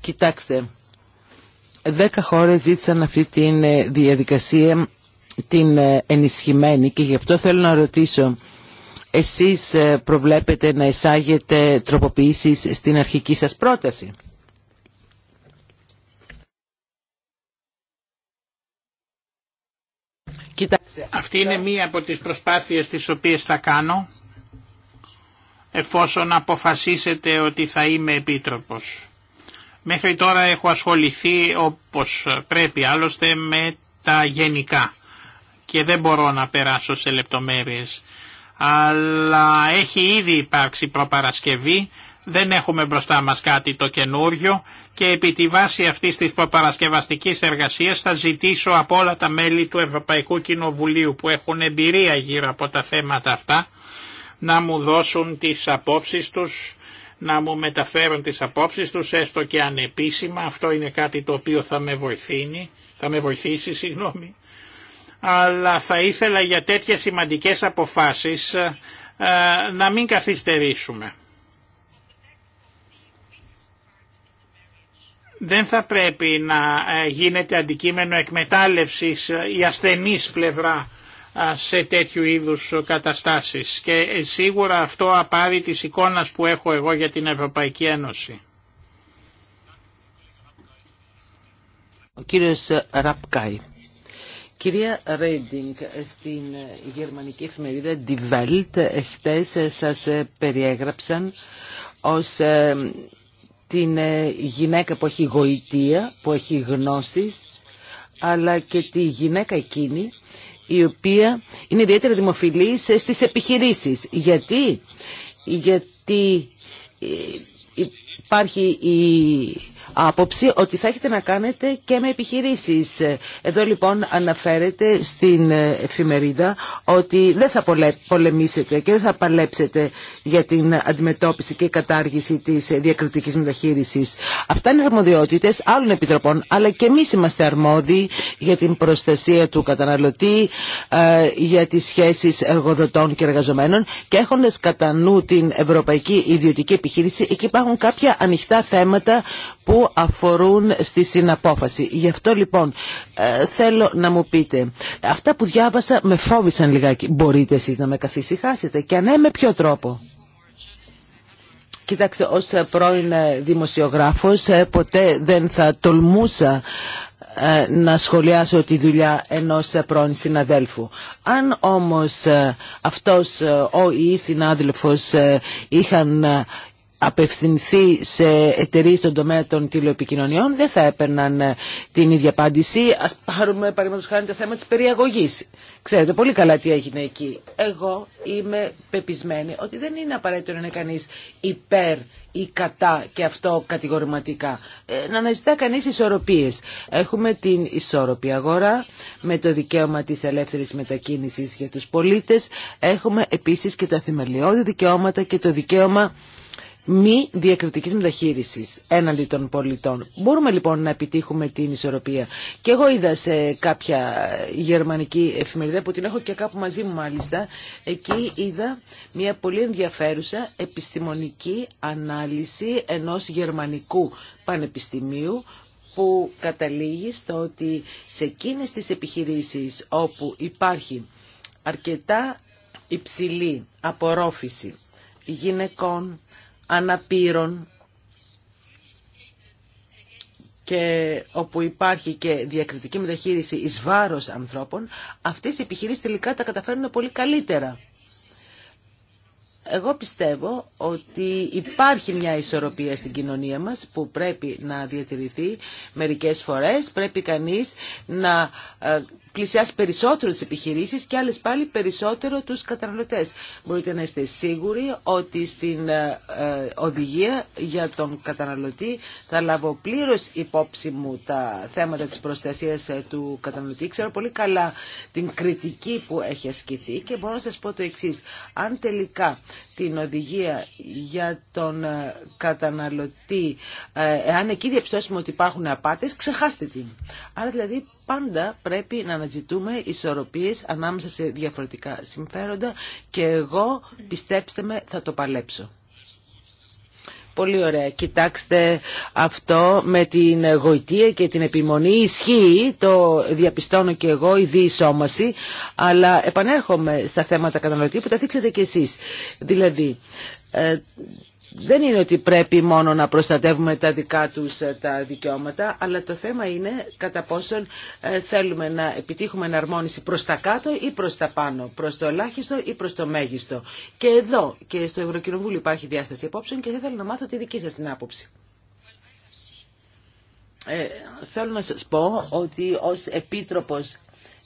S3: Κοιτάξτε, δέκα χώρες ζήτησαν αυτή τη ε, διαδικασία την ε, ενισχυμένη και γι' αυτό θέλω να ρωτήσω εσείς ε, προβλέπετε να εισάγετε τροποποιήσεις στην αρχική σας πρόταση.
S2: Κοιτάξτε. Αυτή είναι μία από τις προσπάθειες τις οποίες θα κάνω εφόσον αποφασίσετε ότι θα είμαι επίτροπος. Μέχρι τώρα έχω ασχοληθεί όπως πρέπει άλλωστε με τα γενικά και δεν μπορώ να περάσω σε λεπτομέρειες αλλά έχει ήδη υπάρξει προπαρασκευή δεν έχουμε μπροστά μας κάτι το καινούριο και επί τη βάση αυτής της παρασκευαστικής εργασίας θα ζητήσω από όλα τα μέλη του Ευρωπαϊκού Κοινοβουλίου που έχουν εμπειρία γύρω από τα θέματα αυτά να μου δώσουν τις απόψεις τους, να μου μεταφέρουν τις απόψεις τους έστω και ανεπίσημα, αυτό είναι κάτι το οποίο θα με βοηθήσει, θα με βοηθήσει συγγνώμη. Αλλά θα ήθελα για τέτοιες σημαντικές αποφάσεις ε, να μην καθυστερήσουμε. δεν θα πρέπει να ε, γίνεται αντικείμενο εκμετάλλευσης ε, η ασθενής πλευρά ε, σε τέτοιου είδους καταστάσεις και σίγουρα αυτό απάρει της εικόνας που έχω εγώ για την Ευρωπαϊκή Ένωση.
S3: Ο κύριος Ραπκάη. Κυρία
S2: Ρέιντινγκ,
S3: στην γερμανική εφημερίδα Die Welt χτες σας περιέγραψαν ως την ε, γυναίκα που έχει γοητεία, που έχει γνώσεις, αλλά και τη γυναίκα εκείνη η οποία είναι ιδιαίτερα δημοφιλής ε, στις επιχειρήσεις. Γιατί, γιατί ε, υπάρχει η άποψη ότι θα έχετε να κάνετε και με επιχειρήσεις. Εδώ λοιπόν αναφέρεται στην ε, εφημερίδα ότι δεν θα πολεμήσετε και δεν θα παλέψετε για την αντιμετώπιση και κατάργηση της διακριτικής μεταχείρισης. Αυτά είναι αρμοδιότητες άλλων επιτροπών, αλλά και εμείς είμαστε αρμόδιοι για την προστασία του καταναλωτή, ε, για τις σχέσεις εργοδοτών και εργαζομένων και έχοντας κατά νου την ευρωπαϊκή ιδιωτική επιχείρηση, εκεί υπάρχουν κάποια ανοιχτά θέματα που αφορούν στη συναπόφαση. Γι' αυτό λοιπόν ε, θέλω να μου πείτε, αυτά που διάβασα με φόβησαν λιγάκι. Μπορείτε εσείς να με καθησυχάσετε και ανέμε ναι, με ποιο τρόπο. Κοιτάξτε, ως πρώην δημοσιογράφος ε, ποτέ δεν θα τολμούσα ε, να σχολιάσω τη δουλειά ενός πρώην συναδέλφου. Αν όμως αυτός ο ή η συνάδελφος είχαν απευθυνθεί σε εταιρείε στον τομέα των τηλεοπικοινωνιών δεν θα έπαιρναν ε, την ίδια απάντηση. Α πάρουμε παραδείγματο χάρη το θέμα τη περιαγωγή. Ξέρετε πολύ καλά τι έγινε εκεί. Εγώ είμαι πεπισμένη ότι δεν είναι απαραίτητο να είναι κανεί υπέρ ή κατά και αυτό κατηγορηματικά. Ε, να αναζητά κανεί ισορροπίε. Έχουμε την ισόρροπη αγορά με το δικαίωμα τη ελεύθερη μετακίνηση για του πολίτε. Έχουμε επίση και τα θεμελιώδη δικαιώματα και το δικαίωμα μη διακριτική μεταχείρισης έναντι των πολιτών. Μπορούμε λοιπόν να επιτύχουμε την ισορροπία. Και εγώ είδα σε κάποια γερμανική εφημερίδα που την έχω και κάπου μαζί μου μάλιστα, εκεί είδα μια πολύ ενδιαφέρουσα επιστημονική ανάλυση ενός γερμανικού πανεπιστημίου που καταλήγει στο ότι σε εκείνες τις επιχειρήσεις όπου υπάρχει αρκετά υψηλή απορρόφηση γυναικών, αναπήρων και όπου υπάρχει και διακριτική μεταχείριση εις βάρος ανθρώπων, αυτές οι επιχειρήσεις τελικά τα καταφέρνουν πολύ καλύτερα. Εγώ πιστεύω ότι υπάρχει μια ισορροπία στην κοινωνία μας που πρέπει να διατηρηθεί μερικές φορές. Πρέπει κανείς να ε, πλησιάσει περισσότερο τις επιχειρήσεις και άλλες πάλι περισσότερο τους καταναλωτές. Μπορείτε να είστε σίγουροι ότι στην ε, ε, οδηγία για τον καταναλωτή θα λάβω πλήρω υπόψη μου τα θέματα της προστασίας ε, του καταναλωτή. Ξέρω πολύ καλά την κριτική που έχει ασκηθεί και μπορώ να σας πω το εξής. Αν τελικά την οδηγία για τον καταναλωτή, εάν εκεί διαπιστώσουμε ότι υπάρχουν απάτες, ξεχάστε την. Άρα δηλαδή πάντα πρέπει να αναζητούμε ισορροπίες ανάμεσα σε διαφορετικά συμφέροντα και εγώ, πιστέψτε με, θα το παλέψω. Πολύ ωραία. Κοιτάξτε αυτό με την γοητεία και την επιμονή. Ισχύει, το διαπιστώνω και εγώ, η διεισόμαση, αλλά επανέρχομαι στα θέματα κατανοητή που τα θίξετε κι εσείς. Δηλαδή, ε, δεν είναι ότι πρέπει μόνο να προστατεύουμε τα δικά τους ε, τα δικαιώματα, αλλά το θέμα είναι κατά πόσον ε, θέλουμε να επιτύχουμε εναρμόνιση προς τα κάτω ή προς τα πάνω, προς το ελάχιστο ή προς το μέγιστο. Και εδώ και στο Ευρωκοινοβούλιο υπάρχει διάσταση απόψεων και θα ήθελα να μάθω τη δική σας την άποψη. Ε, θέλω να σας πω ότι ως Επίτροπος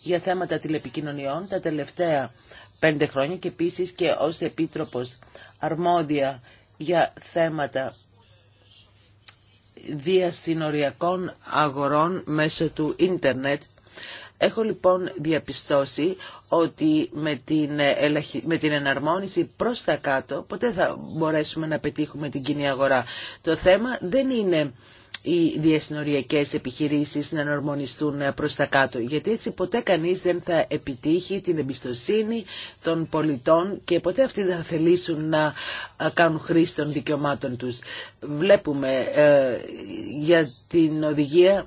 S3: για θέματα τηλεπικοινωνιών τα τελευταία πέντε χρόνια και επίσης και ως Επίτροπος αρμόδια για θέματα διασυνοριακών αγορών μέσω του ίντερνετ. Έχω λοιπόν διαπιστώσει ότι με την, με την εναρμόνιση προς τα κάτω ποτέ θα μπορέσουμε να πετύχουμε την κοινή αγορά. Το θέμα δεν είναι οι διασυνοριακές επιχειρήσεις να νορμονιστούν προς τα κάτω. Γιατί έτσι ποτέ κανείς δεν θα επιτύχει την εμπιστοσύνη των πολιτών και ποτέ αυτοί δεν θα θελήσουν να κάνουν χρήση των δικαιωμάτων τους. Βλέπουμε ε, για την οδηγία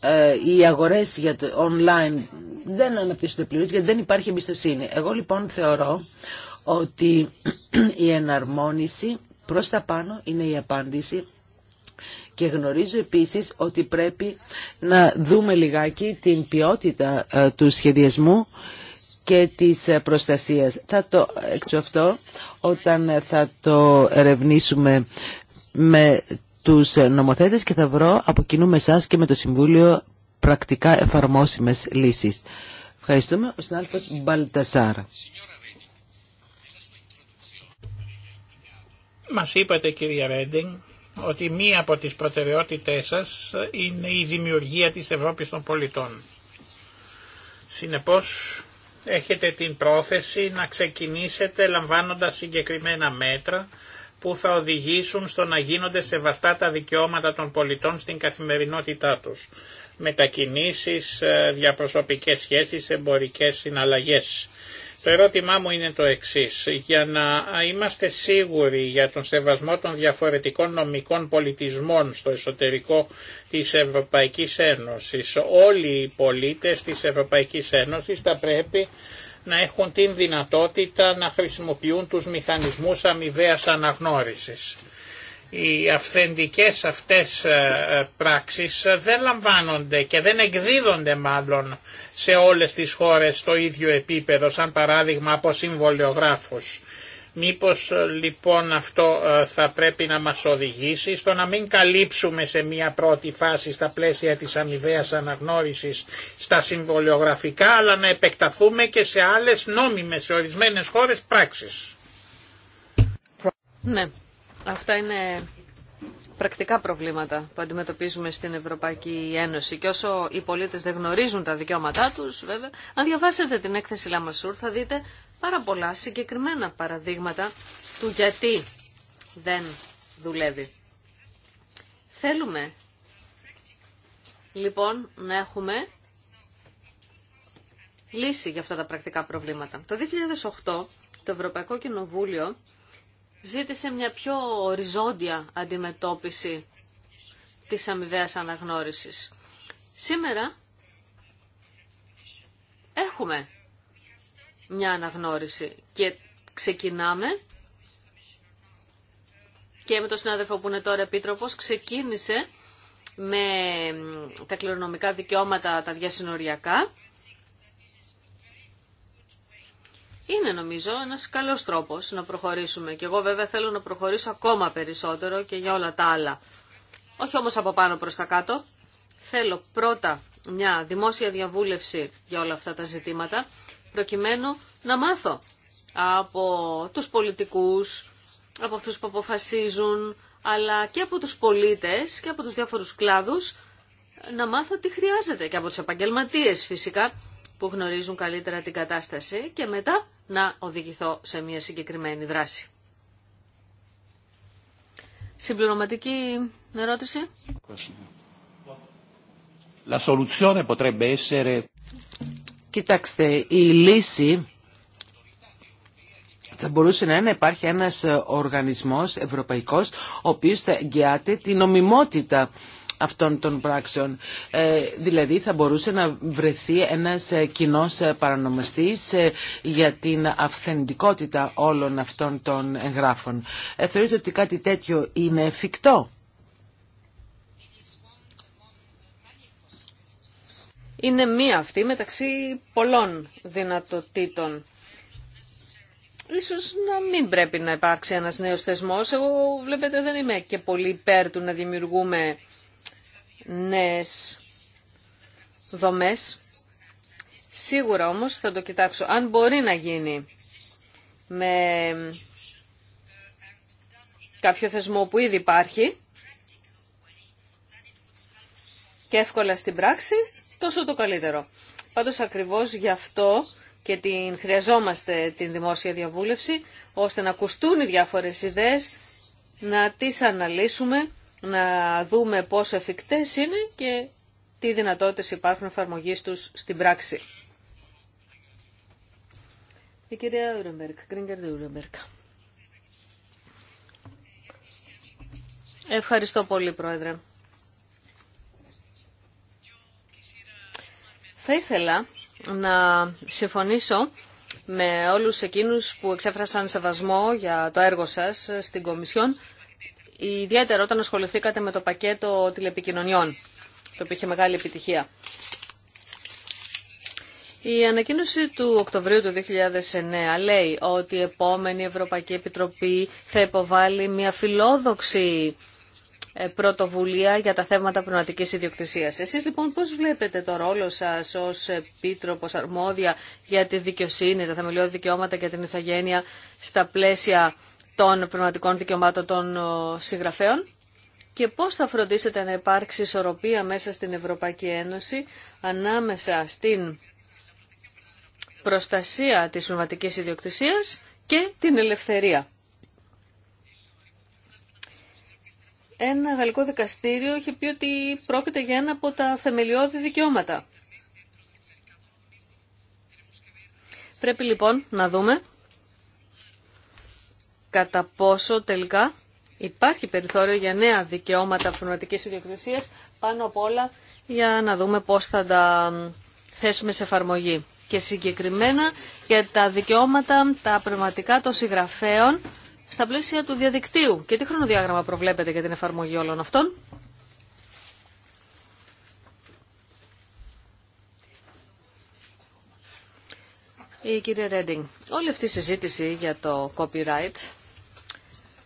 S3: ε, οι αγορές για το online δεν αναπτύσσονται πλήρως γιατί δεν υπάρχει εμπιστοσύνη. Εγώ λοιπόν θεωρώ ότι η εναρμόνιση προς τα πάνω είναι η απάντηση και γνωρίζω επίσης ότι πρέπει να δούμε λιγάκι την ποιότητα ε, του σχεδιασμού και της ε, προστασίας. Θα το εξω αυτό όταν ε, θα το ερευνήσουμε με τους νομοθέτες και θα βρω από κοινού με εσάς και με το Συμβούλιο πρακτικά εφαρμόσιμες λύσεις. Ευχαριστούμε. Ο συνάδελφος Μπαλτασάρα.
S2: Μας είπατε κυρία Ρέντινγκ ότι μία από τις προτεραιότητές σας είναι η δημιουργία της Ευρώπης των πολιτών. Συνεπώς έχετε την πρόθεση να ξεκινήσετε λαμβάνοντας συγκεκριμένα μέτρα που θα οδηγήσουν στο να γίνονται σεβαστά τα δικαιώματα των πολιτών στην καθημερινότητά τους. Μετακινήσεις, ε, διαπροσωπικές σχέσεις, εμπορικές συναλλαγές. Το ερώτημά μου είναι το εξή. Για να είμαστε σίγουροι για τον σεβασμό των διαφορετικών νομικών πολιτισμών στο εσωτερικό της Ευρωπαϊκής Ένωσης, όλοι οι πολίτες της Ευρωπαϊκής Ένωσης θα πρέπει να έχουν την δυνατότητα να χρησιμοποιούν τους μηχανισμούς αμοιβαίας αναγνώρισης οι αυθεντικές αυτές ε, ε, πράξεις δεν λαμβάνονται και δεν εκδίδονται μάλλον σε όλες τις χώρες στο ίδιο επίπεδο, σαν παράδειγμα από συμβολιογράφους. Μήπως ε, λοιπόν αυτό θα πρέπει να μας οδηγήσει στο να μην καλύψουμε σε μια πρώτη φάση στα πλαίσια της αμοιβαία αναγνώρισης στα συμβολιογραφικά, αλλά να επεκταθούμε και σε άλλες νόμιμες, σε ορισμένες χώρες πράξεις.
S1: Ναι. Αυτά είναι πρακτικά προβλήματα που αντιμετωπίζουμε στην Ευρωπαϊκή Ένωση. Και όσο οι πολίτες δεν γνωρίζουν τα δικαιώματά τους, βέβαια, αν διαβάσετε την έκθεση Λαμασούρ θα δείτε πάρα πολλά συγκεκριμένα παραδείγματα του γιατί δεν δουλεύει. Θέλουμε λοιπόν να έχουμε λύση για αυτά τα πρακτικά προβλήματα. Το 2008 το Ευρωπαϊκό Κοινοβούλιο ζήτησε μια πιο οριζόντια αντιμετώπιση της αμοιβαία αναγνώρισης. Σήμερα έχουμε μια αναγνώριση και ξεκινάμε και με τον συνάδελφο που είναι τώρα επίτροπος ξεκίνησε με τα κληρονομικά δικαιώματα τα διασυνοριακά είναι νομίζω ένας καλός τρόπος να προχωρήσουμε και εγώ βέβαια θέλω να προχωρήσω ακόμα περισσότερο και για όλα τα άλλα. Όχι όμως από πάνω προς τα κάτω. Θέλω πρώτα μια δημόσια διαβούλευση για όλα αυτά τα ζητήματα προκειμένου να μάθω από τους πολιτικούς, από αυτούς που αποφασίζουν, αλλά και από τους πολίτες και από τους διάφορους κλάδους να μάθω τι χρειάζεται και από τους επαγγελματίες φυσικά που γνωρίζουν καλύτερα την κατάσταση και μετά να οδηγηθώ σε μια συγκεκριμένη δράση. Συμπληρωματική ερώτηση.
S2: La soluzione potrebbe essere... Κοιτάξτε, η
S3: λύση θα μπορούσε να είναι να υπάρχει ένας οργανισμός ευρωπαϊκός ο οποίος θα εγγυάται την νομιμότητα αυτών των πράξεων. Ε, δηλαδή θα μπορούσε να βρεθεί ένας ε, κοινό ε, παρανομαστής για την αυθεντικότητα όλων αυτών των εγγράφων. θεωρείτε ότι κάτι τέτοιο είναι εφικτό.
S1: Είναι μία αυτή μεταξύ πολλών δυνατοτήτων. Ίσως να μην πρέπει να υπάρξει ένας νέος θεσμός. Εγώ βλέπετε δεν είμαι και πολύ υπέρ του να δημιουργούμε νέες δομές. Σίγουρα όμως θα το κοιτάξω αν μπορεί να γίνει με κάποιο θεσμό που ήδη υπάρχει και εύκολα στην πράξη, τόσο το καλύτερο. Πάντως ακριβώς γι' αυτό και την χρειαζόμαστε την δημόσια διαβούλευση, ώστε να ακουστούν οι διάφορες ιδέες, να τις αναλύσουμε να δούμε πόσο εφικτές είναι και τι δυνατότητες υπάρχουν εφαρμογή τους στην πράξη. Η κυρία Ευχαριστώ πολύ, Πρόεδρε. Θα ήθελα να συμφωνήσω με όλους εκείνους που εξέφρασαν σεβασμό για το έργο σας στην Κομισιόν ιδιαίτερα όταν ασχοληθήκατε με το πακέτο τηλεπικοινωνιών, το οποίο είχε μεγάλη επιτυχία. Η ανακοίνωση του Οκτωβρίου του 2009 λέει ότι η επόμενη Ευρωπαϊκή Επιτροπή θα υποβάλει μια φιλόδοξη ε, πρωτοβουλία για τα θέματα πνευματικής ιδιοκτησίας. Εσείς λοιπόν πώς βλέπετε το ρόλο σας ως επίτροπος αρμόδια για τη δικαιοσύνη, τα θεμελιώδη δικαιώματα και την ηθαγένεια στα πλαίσια των πνευματικών δικαιωμάτων των συγγραφέων και πώς θα φροντίσετε να υπάρξει ισορροπία μέσα στην Ευρωπαϊκή Ένωση ανάμεσα στην προστασία της πνευματικής ιδιοκτησίας και την ελευθερία. Ένα γαλλικό δικαστήριο έχει πει ότι πρόκειται για ένα από τα θεμελιώδη δικαιώματα. Πρέπει λοιπόν να δούμε κατά πόσο τελικά υπάρχει περιθώριο για νέα δικαιώματα πνευματικής ιδιοκτησίας, πάνω απ' όλα για να δούμε πώς θα τα θέσουμε σε εφαρμογή. Και συγκεκριμένα για τα δικαιώματα, τα πνευματικά των συγγραφέων στα πλαίσια του διαδικτύου. Και τι χρονοδιάγραμμα προβλέπετε για την εφαρμογή όλων αυτών. Η κυρία Ρέντινγκ, όλη αυτή η συζήτηση για το copyright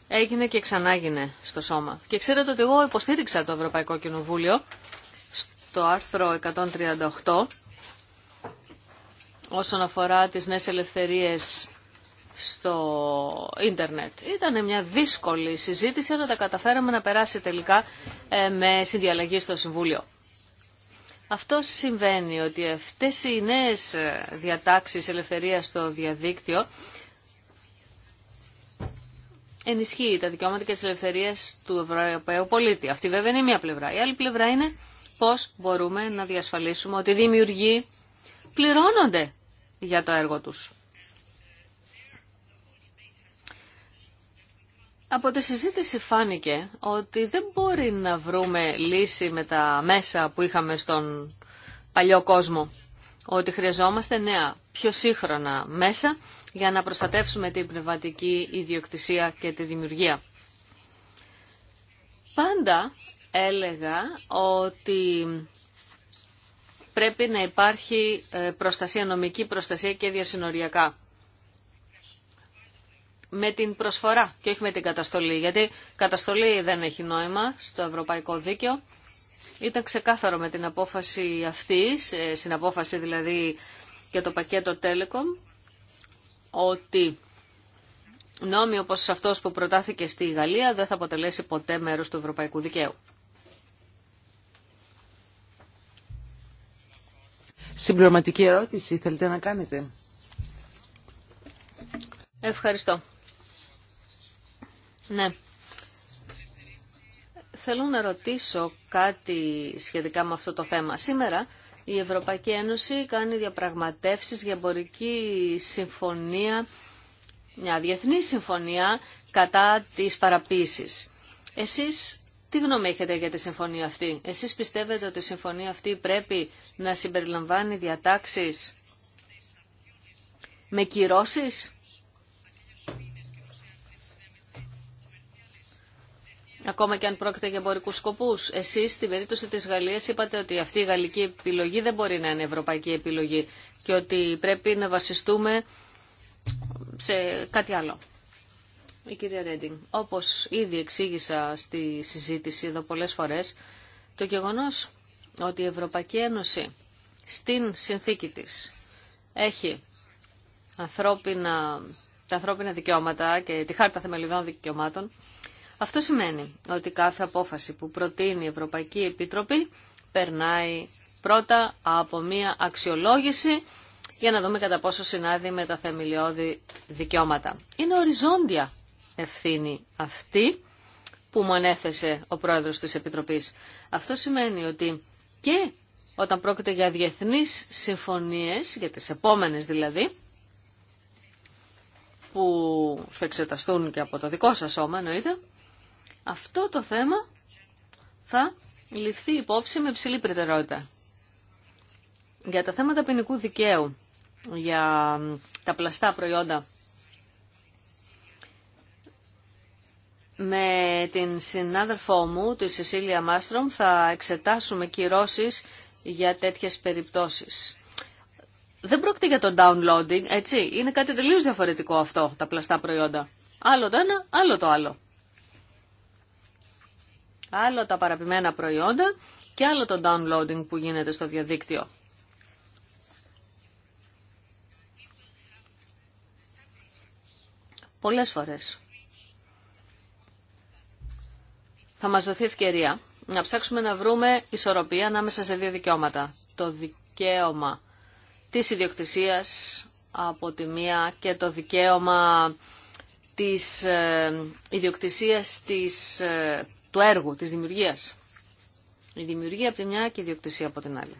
S1: έγινε και ξανάγινε στο σώμα. Και ξέρετε ότι εγώ υποστήριξα το Ευρωπαϊκό Κοινοβούλιο στο άρθρο 138 όσον αφορά τις νέες ελευθερίες στο ίντερνετ. Ήταν μια δύσκολη συζήτηση, αλλά τα καταφέραμε να περάσει τελικά ε, με συνδιαλλαγή στο Συμβούλιο. Αυτό συμβαίνει ότι αυτές οι νέες ε, διατάξεις ελευθερίας στο διαδίκτυο ενισχύει τα δικαιώματα και τις ελευθερίες του Ευρωπαίου πολίτη. Αυτή βέβαια είναι μία πλευρά. Η άλλη πλευρά είναι πώς μπορούμε να διασφαλίσουμε ότι οι δημιουργοί πληρώνονται για το έργο του. Από τη συζήτηση φάνηκε ότι δεν μπορεί να βρούμε λύση με τα μέσα που είχαμε στον παλιό κόσμο. Ότι χρειαζόμαστε νέα, πιο σύγχρονα μέσα για να προστατεύσουμε την πνευματική ιδιοκτησία και τη δημιουργία. Πάντα έλεγα ότι πρέπει να υπάρχει ε, προστασία, νομική προστασία και διασυνοριακά. Με την προσφορά και όχι με την καταστολή, γιατί καταστολή δεν έχει νόημα στο ευρωπαϊκό δίκαιο. Ήταν ξεκάθαρο με την απόφαση αυτής, συναπόφαση απόφαση δηλαδή για το πακέτο Telecom, ότι νόμοι όπως αυτός που προτάθηκε στη Γαλλία δεν θα αποτελέσει ποτέ μέρος του ευρωπαϊκού δικαίου.
S3: Συμπληρωματική ερώτηση θέλετε να κάνετε.
S1: Ευχαριστώ. Ναι. Θέλω να ρωτήσω κάτι σχετικά με αυτό το θέμα. Σήμερα η Ευρωπαϊκή Ένωση κάνει διαπραγματεύσεις για εμπορική συμφωνία, μια διεθνή συμφωνία κατά της παραποίησης. Εσείς τι γνώμη έχετε για τη συμφωνία αυτή. Εσείς πιστεύετε ότι η συμφωνία αυτή πρέπει να συμπεριλαμβάνει διατάξεις με κυρώσεις Ακόμα και αν πρόκειται για εμπορικού σκοπού. Εσεί στην περίπτωση τη Γαλλία είπατε ότι αυτή η γαλλική επιλογή δεν μπορεί να είναι ευρωπαϊκή επιλογή και ότι πρέπει να βασιστούμε σε κάτι άλλο. Η κυρία Ρέντινγκ, όπω ήδη εξήγησα στη συζήτηση εδώ πολλέ φορέ, το γεγονό ότι η Ευρωπαϊκή Ένωση στην συνθήκη της έχει ανθρώπινα, τα ανθρώπινα δικαιώματα και τη χάρτα θεμελιδών δικαιωμάτων, αυτό σημαίνει ότι κάθε απόφαση που προτείνει η Ευρωπαϊκή Επιτροπή περνάει πρώτα από μία αξιολόγηση για να δούμε κατά πόσο συνάδει με τα θεμελιώδη δικαιώματα. Είναι οριζόντια ευθύνη αυτή που μου ανέθεσε ο πρόεδρος της Επιτροπής. Αυτό σημαίνει ότι και όταν πρόκειται για διεθνείς συμφωνίες, για τις επόμενες δηλαδή, που θα εξεταστούν και από το δικό σας σώμα εννοείται, αυτό το θέμα θα ληφθεί υπόψη με ψηλή προτεραιότητα. Για τα θέματα ποινικού δικαίου, για τα πλαστά προϊόντα, με την συνάδελφό μου, τη Σεσίλια Μάστρομ, θα εξετάσουμε κυρώσεις για τέτοιες περιπτώσεις. Δεν πρόκειται για το downloading, έτσι. Είναι κάτι τελείως διαφορετικό αυτό, τα πλαστά προϊόντα. Άλλο το ένα, άλλο το άλλο άλλο τα παραπημένα προϊόντα και άλλο το downloading που γίνεται στο διαδίκτυο. Πολλές φορές θα μας δοθεί ευκαιρία να ψάξουμε να βρούμε ισορροπία ανάμεσα σε δύο δικαιώματα. Το δικαίωμα της ιδιοκτησίας από τη μία και το δικαίωμα της ε, ιδιοκτησίας της ε, του έργου, της δημιουργίας. Η δημιουργία από τη μια και η διοκτησία από την άλλη.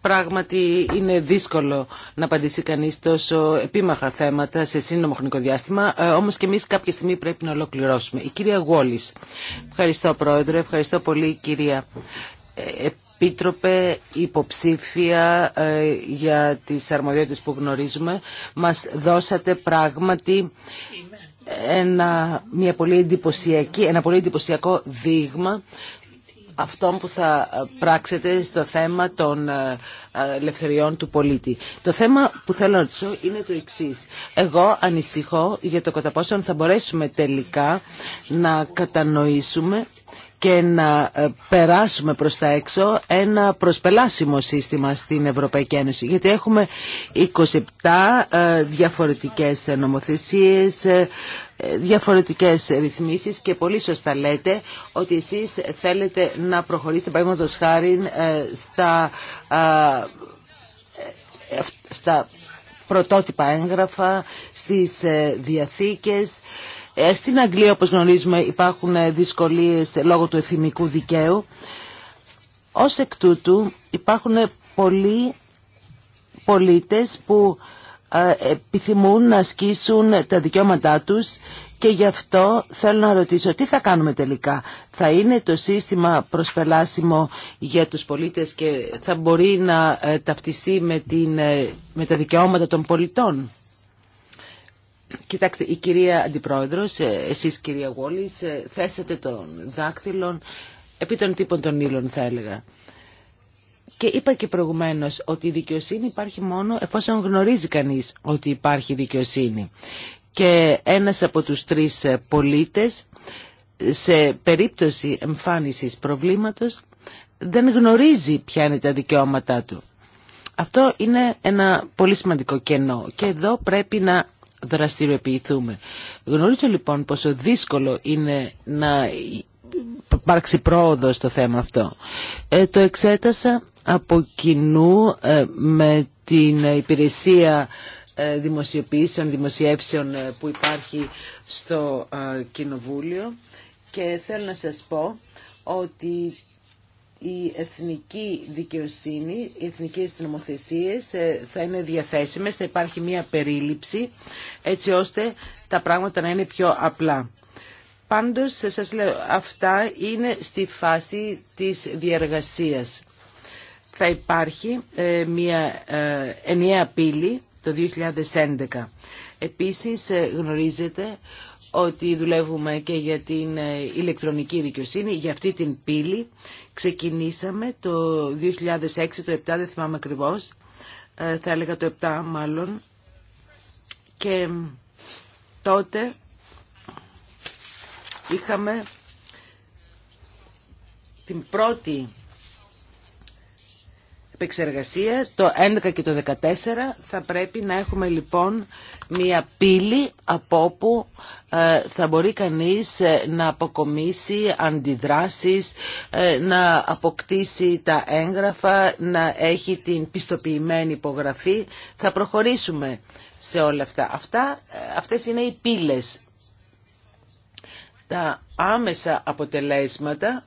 S3: Πράγματι είναι δύσκολο να απαντήσει κανείς τόσο επίμαχα θέματα σε σύνομο χρονικό διάστημα, ε, όμως και εμείς κάποια στιγμή πρέπει να ολοκληρώσουμε. Η κυρία Γόλης. Ευχαριστώ πρόεδρε, ευχαριστώ πολύ κυρία ε, επίτροπε υποψήφια ε, για τις αρμοδιότητες που γνωρίζουμε. Μας δώσατε πράγματι ένα, μια πολύ ένα πολύ εντυπωσιακό δείγμα αυτό που θα ε, πράξετε στο θέμα των ε, ελευθεριών του πολίτη. Το θέμα που θέλω να ρωτήσω είναι το εξή. Εγώ ανησυχώ για το κατά πόσο θα μπορέσουμε τελικά να κατανοήσουμε και να ε, περάσουμε προς τα έξω ένα προσπελάσιμο σύστημα στην Ευρωπαϊκή Ένωση. Γιατί έχουμε 27 ε, διαφορετικές νομοθεσίες, ε, διαφορετικές ρυθμίσεις και πολύ σωστά λέτε ότι εσείς θέλετε να προχωρήσετε παραδείγματος χάρη στα, στα πρωτότυπα έγγραφα, στις διαθήκες ε, στην Αγγλία, όπως γνωρίζουμε, υπάρχουν ε, δυσκολίες λόγω του εθνικού δικαίου. Ως εκ τούτου υπάρχουν ε, πολλοί πολίτες που επιθυμούν να ασκήσουν τα δικαιώματά τους και γι' αυτό θέλω να ρωτήσω τι θα κάνουμε τελικά. Θα είναι το σύστημα προσπελάσιμο για τους πολίτες και θα μπορεί να ταυτιστεί με, την, με τα δικαιώματα των πολιτών. Κοιτάξτε, η κυρία Αντιπρόεδρος, ε, εσείς κυρία Γόλη, ε, θέσατε τον δάκτυλο επί των τύπων των ύλων θα έλεγα. Και είπα και προηγουμένως ότι η δικαιοσύνη υπάρχει μόνο εφόσον γνωρίζει κανείς ότι υπάρχει δικαιοσύνη. Και ένας από τους τρεις ε, πολίτες σε περίπτωση εμφάνισης προβλήματος δεν γνωρίζει ποια είναι τα δικαιώματά του. Αυτό είναι ένα πολύ σημαντικό κενό και εδώ πρέπει να δραστηριοποιηθούμε. Γνωρίζω λοιπόν πόσο δύσκολο είναι να υπάρξει πρόοδο στο θέμα αυτό. Ε, το εξέτασα από κοινού ε, με την υπηρεσία ε, δημοσιοποιήσεων, δημοσιεύσεων ε, που υπάρχει στο Κοινοβούλιο και θέλω να σας πω ότι η εθνική δικαιοσύνη, οι εθνικές νομοθεσίες ε, θα είναι διαθέσιμες, θα υπάρχει μία περίληψη έτσι ώστε τα πράγματα να είναι πιο απλά. Πάντως, σας λέω, αυτά είναι στη φάση της διεργασίας. Θα υπάρχει ε, μία ε, ενιαία πύλη το 2011. Επίσης, ε, γνωρίζετε ότι δουλεύουμε και για την ε, ηλεκτρονική δικαιοσύνη. Για αυτή την πύλη ξεκινήσαμε το 2006, το 2007, δεν θυμάμαι ακριβώ, ε, θα έλεγα το 2007 μάλλον, και τότε είχαμε την πρώτη επεξεργασία το 11 και το 14 θα πρέπει να έχουμε λοιπόν μια πύλη από όπου ε, θα μπορεί κανείς ε, να αποκομίσει αντιδράσεις, ε, να αποκτήσει τα έγγραφα, να έχει την πιστοποιημένη υπογραφή. Θα προχωρήσουμε σε όλα αυτά. αυτά αυτές είναι οι πύλες. Τα άμεσα αποτελέσματα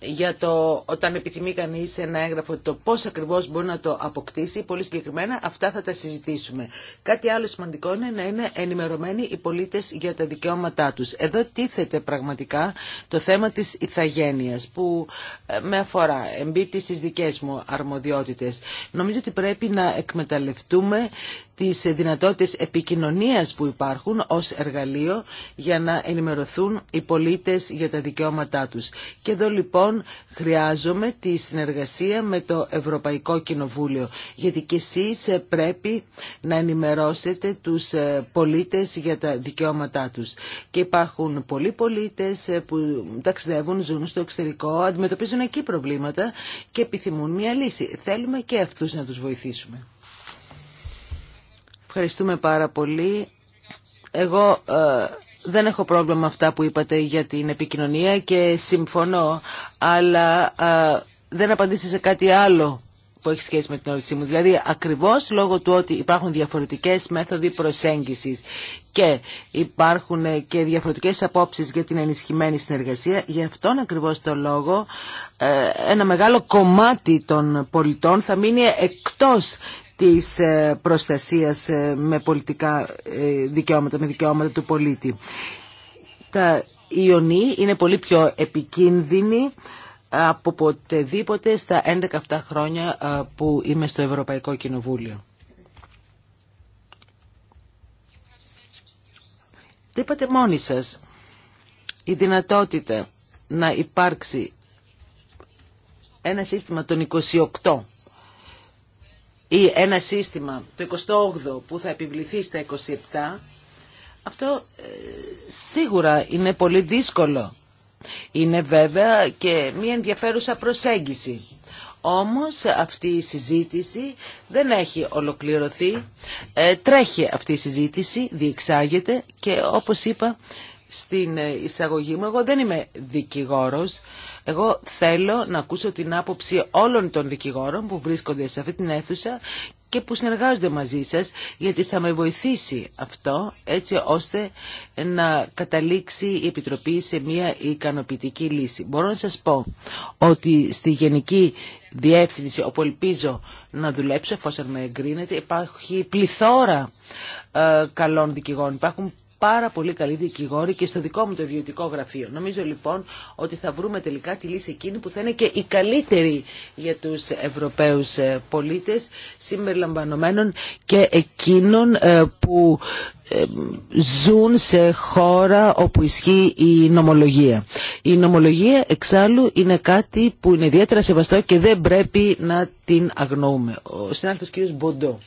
S3: για το όταν επιθυμεί κανεί ένα έγγραφο το πώς ακριβώς μπορεί να το αποκτήσει πολύ συγκεκριμένα αυτά θα τα συζητήσουμε κάτι άλλο σημαντικό είναι να είναι ενημερωμένοι οι πολίτες για τα δικαιώματά τους εδώ τίθεται πραγματικά το θέμα της ηθαγένεια, που ε, με αφορά εμπίπτει στι δικέ μου αρμοδιότητες νομίζω ότι πρέπει να εκμεταλλευτούμε τις δυνατότητες επικοινωνίας που υπάρχουν ως εργαλείο για να ενημερωθούν οι πολίτες για τα δικαιώματά τους. Και εδώ λοιπόν χρειάζομαι τη συνεργασία με το Ευρωπαϊκό Κοινοβούλιο, γιατί και εσείς ε, πρέπει να ενημερώσετε τους ε, πολίτες για τα δικαιώματά τους. Και υπάρχουν πολλοί πολίτες ε, που ταξιδεύουν, ζουν στο εξωτερικό, αντιμετωπίζουν εκεί προβλήματα και επιθυμούν μια λύση. Θέλουμε και αυτούς να τους βοηθήσουμε. Ευχαριστούμε πάρα πολύ. Εγώ ε, δεν έχω πρόβλημα αυτά που είπατε για την επικοινωνία και συμφωνώ, αλλά ε, δεν απαντήσατε σε κάτι άλλο που έχει σχέση με την ερώτησή μου. Δηλαδή, ακριβώ λόγω του ότι υπάρχουν διαφορετικέ μέθοδοι προσέγγιση και υπάρχουν και διαφορετικέ απόψει για την ενισχυμένη συνεργασία, γι' αυτόν ακριβώ το λόγο ε, ένα μεγάλο κομμάτι των πολιτών θα μείνει εκτός της ε, προστασίας ε, με πολιτικά ε, δικαιώματα, με δικαιώματα του πολίτη. Τα Ιωνί είναι πολύ πιο επικίνδυνοι από ποτεδήποτε στα 11 αυτά χρόνια που είμαι στο Ευρωπαϊκό Κοινοβούλιο. Το είπατε μόνοι σας. Η δυνατότητα να υπάρξει ένα σύστημα των 28 ή ένα σύστημα το 28 που θα επιβληθεί στα 27, αυτό ε, σίγουρα είναι πολύ δύσκολο. Είναι βέβαια και μια ενδιαφέρουσα προσέγγιση. Όμως αυτή η συζήτηση δεν έχει ολοκληρωθεί. Ε, τρέχει αυτή η συζήτηση, διεξάγεται και όπως είπα στην ε, εισαγωγή μου, εγώ δεν είμαι δικηγόρος. Εγώ θέλω να ακούσω την άποψη όλων των δικηγόρων που βρίσκονται σε αυτή την αίθουσα και που συνεργάζονται μαζί σας, γιατί θα με βοηθήσει αυτό έτσι ώστε να καταλήξει η Επιτροπή σε μια ικανοποιητική λύση. Μπορώ να σας πω ότι στη Γενική Διεύθυνση, όπου ελπίζω να δουλέψω, εφόσον με εγκρίνεται, υπάρχει πληθώρα ε, καλών δικηγόρων πάρα πολύ καλή δικηγόροι και στο δικό μου το ιδιωτικό γραφείο. Νομίζω λοιπόν ότι θα βρούμε τελικά τη λύση εκείνη που θα είναι και η καλύτερη για τους Ευρωπαίους ε, πολίτες συμπεριλαμβανομένων και εκείνων ε, που ε, ζουν σε χώρα όπου ισχύει η νομολογία. Η νομολογία εξάλλου είναι κάτι που είναι ιδιαίτερα σεβαστό και δεν πρέπει να την αγνοούμε. Ο συνάδελφος κ. Μποντό.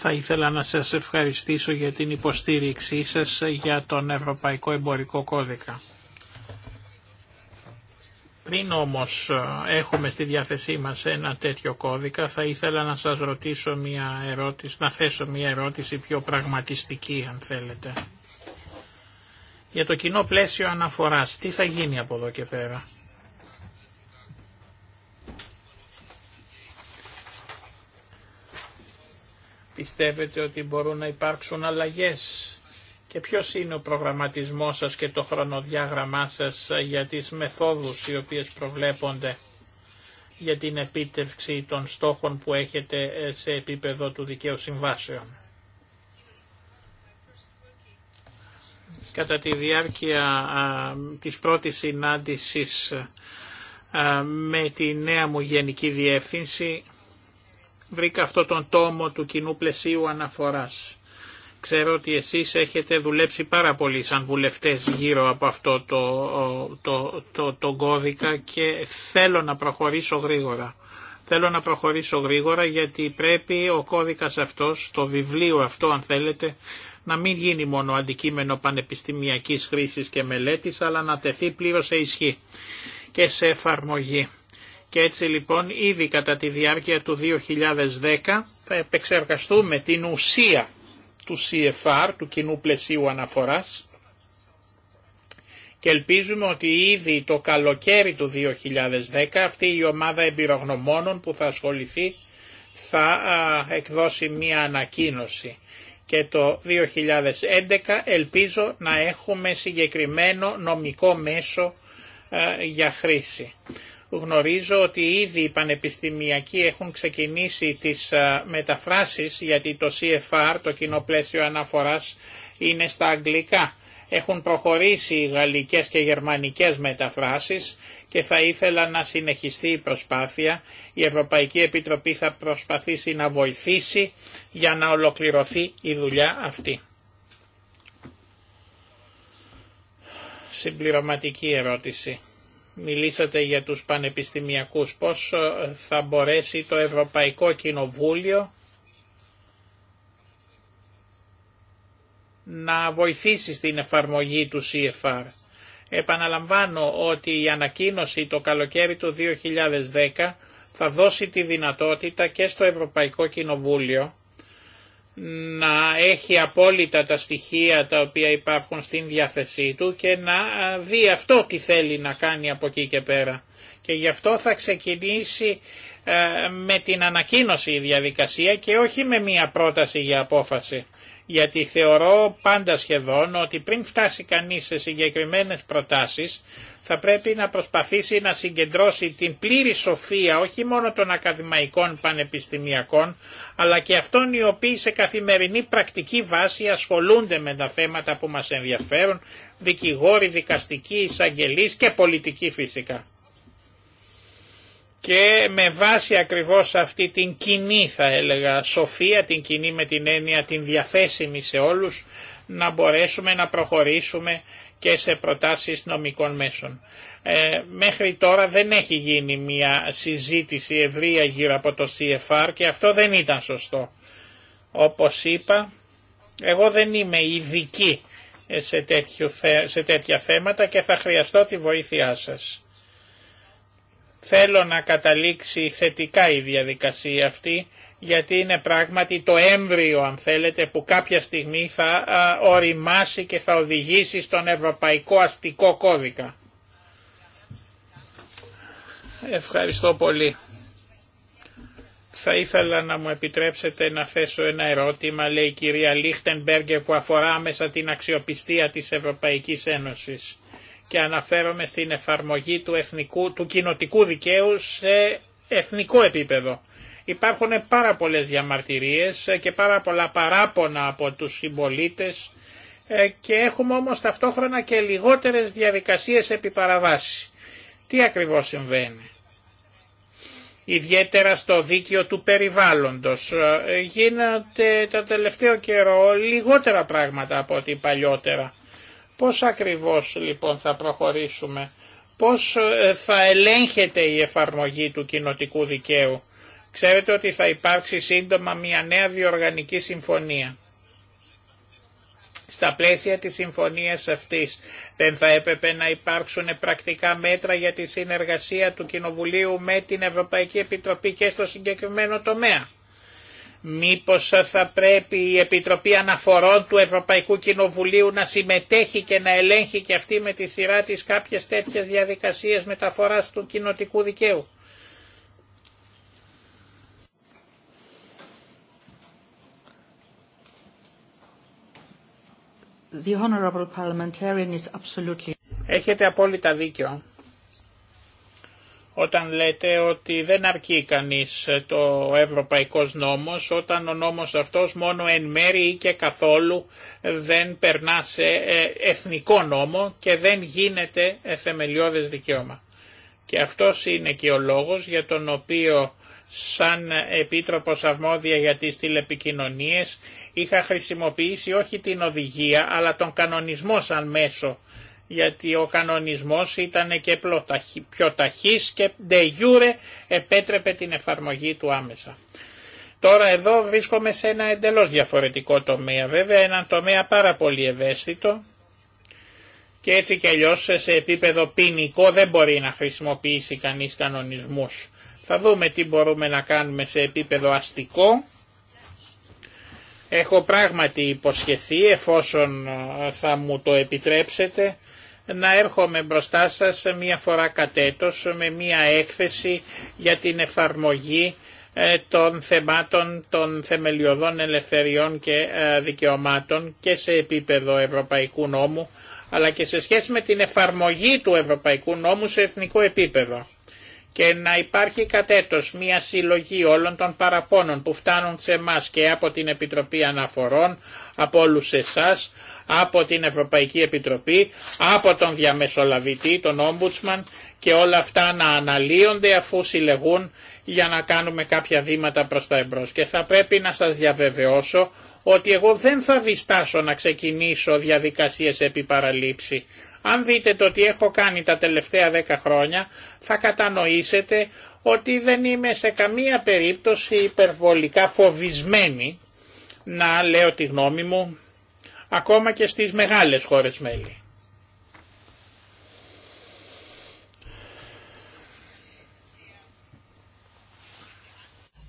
S2: Θα ήθελα να σας ευχαριστήσω για την υποστήριξή σας για τον Ευρωπαϊκό Εμπορικό Κώδικα. Πριν όμως ε, έχουμε στη διάθεσή μας ένα τέτοιο κώδικα, θα ήθελα να σας ρωτήσω μια ερώτηση, να θέσω μια ερώτηση πιο πραγματιστική, αν θέλετε. Για το κοινό πλαίσιο αναφοράς, τι θα γίνει από εδώ και πέρα. Πιστεύετε ότι μπορούν να υπάρξουν αλλαγές και ποιος είναι ο προγραμματισμός σας και το χρονοδιάγραμμά σας για τις μεθόδους οι οποίες προβλέπονται για την επίτευξη των στόχων που έχετε ε, σε επίπεδο του δικαίου συμβάσεων. Κατά τη διάρκεια της πρώτης συνάντησης με τη νέα μου γενική διεύθυνση βρήκα αυτό τον τόμο του κοινού πλαισίου αναφοράς. Ξέρω ότι εσείς έχετε δουλέψει πάρα πολύ σαν βουλευτές γύρω από αυτό το, το, το, το, κώδικα και θέλω να προχωρήσω γρήγορα. Θέλω να προχωρήσω γρήγορα γιατί πρέπει ο κώδικας αυτός, το βιβλίο αυτό αν θέλετε, να μην γίνει μόνο αντικείμενο πανεπιστημιακής χρήσης και μελέτης, αλλά να τεθεί πλήρως σε ισχύ και σε εφαρμογή. Και έτσι λοιπόν ήδη κατά τη διάρκεια του 2010 θα επεξεργαστούμε την ουσία του CFR, του Κοινού Πλαισίου Αναφοράς, και ελπίζουμε ότι ήδη το καλοκαίρι του 2010 αυτή η ομάδα εμπειρογνωμόνων που θα ασχοληθεί θα εκδώσει μία ανακοίνωση. Και το 2011 ελπίζω να έχουμε συγκεκριμένο νομικό μέσο για χρήση. Γνωρίζω ότι ήδη οι πανεπιστημιακοί έχουν ξεκινήσει τις μεταφράσεις γιατί το CFR, το κοινό πλαίσιο αναφοράς, είναι στα αγγλικά. Έχουν προχωρήσει οι γαλλικές και γερμανικές μεταφράσεις και θα ήθελα να συνεχιστεί η προσπάθεια. Η Ευρωπαϊκή Επιτροπή θα προσπαθήσει να βοηθήσει για να ολοκληρωθεί η δουλειά αυτή. Συμπληρωματική ερώτηση. Μιλήσατε για τους πανεπιστημιακούς, πώς ε, θα μπορέσει το Ευρωπαϊκό Κοινοβούλιο να βοηθήσει στην εφαρμογή του CFR. Επαναλαμβάνω ότι η ανακοίνωση το καλοκαίρι του 2010 θα δώσει τη δυνατότητα και στο Ευρωπαϊκό Κοινοβούλιο να έχει απόλυτα τα στοιχεία τα οποία υπάρχουν στην διάθεσή του και να δει αυτό τι θέλει να κάνει από εκεί και πέρα. Και γι' αυτό θα ξεκινήσει ε, με την ανακοίνωση η διαδικασία και όχι με μία πρόταση για απόφαση γιατί θεωρώ πάντα σχεδόν ότι πριν φτάσει κανείς σε συγκεκριμένες προτάσεις θα πρέπει να προσπαθήσει να συγκεντρώσει την πλήρη σοφία όχι μόνο των ακαδημαϊκών πανεπιστημιακών αλλά και αυτών οι οποίοι σε καθημερινή πρακτική βάση ασχολούνται με τα θέματα που μας ενδιαφέρουν, δικηγόροι, δικαστικοί, εισαγγελείς και πολιτικοί φυσικά και με βάση ακριβώς αυτή την κοινή θα έλεγα σοφία, την κοινή με την έννοια την διαθέσιμη σε όλους, να μπορέσουμε να προχωρήσουμε και σε προτάσεις νομικών μέσων. Ε, μέχρι τώρα δεν έχει γίνει μια συζήτηση ευρεία γύρω από το CFR και αυτό δεν ήταν σωστό. Όπως είπα, εγώ δεν είμαι ειδική σε, σε τέτοια θέματα και θα χρειαστώ τη βοήθειά σας. Θέλω να καταλήξει θετικά η διαδικασία αυτή γιατί είναι πράγματι το έμβριο αν θέλετε που κάποια στιγμή θα οριμάσει και θα οδηγήσει στον Ευρωπαϊκό Αστικό Κώδικα. Ευχαριστώ πολύ. Θα ήθελα να μου επιτρέψετε να θέσω ένα ερώτημα, λέει η κυρία Λίχτενμπέργκερ, που αφορά άμεσα την αξιοπιστία της Ευρωπαϊκής Ένωσης και αναφέρομαι στην εφαρμογή του, εθνικού, του κοινοτικού δικαίου σε εθνικό επίπεδο. Υπάρχουν πάρα πολλές διαμαρτυρίες και πάρα πολλά παράπονα από τους συμπολίτε ε, και έχουμε όμως ταυτόχρονα και λιγότερες διαδικασίες επί παραβάση. Τι ακριβώς συμβαίνει. Ιδιαίτερα στο δίκαιο του περιβάλλοντος. Ε, γίνεται τα τελευταίο καιρό λιγότερα πράγματα από ό,τι παλιότερα Πώς ακριβώς λοιπόν θα προχωρήσουμε, πώς ε, θα ελέγχεται η εφαρμογή του κοινοτικού δικαίου. Ξέρετε ότι θα υπάρξει σύντομα μια νέα διοργανική συμφωνία. Στα πλαίσια της συμφωνίας αυτής δεν θα έπρεπε να υπάρξουν πρακτικά μέτρα για τη συνεργασία του Κοινοβουλίου με την Ευρωπαϊκή Επιτροπή και στο συγκεκριμένο τομέα. Μήπως θα πρέπει η Επιτροπή Αναφορών του Ευρωπαϊκού Κοινοβουλίου να συμμετέχει και να ελέγχει και αυτή με τη σειρά της κάποιες τέτοιες διαδικασίες μεταφοράς του κοινοτικού δικαίου. Έχετε απόλυτα δίκιο όταν λέτε ότι δεν αρκεί κανείς το ευρωπαϊκός νόμος όταν ο νόμος αυτός μόνο εν μέρη ή και καθόλου δεν περνά σε ε, εθνικό νόμο και δεν γίνεται ε, θεμελιώδες δικαίωμα. Και αυτό είναι και ο λόγος για τον οποίο σαν Επίτροπος Αρμόδια για τις τηλεπικοινωνίες είχα χρησιμοποιήσει όχι την οδηγία αλλά τον κανονισμό σαν μέσο γιατί ο κανονισμός ήταν και πιο ταχύς και de jure επέτρεπε την εφαρμογή του άμεσα. Τώρα εδώ βρίσκομαι σε ένα εντελώς διαφορετικό τομέα, βέβαια έναν τομέα πάρα πολύ ευαίσθητο και έτσι κι αλλιώς σε επίπεδο ποινικό δεν μπορεί να χρησιμοποιήσει κανείς κανονισμούς. Θα δούμε τι μπορούμε να κάνουμε σε επίπεδο αστικό. Έχω πράγματι υποσχεθεί εφόσον θα μου το επιτρέψετε να έρχομαι μπροστά σας μία φορά κατέτος με μία έκθεση για την εφαρμογή ε, των θεμάτων των θεμελιωδών ελευθεριών και ε, δικαιωμάτων και σε επίπεδο ευρωπαϊκού νόμου αλλά και σε σχέση με την εφαρμογή του ευρωπαϊκού νόμου σε εθνικό επίπεδο και να υπάρχει κατέτος μια συλλογή όλων των παραπώνων που φτάνουν σε εμά και από την Επιτροπή Αναφορών, από όλους εσάς, από την Ευρωπαϊκή Επιτροπή, από τον διαμεσολαβητή, τον Ombudsman και όλα αυτά να αναλύονται αφού συλλεγούν για να κάνουμε κάποια βήματα προς τα εμπρός. Και θα πρέπει να σας διαβεβαιώσω ότι εγώ δεν θα διστάσω να ξεκινήσω διαδικασίες επί παραλήψη. Αν δείτε το τι έχω κάνει τα τελευταία δέκα χρόνια θα κατανοήσετε ότι δεν είμαι σε καμία περίπτωση υπερβολικά φοβισμένη να λέω τη γνώμη μου ακόμα και στις μεγάλες χώρες μέλη.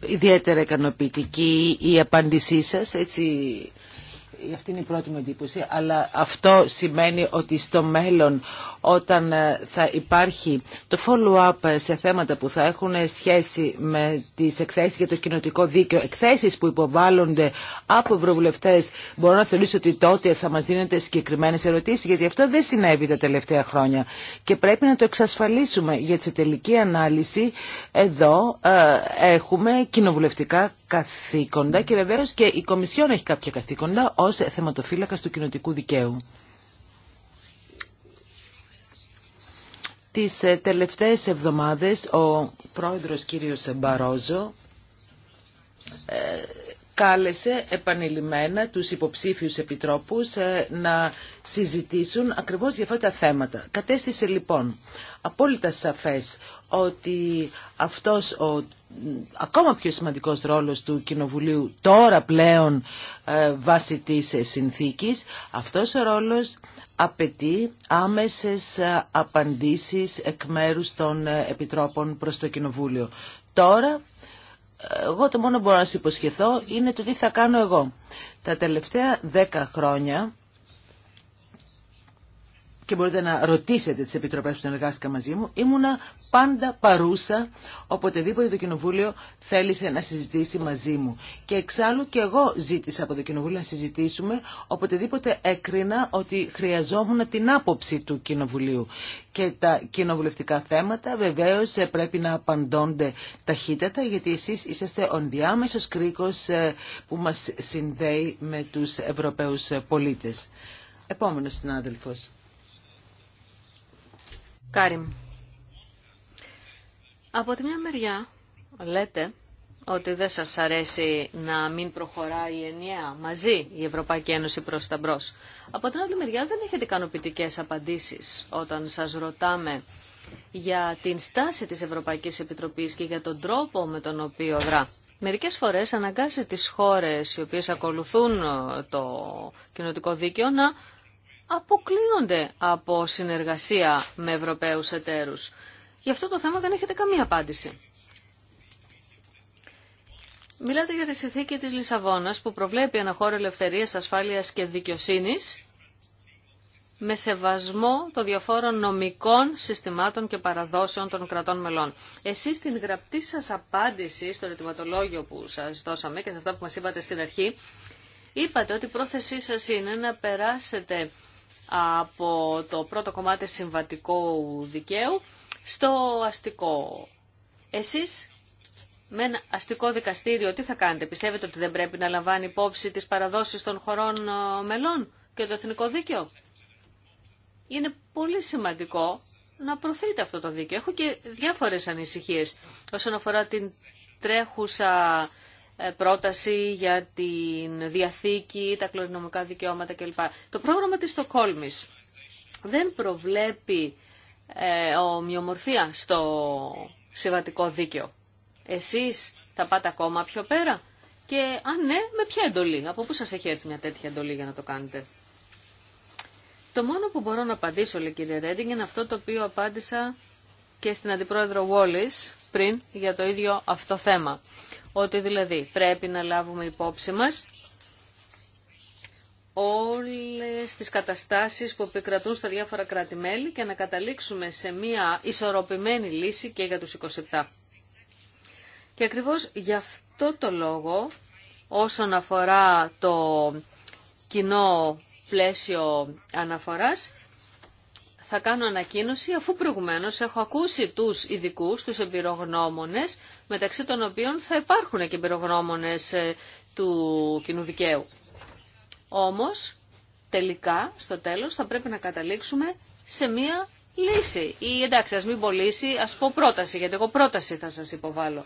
S3: Ιδιαίτερα ικανοποιητική η απάντησή σας, έτσι ε, αυτή είναι η πρώτη μου εντύπωση, αλλά αυτό σημαίνει ότι στο μέλλον όταν ε, θα υπάρχει το follow-up σε θέματα που θα έχουν σχέση με τις εκθέσεις για το κοινοτικό δίκαιο, εκθέσεις που υποβάλλονται από ευρωβουλευτές, μπορώ να θεωρήσω ότι τότε θα μας δίνετε συγκεκριμένες ερωτήσεις, γιατί αυτό δεν συνέβη τα τελευταία χρόνια και πρέπει να το εξασφαλίσουμε γιατί σε τελική ανάλυση εδώ ε, έχουμε κοινοβουλευτικά καθήκοντα και βεβαίως και η Κομισιόν έχει κάποια καθήκοντα ως θεματοφύλακας του κοινοτικού δικαίου. Τις ε, τελευταίες εβδομάδες ο πρόεδρος κύριος Μπαρόζο ε, κάλεσε επανειλημμένα τους υποψήφιους επιτρόπους ε, να συζητήσουν ακριβώς για αυτά τα θέματα. Κατέστησε λοιπόν απόλυτα σαφές ότι αυτός ο ακόμα πιο σημαντικός ρόλος του Κοινοβουλίου τώρα πλέον ε, βάσει της ε, συνθήκης. Αυτός ο ρόλος απαιτεί άμεσες ε, απαντήσεις εκ μέρους των ε, Επιτρόπων προς το Κοινοβούλιο. Τώρα εγώ το μόνο που μπορώ να σας υποσχεθώ είναι το τι θα κάνω εγώ. Τα τελευταία δέκα χρόνια και μπορείτε να ρωτήσετε τις επιτροπές που συνεργάστηκα μαζί μου, ήμουνα πάντα παρούσα οποτεδήποτε το Κοινοβούλιο θέλησε να συζητήσει μαζί μου. Και εξάλλου και εγώ ζήτησα από το Κοινοβούλιο να συζητήσουμε οποτεδήποτε έκρινα ότι χρειαζόμουν την άποψη του Κοινοβουλίου. Και τα κοινοβουλευτικά θέματα βεβαίως πρέπει να απαντώνται ταχύτατα γιατί εσείς είσαστε ο διάμεσος κρίκος ε, που μας συνδέει με τους Ευρωπαίους πολίτες. Επόμενος συνάδελφος.
S1: Κάριμ. Από τη μια μεριά λέτε ότι δεν σας αρέσει να μην προχωράει ενιαία μαζί η Ευρωπαϊκή Ένωση προς τα μπρος. Από την άλλη μεριά δεν έχετε ικανοποιητικέ απαντήσεις όταν σας ρωτάμε για την στάση της Ευρωπαϊκής Επιτροπής και για τον τρόπο με τον οποίο δρά. Μερικές φορές αναγκάζει τις χώρες οι οποίες ακολουθούν το κοινοτικό δίκαιο να αποκλείονται από συνεργασία με Ευρωπαίους εταίρους. Γι' αυτό το θέμα δεν έχετε καμία απάντηση. Μιλάτε για τη συνθήκη της Λισαβόνας που προβλέπει ένα χώρο ελευθερίας, ασφάλειας και δικαιοσύνης με σεβασμό των διαφόρων νομικών συστημάτων και παραδόσεων των κρατών μελών. Εσείς στην γραπτή σας απάντηση στο ερωτηματολόγιο που σας δώσαμε και σε αυτά που μας είπατε στην αρχή, είπατε ότι η πρόθεσή σας είναι να περάσετε από το πρώτο κομμάτι συμβατικού δικαίου στο αστικό. Εσείς με ένα αστικό δικαστήριο τι θα κάνετε, πιστεύετε ότι δεν πρέπει να λαμβάνει υπόψη τις παραδόσεις των χωρών ε, μελών και το εθνικό δίκαιο. Είναι πολύ σημαντικό να προωθείτε αυτό το δίκαιο. Έχω και διάφορες ανησυχίες όσον αφορά την τρέχουσα ε, πρόταση για την διαθήκη, τα κληρονομικά δικαιώματα κλπ. Το πρόγραμμα της Στοκόλμης δεν προβλέπει ε, ομοιομορφία στο συμβατικό δίκαιο. Εσείς θα πάτε ακόμα πιο πέρα και αν ναι, με ποια εντολή, από πού σας έχει έρθει μια τέτοια εντολή για να το κάνετε. Το μόνο που μπορώ να απαντήσω, λέει κύριε Ρέντινγκ, είναι αυτό το οποίο απάντησα και στην αντιπρόεδρο Wallis πριν για το ίδιο αυτό θέμα. Ότι δηλαδή πρέπει να λάβουμε υπόψη μας όλες τις καταστάσεις που επικρατούν στα διάφορα κράτη-μέλη και να καταλήξουμε σε μια ισορροπημένη λύση και για τους 27. Και ακριβώς γι' αυτό το λόγο όσον αφορά το κοινό πλαίσιο αναφοράς θα κάνω ανακοίνωση αφού προηγουμένως έχω ακούσει τους ειδικού, τους εμπειρογνώμονες, μεταξύ των οποίων θα υπάρχουν και εμπειρογνώμονες ε, του κοινού δικαίου. Όμως, τελικά, στο τέλος, θα πρέπει να καταλήξουμε σε μία λύση. Ή εντάξει, ας μην πω λύση, ας πω πρόταση, γιατί εγώ πρόταση θα σας υποβάλω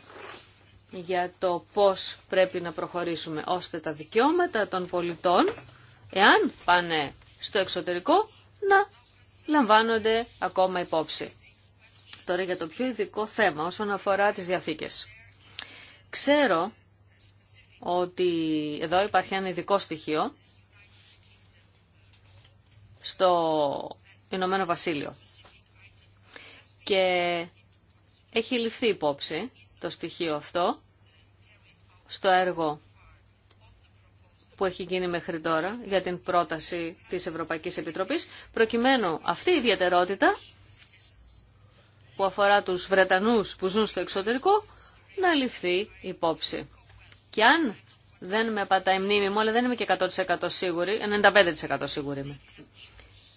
S1: για το πώς πρέπει να προχωρήσουμε, ώστε τα δικαιώματα των πολιτών, εάν πάνε στο εξωτερικό, να λαμβάνονται ακόμα υπόψη. Τώρα για το πιο ειδικό θέμα όσον αφορά τις διαθήκες. Ξέρω ότι εδώ υπάρχει ένα ειδικό στοιχείο στο Ηνωμένο Βασίλειο. Και έχει ληφθεί υπόψη το στοιχείο αυτό στο έργο που έχει γίνει μέχρι τώρα για την πρόταση της Ευρωπαϊκής Επιτροπής, προκειμένου αυτή η ιδιαιτερότητα που αφορά τους Βρετανούς που ζουν στο εξωτερικό να ληφθεί υπόψη. Και αν δεν με πατάει μνήμη μου, αλλά δεν είμαι και 100% σίγουρη, 95% σίγουρη είμαι,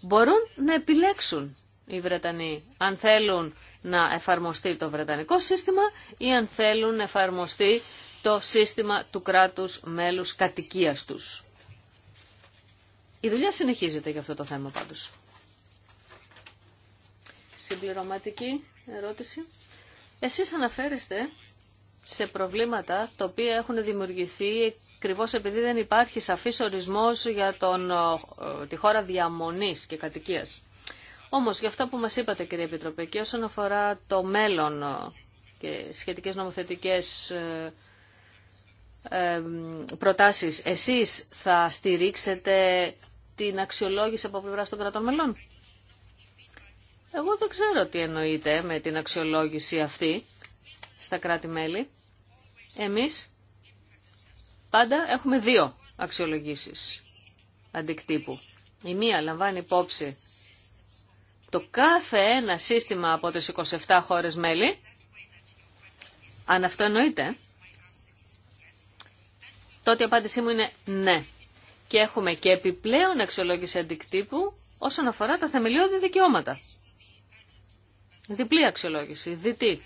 S1: μπορούν να επιλέξουν οι Βρετανοί αν θέλουν να εφαρμοστεί το Βρετανικό σύστημα ή αν θέλουν να εφαρμοστεί το σύστημα του κράτους μέλους κατοικίας τους. Η δουλειά συνεχίζεται για αυτό το θέμα πάντως. Συμπληρωματική ερώτηση. Εσείς αναφέρεστε σε προβλήματα τα οποία έχουν δημιουργηθεί ακριβώ επειδή δεν υπάρχει σαφής ορισμός για τον, τη χώρα διαμονής και κατοικίας. Όμως, για αυτά που μας είπατε κύριε Επιτροπέ και όσον αφορά το μέλλον ε, και σχετικές νομοθετικές ε, προτάσεις εσείς θα στηρίξετε την αξιολόγηση από πλευρά των κρατών μελών. Εγώ δεν ξέρω τι εννοείται με την αξιολόγηση αυτή στα κράτη-μέλη. Εμείς πάντα έχουμε δύο αξιολογήσεις αντικτύπου. Η μία λαμβάνει υπόψη το κάθε ένα σύστημα από τις 27 χώρες μέλη, αν αυτό εννοείται, τότε η απάντησή μου είναι ναι. Και έχουμε και επιπλέον αξιολόγηση αντικτύπου όσον αφορά τα θεμελιώδη δικαιώματα. Διπλή αξιολόγηση, διτή.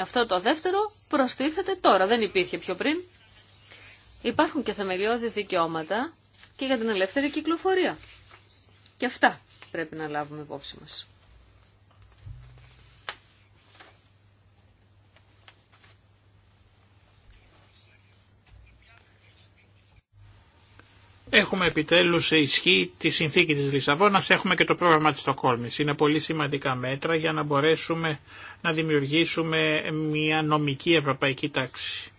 S1: Αυτό το δεύτερο προστίθεται τώρα, δεν υπήρχε πιο πριν. Υπάρχουν και θεμελιώδη δικαιώματα και για την ελεύθερη κυκλοφορία. Και αυτά πρέπει να λάβουμε υπόψη μας.
S2: Έχουμε επιτέλους σε ισχύ τη συνθήκη της Λισαβόνας, έχουμε και το πρόγραμμα της Στοκόλμης. Είναι πολύ σημαντικά μέτρα για να μπορέσουμε να δημιουργήσουμε μια νομική ευρωπαϊκή τάξη.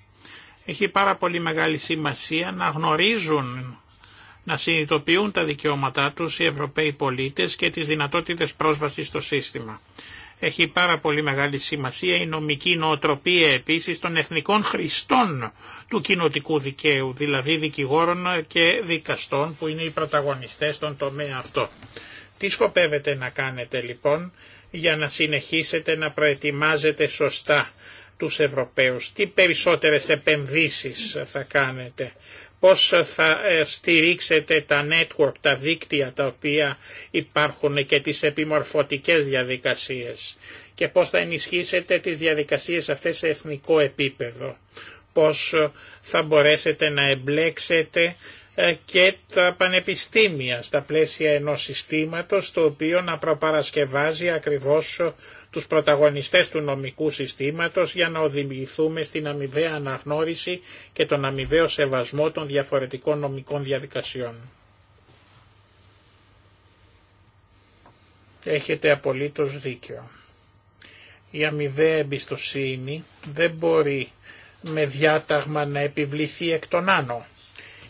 S2: Έχει πάρα πολύ μεγάλη σημασία να γνωρίζουν, να συνειδητοποιούν τα δικαιώματά τους οι Ευρωπαίοι πολίτες και τις δυνατότητες πρόσβασης στο σύστημα. Έχει πάρα πολύ μεγάλη σημασία η νομική νοοτροπία επίσης των εθνικών χρηστών του κοινοτικού δικαίου, δηλαδή δικηγόρων και δικαστών που είναι οι πρωταγωνιστές στον τομέα αυτό. Τι σκοπεύετε να κάνετε λοιπόν για να συνεχίσετε να προετοιμάζετε σωστά τους Ευρωπαίους, τι περισσότερες επενδύσεις θα κάνετε, πώς θα ε, στηρίξετε τα network, τα δίκτυα τα οποία υπάρχουν και τις επιμορφωτικές διαδικασίες και πώς θα ενισχύσετε τις διαδικασίες αυτές σε εθνικό επίπεδο. Πώς ε, θα μπορέσετε να εμπλέξετε ε, και τα πανεπιστήμια στα πλαίσια ενός συστήματος το οποίο να προπαρασκευάζει ακριβώς τους πρωταγωνιστές του νομικού συστήματος για να οδηγηθούμε στην αμοιβαία αναγνώριση και τον αμοιβαίο σεβασμό των διαφορετικών νομικών διαδικασιών. Έχετε απολύτως δίκιο. Η αμοιβαία εμπιστοσύνη δεν μπορεί με διάταγμα να επιβληθεί εκ των άνω.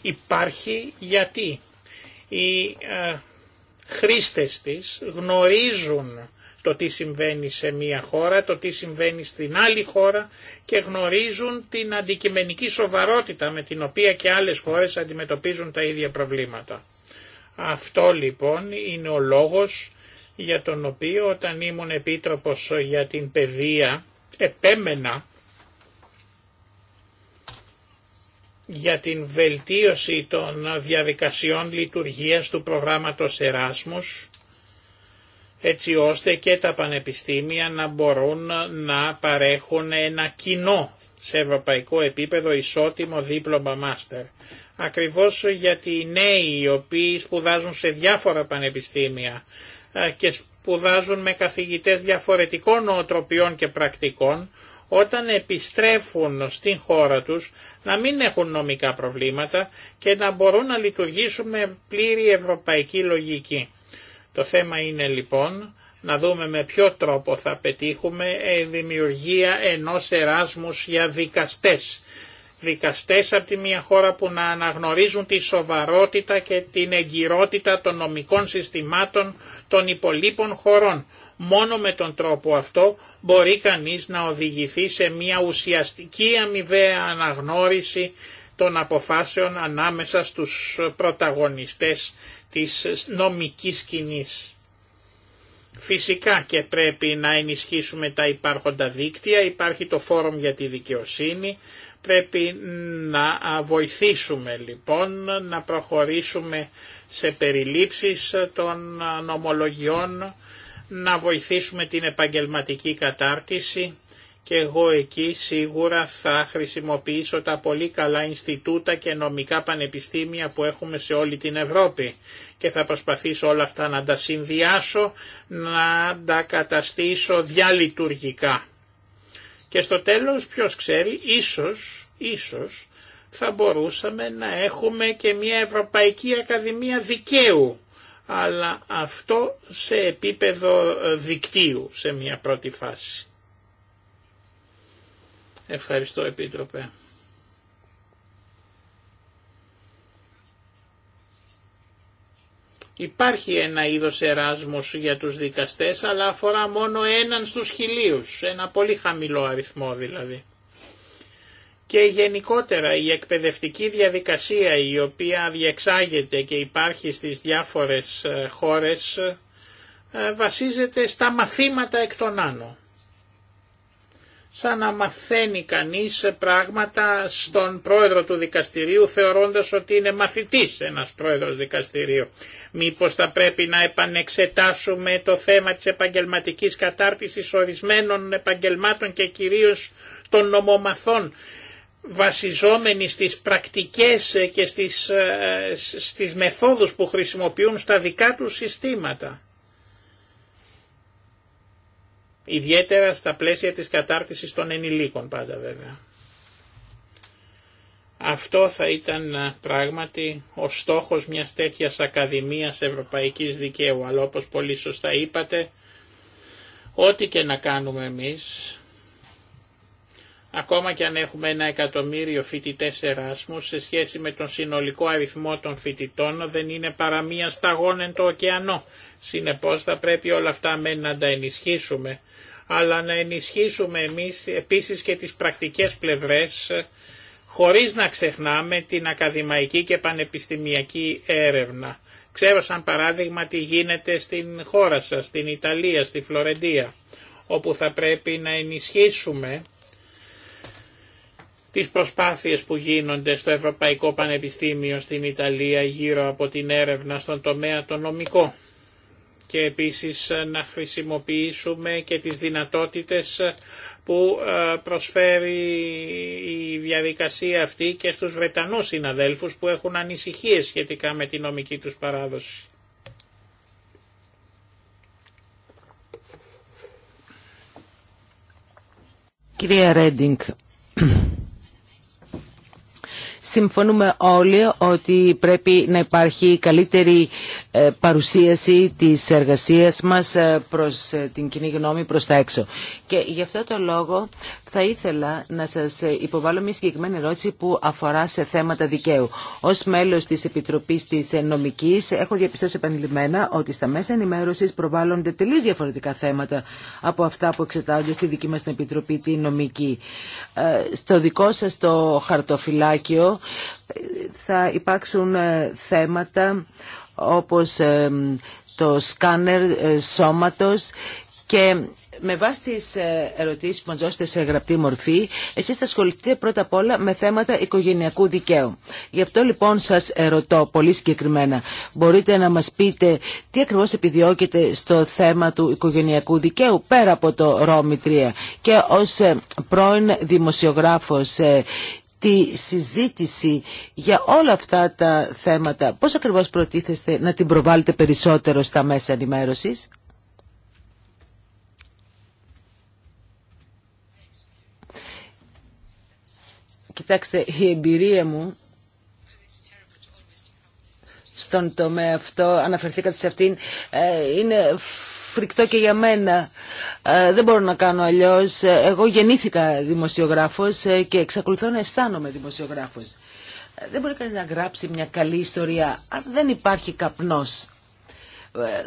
S2: Υπάρχει γιατί οι χρίστες χρήστες της γνωρίζουν το τι συμβαίνει σε μία χώρα, το τι συμβαίνει στην άλλη χώρα και γνωρίζουν την αντικειμενική σοβαρότητα με την οποία και άλλες χώρες αντιμετωπίζουν τα ίδια προβλήματα. Αυτό λοιπόν είναι ο λόγος για τον οποίο όταν ήμουν επίτροπος για την παιδεία επέμενα για την βελτίωση των διαδικασιών λειτουργίας του προγράμματος Εράσμους έτσι ώστε και τα πανεπιστήμια να μπορούν να παρέχουν ένα κοινό σε ευρωπαϊκό επίπεδο ισότιμο δίπλωμα μάστερ. Ακριβώς γιατί οι νέοι οι οποίοι σπουδάζουν σε διάφορα πανεπιστήμια και σπουδάζουν με καθηγητές διαφορετικών νοοτροπιών και πρακτικών, όταν επιστρέφουν στην χώρα τους να μην έχουν νομικά προβλήματα και να μπορούν να λειτουργήσουν με πλήρη ευρωπαϊκή λογική. Το θέμα είναι λοιπόν να δούμε με ποιο τρόπο θα πετύχουμε ε, δημιουργία ενός εράσμους για δικαστές. Δικαστές από τη μια χώρα που να αναγνωρίζουν τη σοβαρότητα και την εγκυρότητα των νομικών συστημάτων των υπολείπων χωρών. Μόνο με τον τρόπο αυτό μπορεί κανείς να οδηγηθεί σε μια ουσιαστική αμοιβαία αναγνώριση των αποφάσεων ανάμεσα στους πρωταγωνιστές της νομικής σκηνής. Φυσικά και πρέπει να ενισχύσουμε τα υπάρχοντα δίκτυα, υπάρχει το φόρουμ για τη δικαιοσύνη, πρέπει να βοηθήσουμε λοιπόν να προχωρήσουμε σε περιλήψεις των νομολογιών, να βοηθήσουμε την επαγγελματική κατάρτιση, και εγώ εκεί σίγουρα θα χρησιμοποιήσω τα πολύ καλά Ινστιτούτα και νομικά πανεπιστήμια που έχουμε σε όλη την Ευρώπη και θα προσπαθήσω όλα αυτά να τα συνδυάσω, να τα καταστήσω διαλειτουργικά. Και στο τέλος, ποιος ξέρει, ίσως, ίσως θα μπορούσαμε να έχουμε και μια Ευρωπαϊκή Ακαδημία Δικαίου, αλλά αυτό σε επίπεδο δικτύου σε μια πρώτη φάση. Ευχαριστώ Επίτροπε. Υπάρχει ένα είδος εράσμος για τους δικαστές, αλλά αφορά μόνο έναν στους χιλίους, ένα πολύ χαμηλό αριθμό δηλαδή. Και γενικότερα η εκπαιδευτική διαδικασία η οποία διεξάγεται και υπάρχει στις διάφορες ε, χώρες ε, βασίζεται στα μαθήματα εκ των άνω σαν να μαθαίνει κανείς πράγματα στον πρόεδρο του δικαστηρίου θεωρώντας ότι είναι μαθητής ένας πρόεδρος δικαστηρίου. Μήπως θα πρέπει να επανεξετάσουμε το θέμα της επαγγελματικής κατάρτισης ορισμένων επαγγελμάτων και κυρίως των νομομαθών βασιζόμενοι στις πρακτικές και στις, ε, στις μεθόδους που χρησιμοποιούν στα δικά τους συστήματα. Ιδιαίτερα στα πλαίσια της κατάρτισης των ενηλίκων πάντα βέβαια. Αυτό θα ήταν ε, πράγματι ο στόχος μιας τέτοιας Ακαδημίας Ευρωπαϊκής Δικαίου, αλλά όπως πολύ σωστά είπατε, ό,τι και να κάνουμε εμείς Ακόμα και αν έχουμε ένα εκατομμύριο φοιτητέ Εράσμου, σε σχέση με τον συνολικό αριθμό των φοιτητών δεν είναι παρά μία σταγόν εν το ωκεανό. Συνεπώ θα πρέπει όλα αυτά μένα να τα ενισχύσουμε, αλλά να ενισχύσουμε εμείς επίσης και τις πρακτικές πλευρές, χωρίς να ξεχνάμε την ακαδημαϊκή και πανεπιστημιακή έρευνα. Ξέρω σαν παράδειγμα τι γίνεται στην χώρα σας, στην Ιταλία, στη Φλωρεντία, όπου θα πρέπει να ενισχύσουμε τις προσπάθειες που γίνονται στο Ευρωπαϊκό Πανεπιστήμιο στην Ιταλία γύρω από την έρευνα στον τομέα το νομικό και επίσης ε, να χρησιμοποιήσουμε και τις δυνατότητες ε, που ε, προσφέρει η διαδικασία αυτή και στους Βρετανούς συναδέλφους που έχουν ανησυχίες σχετικά με τη νομική τους παράδοση.
S3: Κυρία Ρέντινγκ, Συμφωνούμε όλοι ότι πρέπει να υπάρχει καλύτερη ε, παρουσίαση της εργασίας μας ε, προς ε, την κοινή γνώμη προς τα έξω. Και γι' αυτό το λόγο θα ήθελα να σας υποβάλω μια συγκεκριμένη ερώτηση που αφορά σε θέματα δικαίου. Ως μέλος της Επιτροπής της Νομικής έχω διαπιστώσει επανειλημμένα ότι στα μέσα ενημέρωσης προβάλλονται τελείως διαφορετικά θέματα από αυτά που εξετάζονται στη δική μας την Επιτροπή τη Νομική. Στο δικό σας το χαρτοφυλάκιο θα υπάρξουν θέματα όπως ε, το σκάνερ ε, σώματος και με βάση τις ε, ερωτήσεις που μας δώσετε σε γραπτή μορφή, εσείς θα ασχοληθείτε πρώτα απ' όλα με θέματα οικογενειακού δικαίου. Γι' αυτό λοιπόν σας ερωτώ πολύ συγκεκριμένα. Μπορείτε να μας πείτε τι ακριβώς επιδιώκετε στο θέμα του οικογενειακού δικαίου πέρα από το ΡΟΜΗ 3 και ως πρώην δημοσιογράφος τη συζήτηση για όλα αυτά τα θέματα. Πώς ακριβώς προτίθεστε να την προβάλλετε περισσότερο στα μέσα ενημέρωσης. Κοιτάξτε, η εμπειρία μου στον τομέα αυτό, αναφερθήκατε σε αυτήν, ε, είναι φρικτό και για μένα. Ε, δεν μπορώ να κάνω αλλιώς. Ε, εγώ γεννήθηκα δημοσιογράφος ε, και εξακολουθώ να αισθάνομαι δημοσιογράφος. Δεν μπορεί κανείς να γράψει μια καλή ιστορία αν δεν υπάρχει καπνός.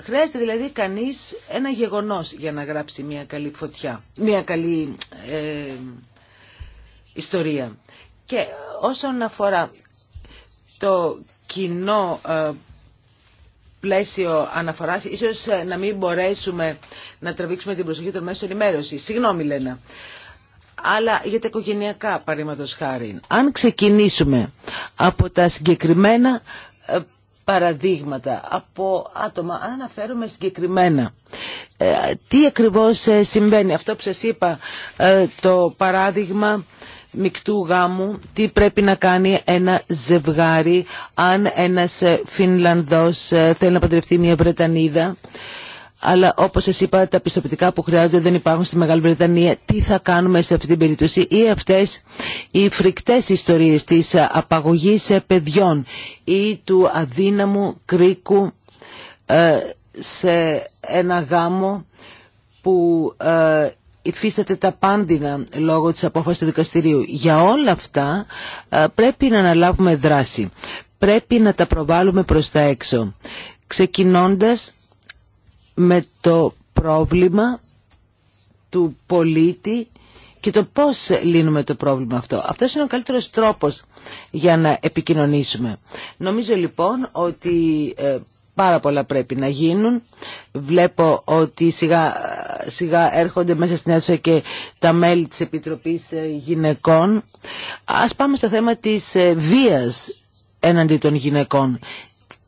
S3: Χρειάζεται δηλαδή κανείς ένα γεγονός για να γράψει μια καλή φωτιά, μια καλή ιστορία. Και όσον αφορά το κοινό πλαίσιο αναφορά, ίσω ε, να μην μπορέσουμε να τραβήξουμε την προσοχή των μέσων ενημέρωση. Συγγνώμη, Λένα. Αλλά για τα οικογενειακά, παρήματο χάρη. Αν ξεκινήσουμε από τα συγκεκριμένα ε, παραδείγματα από άτομα, αν αναφέρουμε συγκεκριμένα, ε, τι ακριβώ συμβαίνει. Αυτό που σα είπα, το παράδειγμα Μικτού γάμου τι πρέπει να κάνει ένα ζευγάρι αν ένας ε, Φινλανδός ε, θέλει να παντρευτεί μια Βρετανίδα αλλά όπως σας είπα τα πιστοποιητικά που χρειάζονται δεν υπάρχουν στη Μεγάλη Βρετανία τι θα κάνουμε σε αυτή την περίπτωση ή αυτές οι φρικτές ιστορίες της ε, απαγωγής παιδιών ή του αδύναμου κρίκου σε ένα γάμο που υφίσταται τα πάντινα λόγω της απόφασης του δικαστηρίου. Για όλα αυτά πρέπει να αναλάβουμε δράση. Πρέπει να τα προβάλλουμε προς τα έξω. Ξεκινώντας με το πρόβλημα του πολίτη και το πώς λύνουμε το πρόβλημα αυτό. Αυτός είναι ο καλύτερος τρόπος για να επικοινωνήσουμε. Νομίζω λοιπόν ότι ε, Πάρα πολλά πρέπει να γίνουν. Βλέπω ότι σιγά, σιγά έρχονται μέσα στην αίθουσα και τα μέλη της Επιτροπής ε, Γυναικών. Ας πάμε στο θέμα της ε, βίας έναντι των γυναικών.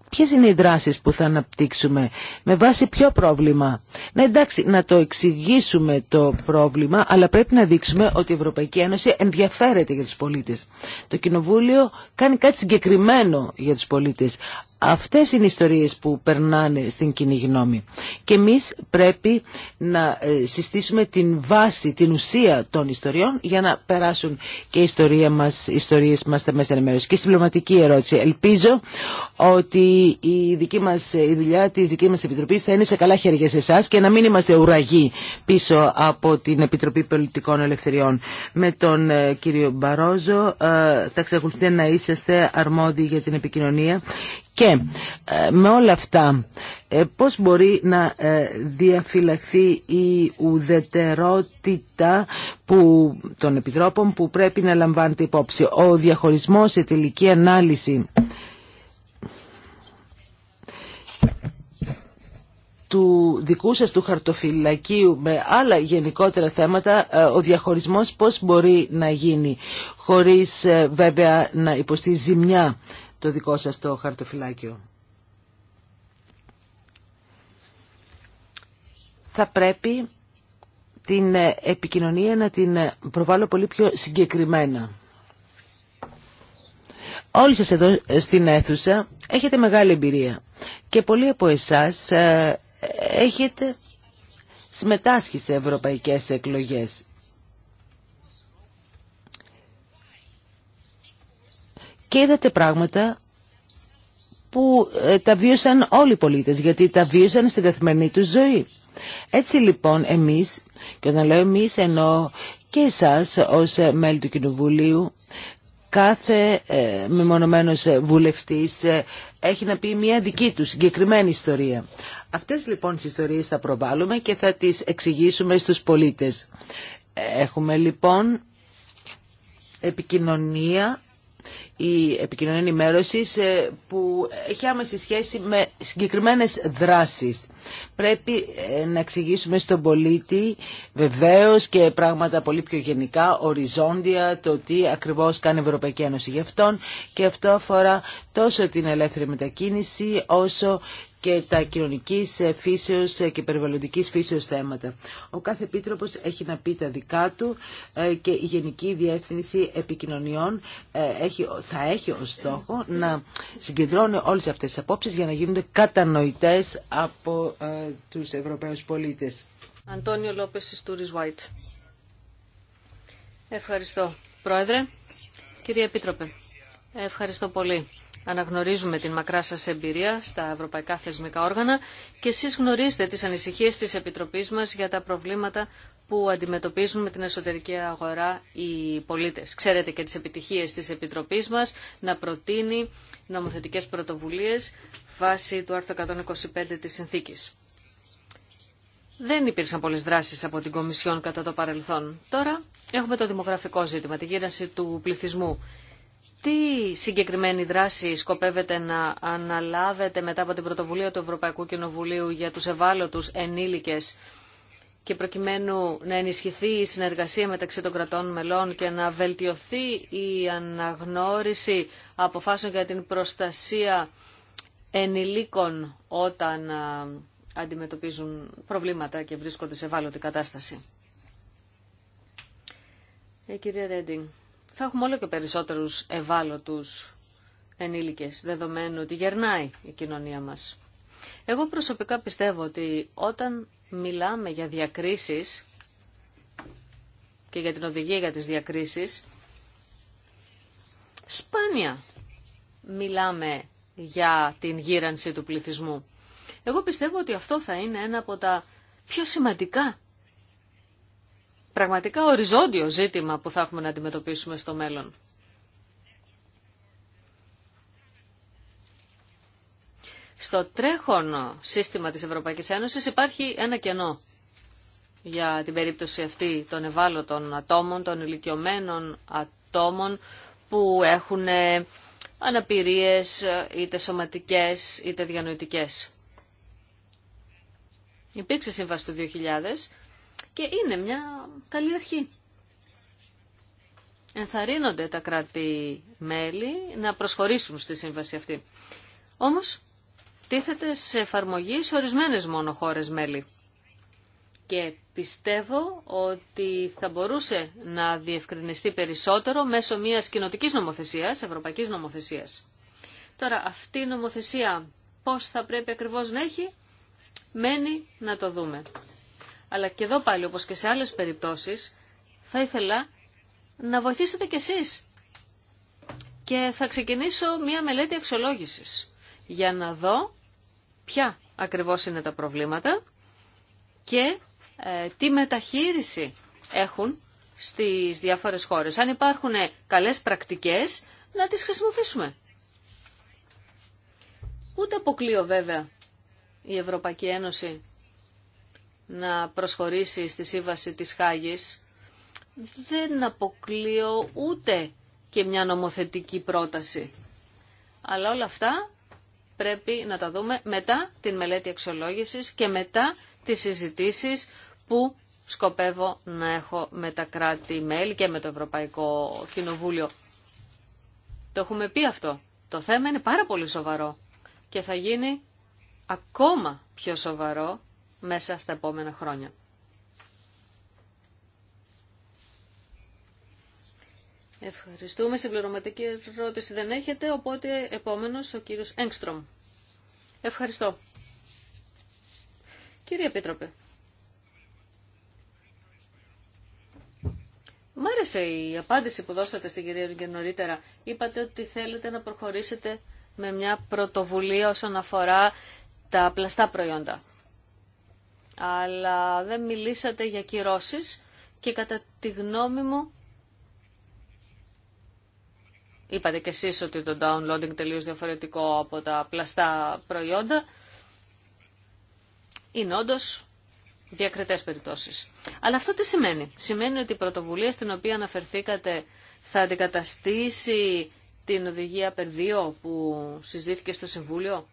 S3: Ποιες είναι οι δράσεις που θα αναπτύξουμε, με βάση ποιο πρόβλημα. Να εντάξει, να το εξηγήσουμε το πρόβλημα, αλλά πρέπει να δείξουμε ότι η Ευρωπαϊκή Ένωση ενδιαφέρεται για τους πολίτες. Το Κοινοβούλιο κάνει κάτι συγκεκριμένο για τους πολίτες. Αυτές είναι οι ιστορίες που περνάνε στην κοινή γνώμη. Και εμείς πρέπει να ε, συστήσουμε την βάση, την ουσία των ιστοριών για να περάσουν και οι ιστορία μας, ιστορίες μας στα μέσα ενημέρωση. Και συμπληρωματική ερώτηση. Ελπίζω ότι η, δική μας, ε, η δουλειά της δική μας Επιτροπής θα είναι σε καλά χέρια σε εσά και να μην είμαστε ουραγοί πίσω από την Επιτροπή Πολιτικών Ελευθεριών. Με τον ε, κύριο Μπαρόζο θα ξεκολουθείτε να είσαστε αρμόδιοι για την επικοινωνία και ε, με όλα αυτά ε, πώς μπορεί να ε, διαφυλαχθεί η ουδετερότητα που, των επιτρόπων που πρέπει να λαμβάνεται υπόψη. Ο διαχωρισμός σε τελική ανάλυση του δικού σας του χαρτοφυλακίου με άλλα γενικότερα θέματα ο διαχωρισμός πώς μπορεί να γίνει χωρίς βέβαια να υποστεί ζημιά το δικό σας το χαρτοφυλάκιο. Θα πρέπει την επικοινωνία να την προβάλλω πολύ πιο συγκεκριμένα. Όλοι σας εδώ στην αίθουσα έχετε μεγάλη εμπειρία και πολλοί από εσάς ε, έχετε συμμετάσχει σε ευρωπαϊκές εκλογές. και είδατε πράγματα που ε, τα βίωσαν όλοι οι πολίτες, γιατί τα βίωσαν στην καθημερινή τους ζωή. Έτσι λοιπόν εμείς, και όταν λέω εμείς ενώ και εσάς ως ε, μέλη του Κοινοβουλίου, κάθε ε, μεμονωμένος ε, βουλευτής έχει να πει μια δική του συγκεκριμένη ιστορία. Αυτές λοιπόν τις ιστορίες θα προβάλλουμε και θα τις εξηγήσουμε στους πολίτες. Έχουμε λοιπόν επικοινωνία η επικοινωνία ενημέρωση ε, που έχει άμεση σχέση με συγκεκριμένες δράσεις. Πρέπει ε, να εξηγήσουμε στον πολίτη βεβαίω και πράγματα πολύ πιο γενικά, οριζόντια, το τι ακριβώς κάνει η Ευρωπαϊκή Ένωση γι' αυτόν και αυτό αφορά τόσο την ελεύθερη μετακίνηση όσο και τα κοινωνική φύσεω και περιβαλλοντικής φύσεως θέματα. Ο κάθε επίτροπος έχει να πει τα δικά του ε, και η Γενική Διεύθυνση Επικοινωνιών ε, θα έχει ως στόχο να συγκεντρώνει όλες αυτές τις απόψει για να γίνονται κατανοητές από ε, τους Ευρωπαίου πολίτες.
S1: Αντώνιο Λόπες Βάιτ. Ευχαριστώ, Πρόεδρε. Κύριε Επίτροπε, ευχαριστώ πολύ αναγνωρίζουμε την μακρά σας εμπειρία στα ευρωπαϊκά θεσμικά όργανα και εσείς γνωρίζετε τις ανησυχίες της Επιτροπής μας για τα προβλήματα που αντιμετωπίζουν με την εσωτερική αγορά οι πολίτες. Ξέρετε και τις επιτυχίες της Επιτροπής μας να προτείνει νομοθετικές πρωτοβουλίες βάσει του άρθρου 125 της Συνθήκης. Δεν υπήρξαν πολλέ δράσει από την Κομισιόν κατά το παρελθόν. Τώρα έχουμε το δημογραφικό ζήτημα, τη γύραση του πληθυσμού τι συγκεκριμένη δράση σκοπεύετε να αναλάβετε μετά από την πρωτοβουλία του Ευρωπαϊκού Κοινοβουλίου για τους ευάλωτους ενήλικες και προκειμένου να ενισχυθεί η συνεργασία μεταξύ των κρατών μελών και να βελτιωθεί η αναγνώριση αποφάσεων για την προστασία ενηλίκων όταν αντιμετωπίζουν προβλήματα και βρίσκονται σε ευάλωτη κατάσταση. Ε, θα έχουμε όλο και περισσότερους ευάλωτους ενήλικες, δεδομένου ότι γερνάει η κοινωνία μας. Εγώ προσωπικά πιστεύω ότι όταν μιλάμε για διακρίσεις και για την οδηγία για τις διακρίσεις, σπάνια μιλάμε για την γύρανση του πληθυσμού. Εγώ πιστεύω ότι αυτό θα είναι ένα από τα πιο σημαντικά πραγματικά οριζόντιο ζήτημα που θα έχουμε να αντιμετωπίσουμε στο μέλλον. Στο τρέχον σύστημα της Ευρωπαϊκής Ένωσης υπάρχει ένα κενό για την περίπτωση αυτή των ευάλωτων ατόμων, των ηλικιωμένων ατόμων που έχουν ε, αναπηρίες ε, είτε σωματικές είτε διανοητικές. Υπήρξε σύμβαση του 2000 και είναι μια καλή αρχή. Ενθαρρύνονται τα κράτη-μέλη να προσχωρήσουν στη σύμβαση αυτή. Όμως, τίθεται σε εφαρμογή σε ορισμένες μόνο χώρες μέλη. Και πιστεύω ότι θα μπορούσε να διευκρινιστεί περισσότερο μέσω μιας κοινοτική νομοθεσίας, ευρωπαϊκής νομοθεσίας. Τώρα, αυτή η νομοθεσία πώς θα πρέπει ακριβώς να έχει, μένει να το δούμε. Αλλά και εδώ πάλι, όπως και σε άλλες περιπτώσεις, θα ήθελα να βοηθήσετε κι εσείς. Και θα ξεκινήσω μία μελέτη αξιολόγησης για να δω ποια ακριβώς είναι τα προβλήματα και ε, τι μεταχείριση έχουν στις διάφορες χώρες. Αν υπάρχουν καλές πρακτικές, να τις χρησιμοποιήσουμε. Ούτε αποκλείω βέβαια η Ευρωπαϊκή Ένωση να προσχωρήσει στη σύμβαση της Χάγης, δεν αποκλείω ούτε και μια νομοθετική πρόταση. Αλλά όλα αυτά πρέπει να τα δούμε μετά την μελέτη αξιολόγησης και μετά τις συζητήσεις που σκοπεύω να έχω με τα κράτη-μέλη και με το Ευρωπαϊκό Κοινοβούλιο. Το έχουμε πει αυτό. Το θέμα είναι πάρα πολύ σοβαρό και θα γίνει ακόμα πιο σοβαρό μέσα στα επόμενα χρόνια. Ευχαριστούμε. Συμπληρωματική ερώτηση δεν έχετε, οπότε επόμενος ο κύριος Έγκστρομ. Ευχαριστώ. Κύριε Επίτροπε, μ' άρεσε η απάντηση που δώσατε στην κυρία Ρουγκεν νωρίτερα. Είπατε ότι θέλετε να προχωρήσετε με μια πρωτοβουλία όσον αφορά τα πλαστά προϊόντα αλλά δεν μιλήσατε για κυρώσεις και κατά τη γνώμη μου είπατε κι εσείς ότι το downloading τελείως διαφορετικό από τα πλαστά προϊόντα είναι όντω διακριτές περιπτώσεις. Αλλά αυτό τι σημαίνει. Σημαίνει ότι η πρωτοβουλία στην οποία αναφερθήκατε θα αντικαταστήσει την οδηγία περδίο που συζητήθηκε στο Συμβούλιο.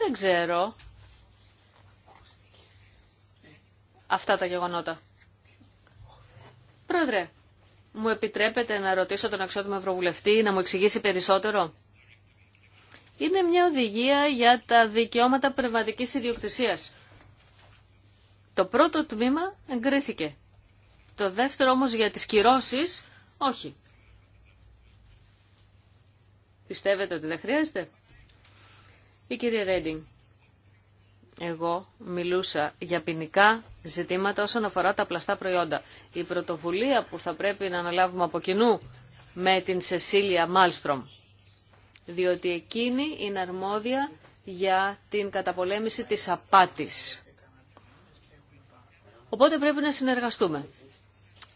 S1: Δεν ξέρω αυτά τα γεγονότα. Πρόεδρε, μου επιτρέπετε να ρωτήσω τον αξιότιμο Ευρωβουλευτή να μου εξηγήσει περισσότερο. Είναι μια οδηγία για τα δικαιώματα πνευματικής ιδιοκτησίας. Το πρώτο τμήμα εγκρίθηκε. Το δεύτερο όμως για τις κυρώσεις, όχι. Πιστεύετε ότι δεν χρειάζεται. Η κυρία Ρέντινγκ, εγώ μιλούσα για ποινικά ζητήματα όσον αφορά τα πλαστά προϊόντα. Η πρωτοβουλία που θα πρέπει να αναλάβουμε από κοινού με την Σεσίλια Μάλστρομ, διότι εκείνη είναι αρμόδια για την καταπολέμηση της απάτης. Οπότε πρέπει να συνεργαστούμε.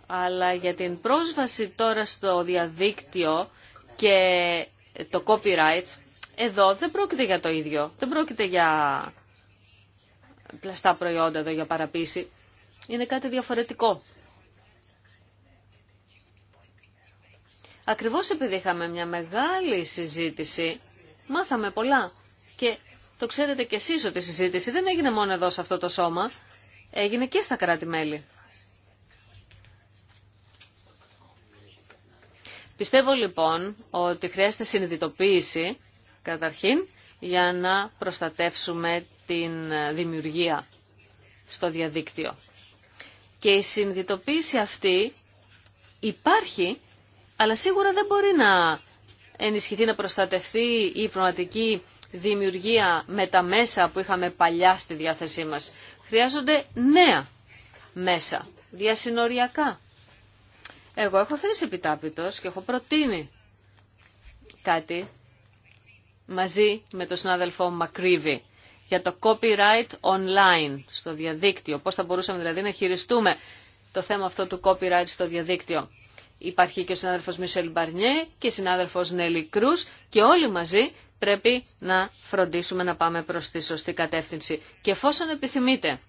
S1: Αλλά για την πρόσβαση τώρα στο διαδίκτυο και το copyright εδώ δεν πρόκειται για το ίδιο. Δεν πρόκειται για πλαστά προϊόντα εδώ, για παραπίση Είναι κάτι διαφορετικό. Ακριβώς επειδή είχαμε μια μεγάλη συζήτηση, μάθαμε πολλά. Και το ξέρετε κι εσείς ότι η συζήτηση δεν έγινε μόνο εδώ σε αυτό το σώμα, έγινε και στα κράτη-μέλη. Πιστεύω λοιπόν ότι χρειάζεται συνειδητοποίηση Καταρχήν, για να προστατεύσουμε την δημιουργία στο διαδίκτυο. Και η συνειδητοποίηση αυτή υπάρχει, αλλά σίγουρα δεν μπορεί να ενισχυθεί, να προστατευτεί η πραγματική δημιουργία με τα μέσα που είχαμε παλιά στη διάθεσή μας. Χρειάζονται νέα μέσα, διασυνοριακά. Εγώ έχω θέσει επιτάπητος και έχω προτείνει κάτι μαζί με τον συνάδελφο Μακρύβη για το copyright online στο διαδίκτυο. Πώς θα μπορούσαμε δηλαδή να χειριστούμε το θέμα αυτό του copyright στο διαδίκτυο. Υπάρχει και ο συνάδελφος Μισελ Μπαρνιέ και ο συνάδελφος Νέλη Κρούς και όλοι μαζί πρέπει να φροντίσουμε να πάμε προς τη σωστή κατεύθυνση. Και εφόσον επιθυμείτε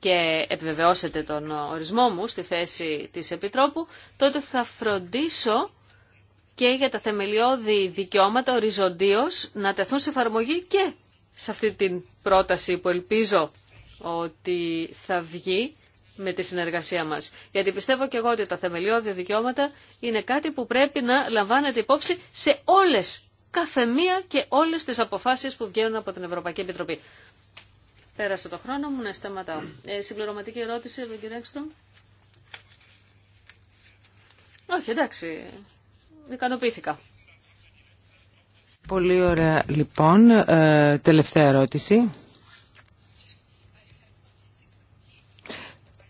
S1: και επιβεβαιώσετε τον ορισμό μου στη θέση της Επιτρόπου, τότε θα φροντίσω και για τα θεμελιώδη δικαιώματα οριζοντίως να τεθούν σε εφαρμογή και σε αυτή την πρόταση που ελπίζω ότι θα βγει με τη συνεργασία μας. Γιατί πιστεύω και εγώ ότι τα θεμελιώδη δικαιώματα είναι κάτι που πρέπει να λαμβάνεται υπόψη σε όλες, κάθε μία και όλες τις αποφάσεις που βγαίνουν από την Ευρωπαϊκή Επιτροπή. Πέρασε το χρόνο μου, να σταματάω. Ε, συμπληρωματική ερώτηση, κύριε Έξτρομ. Όχι, εντάξει ικανοποιήθηκα.
S3: Πολύ ωραία. Λοιπόν, ε, τελευταία ερώτηση.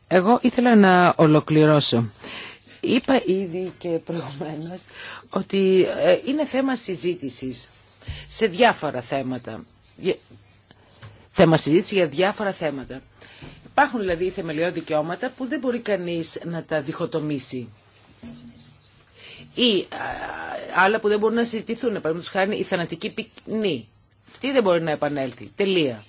S3: Εγώ ήθελα να ολοκληρώσω. Είπα ήδη και προηγουμένως ότι ε, είναι θέμα συζήτησης σε διάφορα θέματα. Θέμα συζήτηση για διάφορα θέματα. Υπάρχουν δηλαδή θεμελιώδη δικαιώματα που δεν μπορεί κανείς να τα διχοτομήσει ή ε, άλλα που δεν μπορούν να συζητηθούν. Παραδείγματο χάρη, η θανατική ποινή. Αυτή δεν μπορεί να επανέλθει. Τελεία.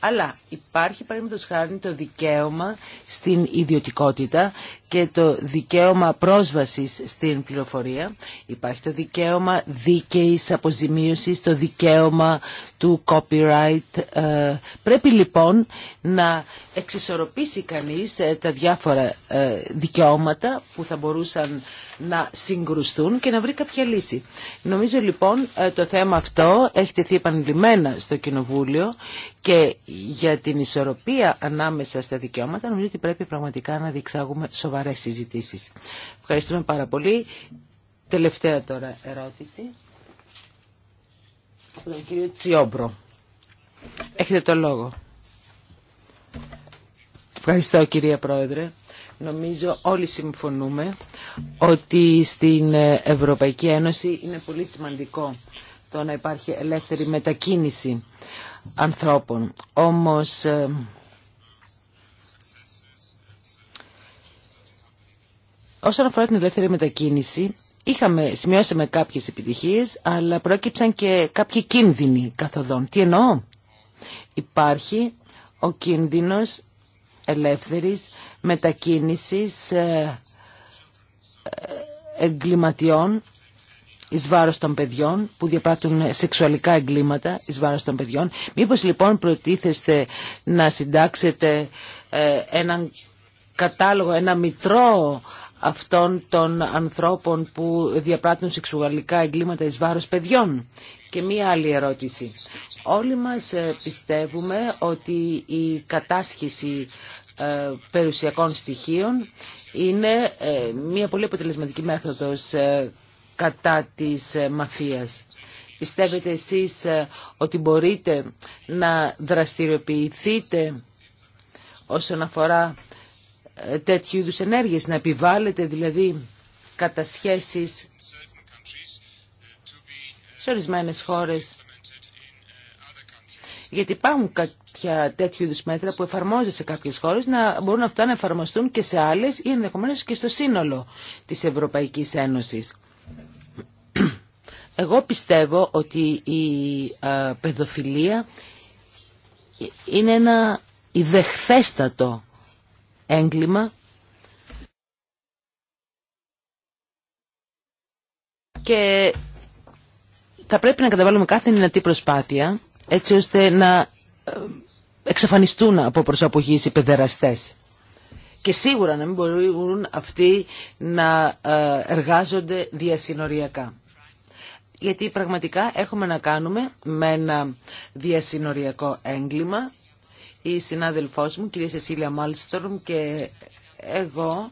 S3: Αλλά υπάρχει παραδείγματο χάρη το δικαίωμα στην ιδιωτικότητα και το δικαίωμα πρόσβασης στην πληροφορία. Υπάρχει το δικαίωμα δίκαιης αποζημίωσης, το δικαίωμα του copyright. Ε, πρέπει λοιπόν να εξισορροπήσει κανείς ε, τα διάφορα ε, δικαιώματα που θα μπορούσαν να συγκρουστούν και να βρει κάποια λύση. Νομίζω λοιπόν το θέμα αυτό έχει τεθεί επανειλημμένα στο Κοινοβούλιο και για την ισορροπία ανάμεσα στα δικαιώματα νομίζω ότι πρέπει πραγματικά να διεξάγουμε σοβαρά σοβαρέ Ευχαριστούμε πάρα πολύ. Τελευταία τώρα ερώτηση. Από τον κύριο Τσιόμπρο. Έχετε το λόγο. Ευχαριστώ κυρία Πρόεδρε. Νομίζω όλοι συμφωνούμε ότι στην Ευρωπαϊκή Ένωση είναι πολύ σημαντικό το να υπάρχει ελεύθερη μετακίνηση ανθρώπων. Όμως ε, Όσον αφορά την ελεύθερη μετακίνηση, είχαμε, σημειώσαμε κάποιες επιτυχίες, αλλά πρόκειψαν και κάποιοι κίνδυνοι καθοδόν. Τι εννοώ? Υπάρχει ο κίνδυνος ελεύθερης μετακίνησης ε, ε, εγκληματιών εις βάρος των παιδιών που διαπράττουν σεξουαλικά εγκλήματα εις βάρος των παιδιών. Μήπως λοιπόν προτίθεστε να συντάξετε ε, έναν κατάλογο, ένα μητρό αυτών των ανθρώπων που διαπράττουν σεξουαλικά εγκλήματα εις βάρος παιδιών. Και μία άλλη ερώτηση. Όλοι μας ε, πιστεύουμε ότι η κατάσχεση ε, περιουσιακών στοιχείων είναι ε, μία πολύ αποτελεσματική μέθοδος κατά της μαφίας. Πιστεύετε εσείς ότι μπορείτε να δραστηριοποιηθείτε όσον αφορά τέτοιου είδου ενέργειες, να επιβάλλεται δηλαδή κατά σχέσεις σε ορισμένε χώρες. Γιατί υπάρχουν κάποια τέτοιου είδου μέτρα που εφαρμόζονται σε κάποιες χώρες να μπορούν αυτά να εφαρμοστούν και σε άλλες ή ενδεχομένω και στο σύνολο της Ευρωπαϊκής Ένωσης. Εγώ πιστεύω ότι η παιδοφιλία είναι ένα ιδεχθέστατο έγκλημα και θα πρέπει να καταβάλουμε κάθε δυνατή προσπάθεια έτσι ώστε να ε, εξαφανιστούν από προσαπογείς οι παιδεραστές. Και σίγουρα να μην μπορούν αυτοί να ε, εργάζονται διασυνοριακά. Γιατί πραγματικά έχουμε να κάνουμε με ένα διασυνοριακό έγκλημα η συνάδελφός μου, κυρία Σεσίλια Μάλστρομ και εγώ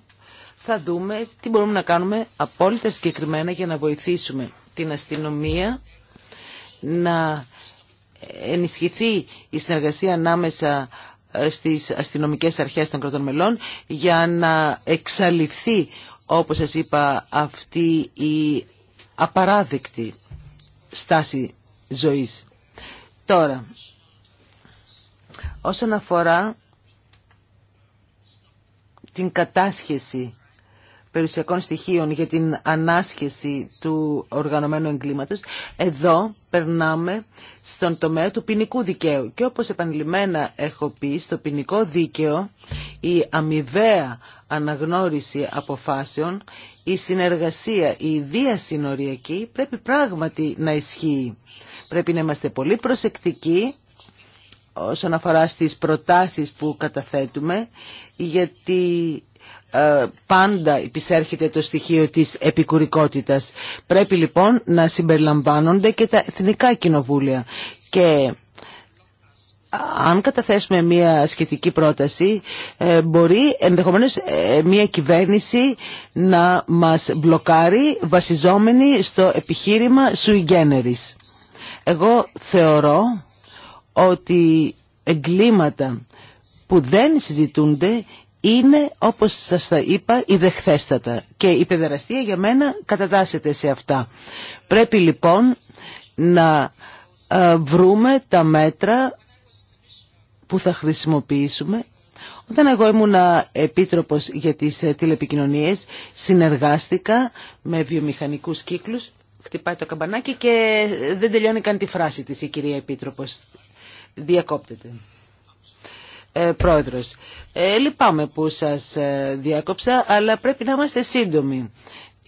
S3: θα δούμε τι μπορούμε να κάνουμε απόλυτα συγκεκριμένα για να βοηθήσουμε την αστυνομία να ενισχυθεί η συνεργασία ανάμεσα ε, στις αστυνομικές αρχές των κρατών μελών για να εξαλειφθεί όπως σας είπα αυτή η απαράδεκτη στάση ζωής. Τώρα, όσον αφορά την κατάσχεση περιουσιακών στοιχείων για την ανάσχεση του οργανωμένου εγκλήματος, εδώ περνάμε στον τομέα του ποινικού δικαίου. Και όπως επανειλημμένα έχω πει, στο ποινικό δίκαιο η αμοιβαία αναγνώριση αποφάσεων, η συνεργασία, η διασυνοριακή πρέπει πράγματι να ισχύει. Πρέπει να είμαστε πολύ προσεκτικοί όσον αφορά στις προτάσεις που καταθέτουμε γιατί ε, πάντα υπησέρχεται το στοιχείο της επικουρικότητας. Πρέπει λοιπόν να συμπεριλαμβάνονται και τα εθνικά κοινοβούλια και αν καταθέσουμε μια σχετική πρόταση ε, μπορεί ενδεχομένως ε, μια κυβέρνηση να μας μπλοκάρει βασιζόμενη στο επιχείρημα sui generis. Εγώ θεωρώ ότι εγκλήματα που δεν συζητούνται είναι, όπως σας τα είπα, οι δεχθέστατα. Και η παιδεραστία για μένα κατατάσσεται σε αυτά. Πρέπει λοιπόν να ε, βρούμε τα μέτρα που θα χρησιμοποιήσουμε. Όταν εγώ ήμουνα επίτροπος για τις ε, τηλεπικοινωνίες, συνεργάστηκα με βιομηχανικούς κύκλους. Χτυπάει το καμπανάκι και ε, δεν τελειώνει καν τη φράση της η κυρία Επίτροπος. Διακόπτεται. Ε, πρόεδρος, ε, λυπάμαι που σας ε, διάκοψα, αλλά πρέπει να είμαστε σύντομοι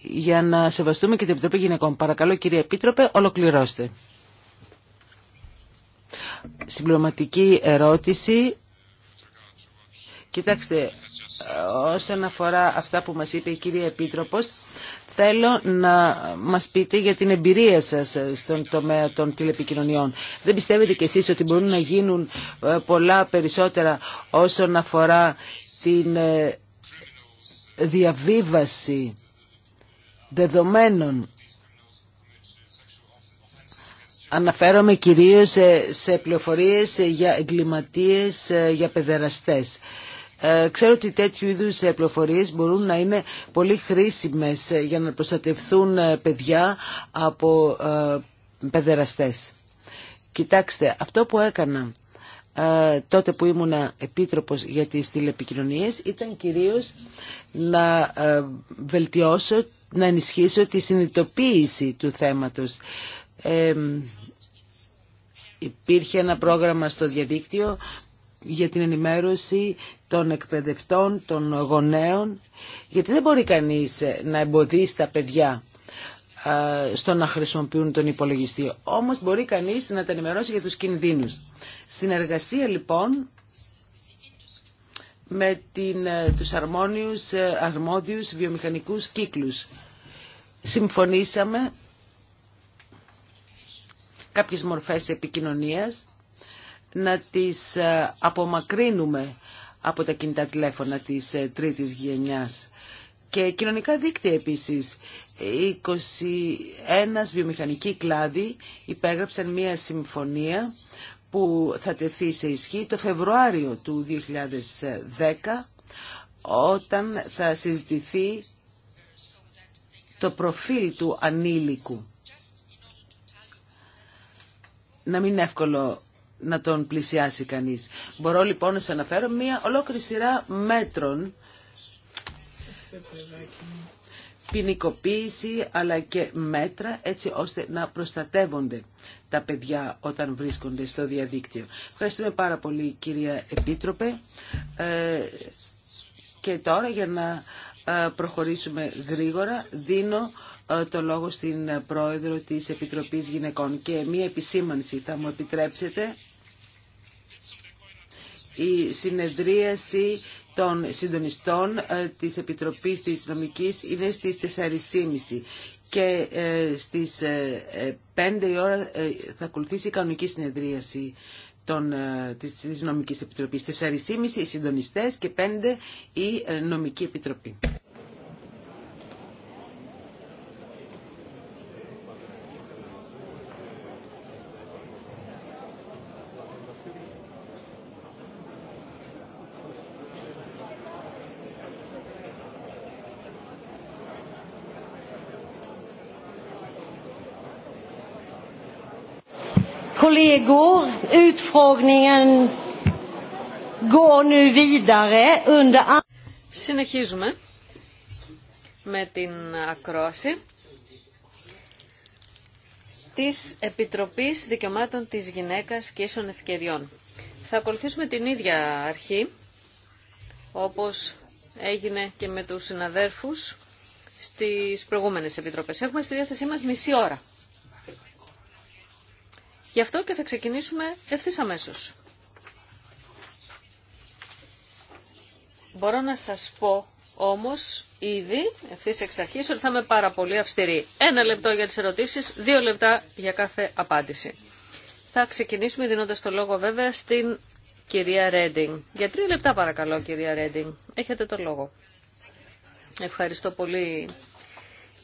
S3: για να σεβαστούμε και την Επιτροπή Γυναικών. Παρακαλώ κύριε Επίτροπε, ολοκληρώστε. Συμπληρωματική ερώτηση. Κοιτάξτε, ε, όσον αφορά αυτά που μας είπε η κυρία Επίτροπος, Θέλω να μας πείτε για την εμπειρία σας στον τομέα των τηλεπικοινωνιών. Δεν πιστεύετε κι εσείς ότι μπορούν να γίνουν ε, πολλά περισσότερα όσον αφορά την ε, διαβίβαση δεδομένων Αναφέρομαι κυρίως σε, σε πληροφορίες για εγκληματίες, για παιδεραστές. Ε, ξέρω ότι τέτοιου είδους ε, πληροφορίες μπορούν να είναι πολύ χρήσιμες ε, για να προστατευθούν παιδιά από παιδεραστές. Κοιτάξτε, αυτό που έκανα τότε που ήμουν επίτροπος για τις τηλεπικοινωνίες ήταν κυρίως να βελτιώσω, να ενισχύσω τη συνειδητοποίηση του θέματος. υπήρχε ένα πρόγραμμα στο διαδίκτυο για την ενημέρωση των εκπαιδευτών, των γονέων, γιατί δεν μπορεί κανείς ε, να εμποδίσει τα παιδιά στο να χρησιμοποιούν τον υπολογιστή. Όμως μπορεί κανείς να τα ενημερώσει για τους κινδύνους. Συνεργασία λοιπόν με την, ε, τους αρμόνιους, ε, αρμόδιους βιομηχανικούς κύκλους. Συμφωνήσαμε κάποιες μορφές επικοινωνίας να τις ε, απομακρύνουμε από τα κινητά τηλέφωνα της ε, τρίτης γενιάς. Και κοινωνικά δίκτυα επίσης. 21 βιομηχανικοί κλάδοι υπέγραψαν μία συμφωνία που θα τεθεί σε ισχύ το Φεβρουάριο του 2010 όταν θα συζητηθεί το προφίλ του ανήλικου. Να μην είναι εύκολο να τον πλησιάσει κανείς. Μπορώ λοιπόν να σε αναφέρω μια ολόκληρη σειρά μέτρων ποινικοποίηση αλλά και μέτρα έτσι ώστε να προστατεύονται τα παιδιά όταν βρίσκονται στο διαδίκτυο. Ευχαριστούμε πάρα πολύ κυρία Επίτροπε ε, και τώρα για να ε, προχωρήσουμε γρήγορα δίνω ε, το λόγο στην πρόεδρο της Επιτροπής Γυναικών και μία επισήμανση θα μου επιτρέψετε η συνεδρίαση των συντονιστών ε, της Επιτροπής της Νομικής είναι στις 4.30 και ε, στις 5 ε, η ώρα θα ακολουθήσει η κανονική συνεδρίαση των, της, της Νομικής Επιτροπής. 4.30 οι συντονιστές και 5 η Νομική Επιτροπή.
S1: Συνεχίζουμε με την ακρόαση της Επιτροπής Δικαιωμάτων της Γυναίκας και Ίσων Ευκαιριών. Θα ακολουθήσουμε την ίδια αρχή, όπως έγινε και με τους συναδέρφους στις προηγούμενες επιτροπές. Έχουμε στη διάθεσή μας μισή ώρα Γι' αυτό και θα ξεκινήσουμε ευθύ αμέσω. Μπορώ να σας πω όμως ήδη ευθύ εξ αρχής ότι θα είμαι πάρα πολύ αυστηρή. Ένα λεπτό για τις ερωτήσεις, δύο λεπτά για κάθε απάντηση. Θα ξεκινήσουμε δίνοντας το λόγο βέβαια στην κυρία Ρέντινγκ. Για τρία λεπτά παρακαλώ κυρία Ρέντινγκ. Έχετε το λόγο. Ευχαριστώ πολύ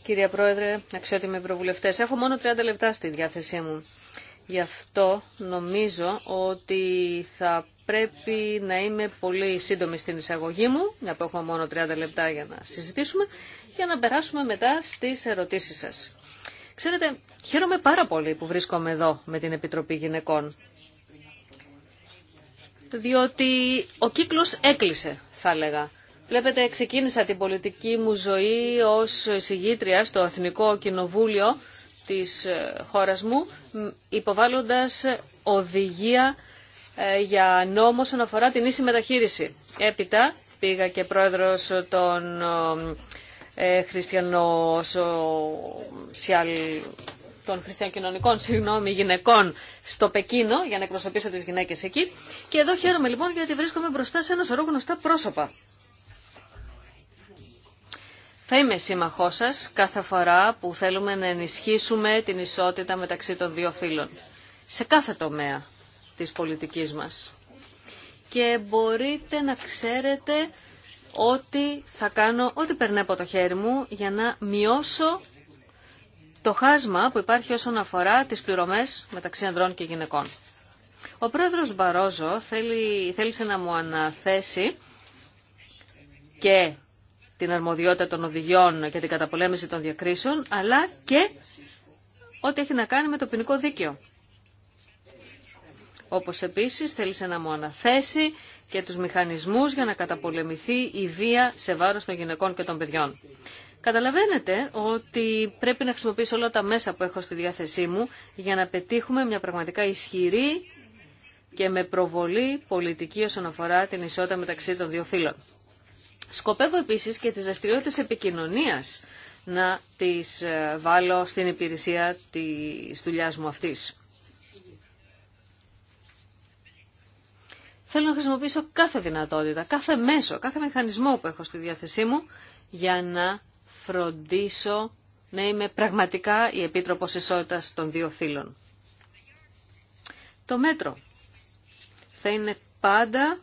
S1: κυρία Πρόεδρε, αξιότιμοι ευρωβουλευτές. Έχω μόνο 30 λεπτά στη διάθεσή μου. Γι' αυτό νομίζω ότι θα πρέπει να είμαι πολύ σύντομη στην εισαγωγή μου, να που έχουμε μόνο 30 λεπτά για να συζητήσουμε, για να περάσουμε μετά στις ερωτήσεις σας. Ξέρετε, χαίρομαι πάρα πολύ που βρίσκομαι εδώ με την Επιτροπή Γυναικών, διότι ο κύκλος έκλεισε, θα έλεγα. Βλέπετε, ξεκίνησα την πολιτική μου ζωή ως συγγήτρια στο Εθνικό Κοινοβούλιο της ε, χώρας μου υποβάλλοντας οδηγία ε, για νόμο όσον αφορά την ίση μεταχείριση. Έπειτα πήγα και πρόεδρος των ε, ε των χριστιανοκοινωνικών συγγνώμη, γυναικών στο Πεκίνο για να εκπροσωπήσω τις γυναίκες εκεί. Και εδώ χαίρομαι λοιπόν γιατί βρίσκομαι μπροστά σε ένα σωρό γνωστά πρόσωπα. Θα είμαι σύμμαχός σα κάθε φορά που θέλουμε να ενισχύσουμε την ισότητα μεταξύ των δύο φύλων. Σε κάθε τομέα της πολιτικής μας. Και μπορείτε να ξέρετε ότι θα κάνω ό,τι περνάει από το χέρι μου για να μειώσω το χάσμα που υπάρχει όσον αφορά τις πληρωμές μεταξύ ανδρών και γυναικών. Ο πρόεδρος Μπαρόζο θέλησε να μου αναθέσει και την αρμοδιότητα των οδηγιών και την καταπολέμηση των διακρίσεων, αλλά και ό,τι έχει να κάνει με το ποινικό δίκαιο. Όπως επίσης θέλησε να μου αναθέσει και τους μηχανισμούς για να καταπολεμηθεί η βία σε βάρος των γυναικών και των παιδιών. Καταλαβαίνετε ότι πρέπει να χρησιμοποιήσω όλα τα μέσα που έχω στη διάθεσή μου για να πετύχουμε μια πραγματικά ισχυρή και με προβολή πολιτική όσον αφορά την ισότητα μεταξύ των δύο φύλων. Σκοπεύω επίσης και τις δραστηριότητε επικοινωνίας να τις ε, βάλω στην υπηρεσία της δουλειά μου αυτής. Θέλω να χρησιμοποιήσω κάθε δυνατότητα, κάθε μέσο, κάθε μηχανισμό που έχω στη διάθεσή μου για να φροντίσω να είμαι πραγματικά η Επίτροπος Ισότητας των δύο φύλων. Το μέτρο θα είναι πάντα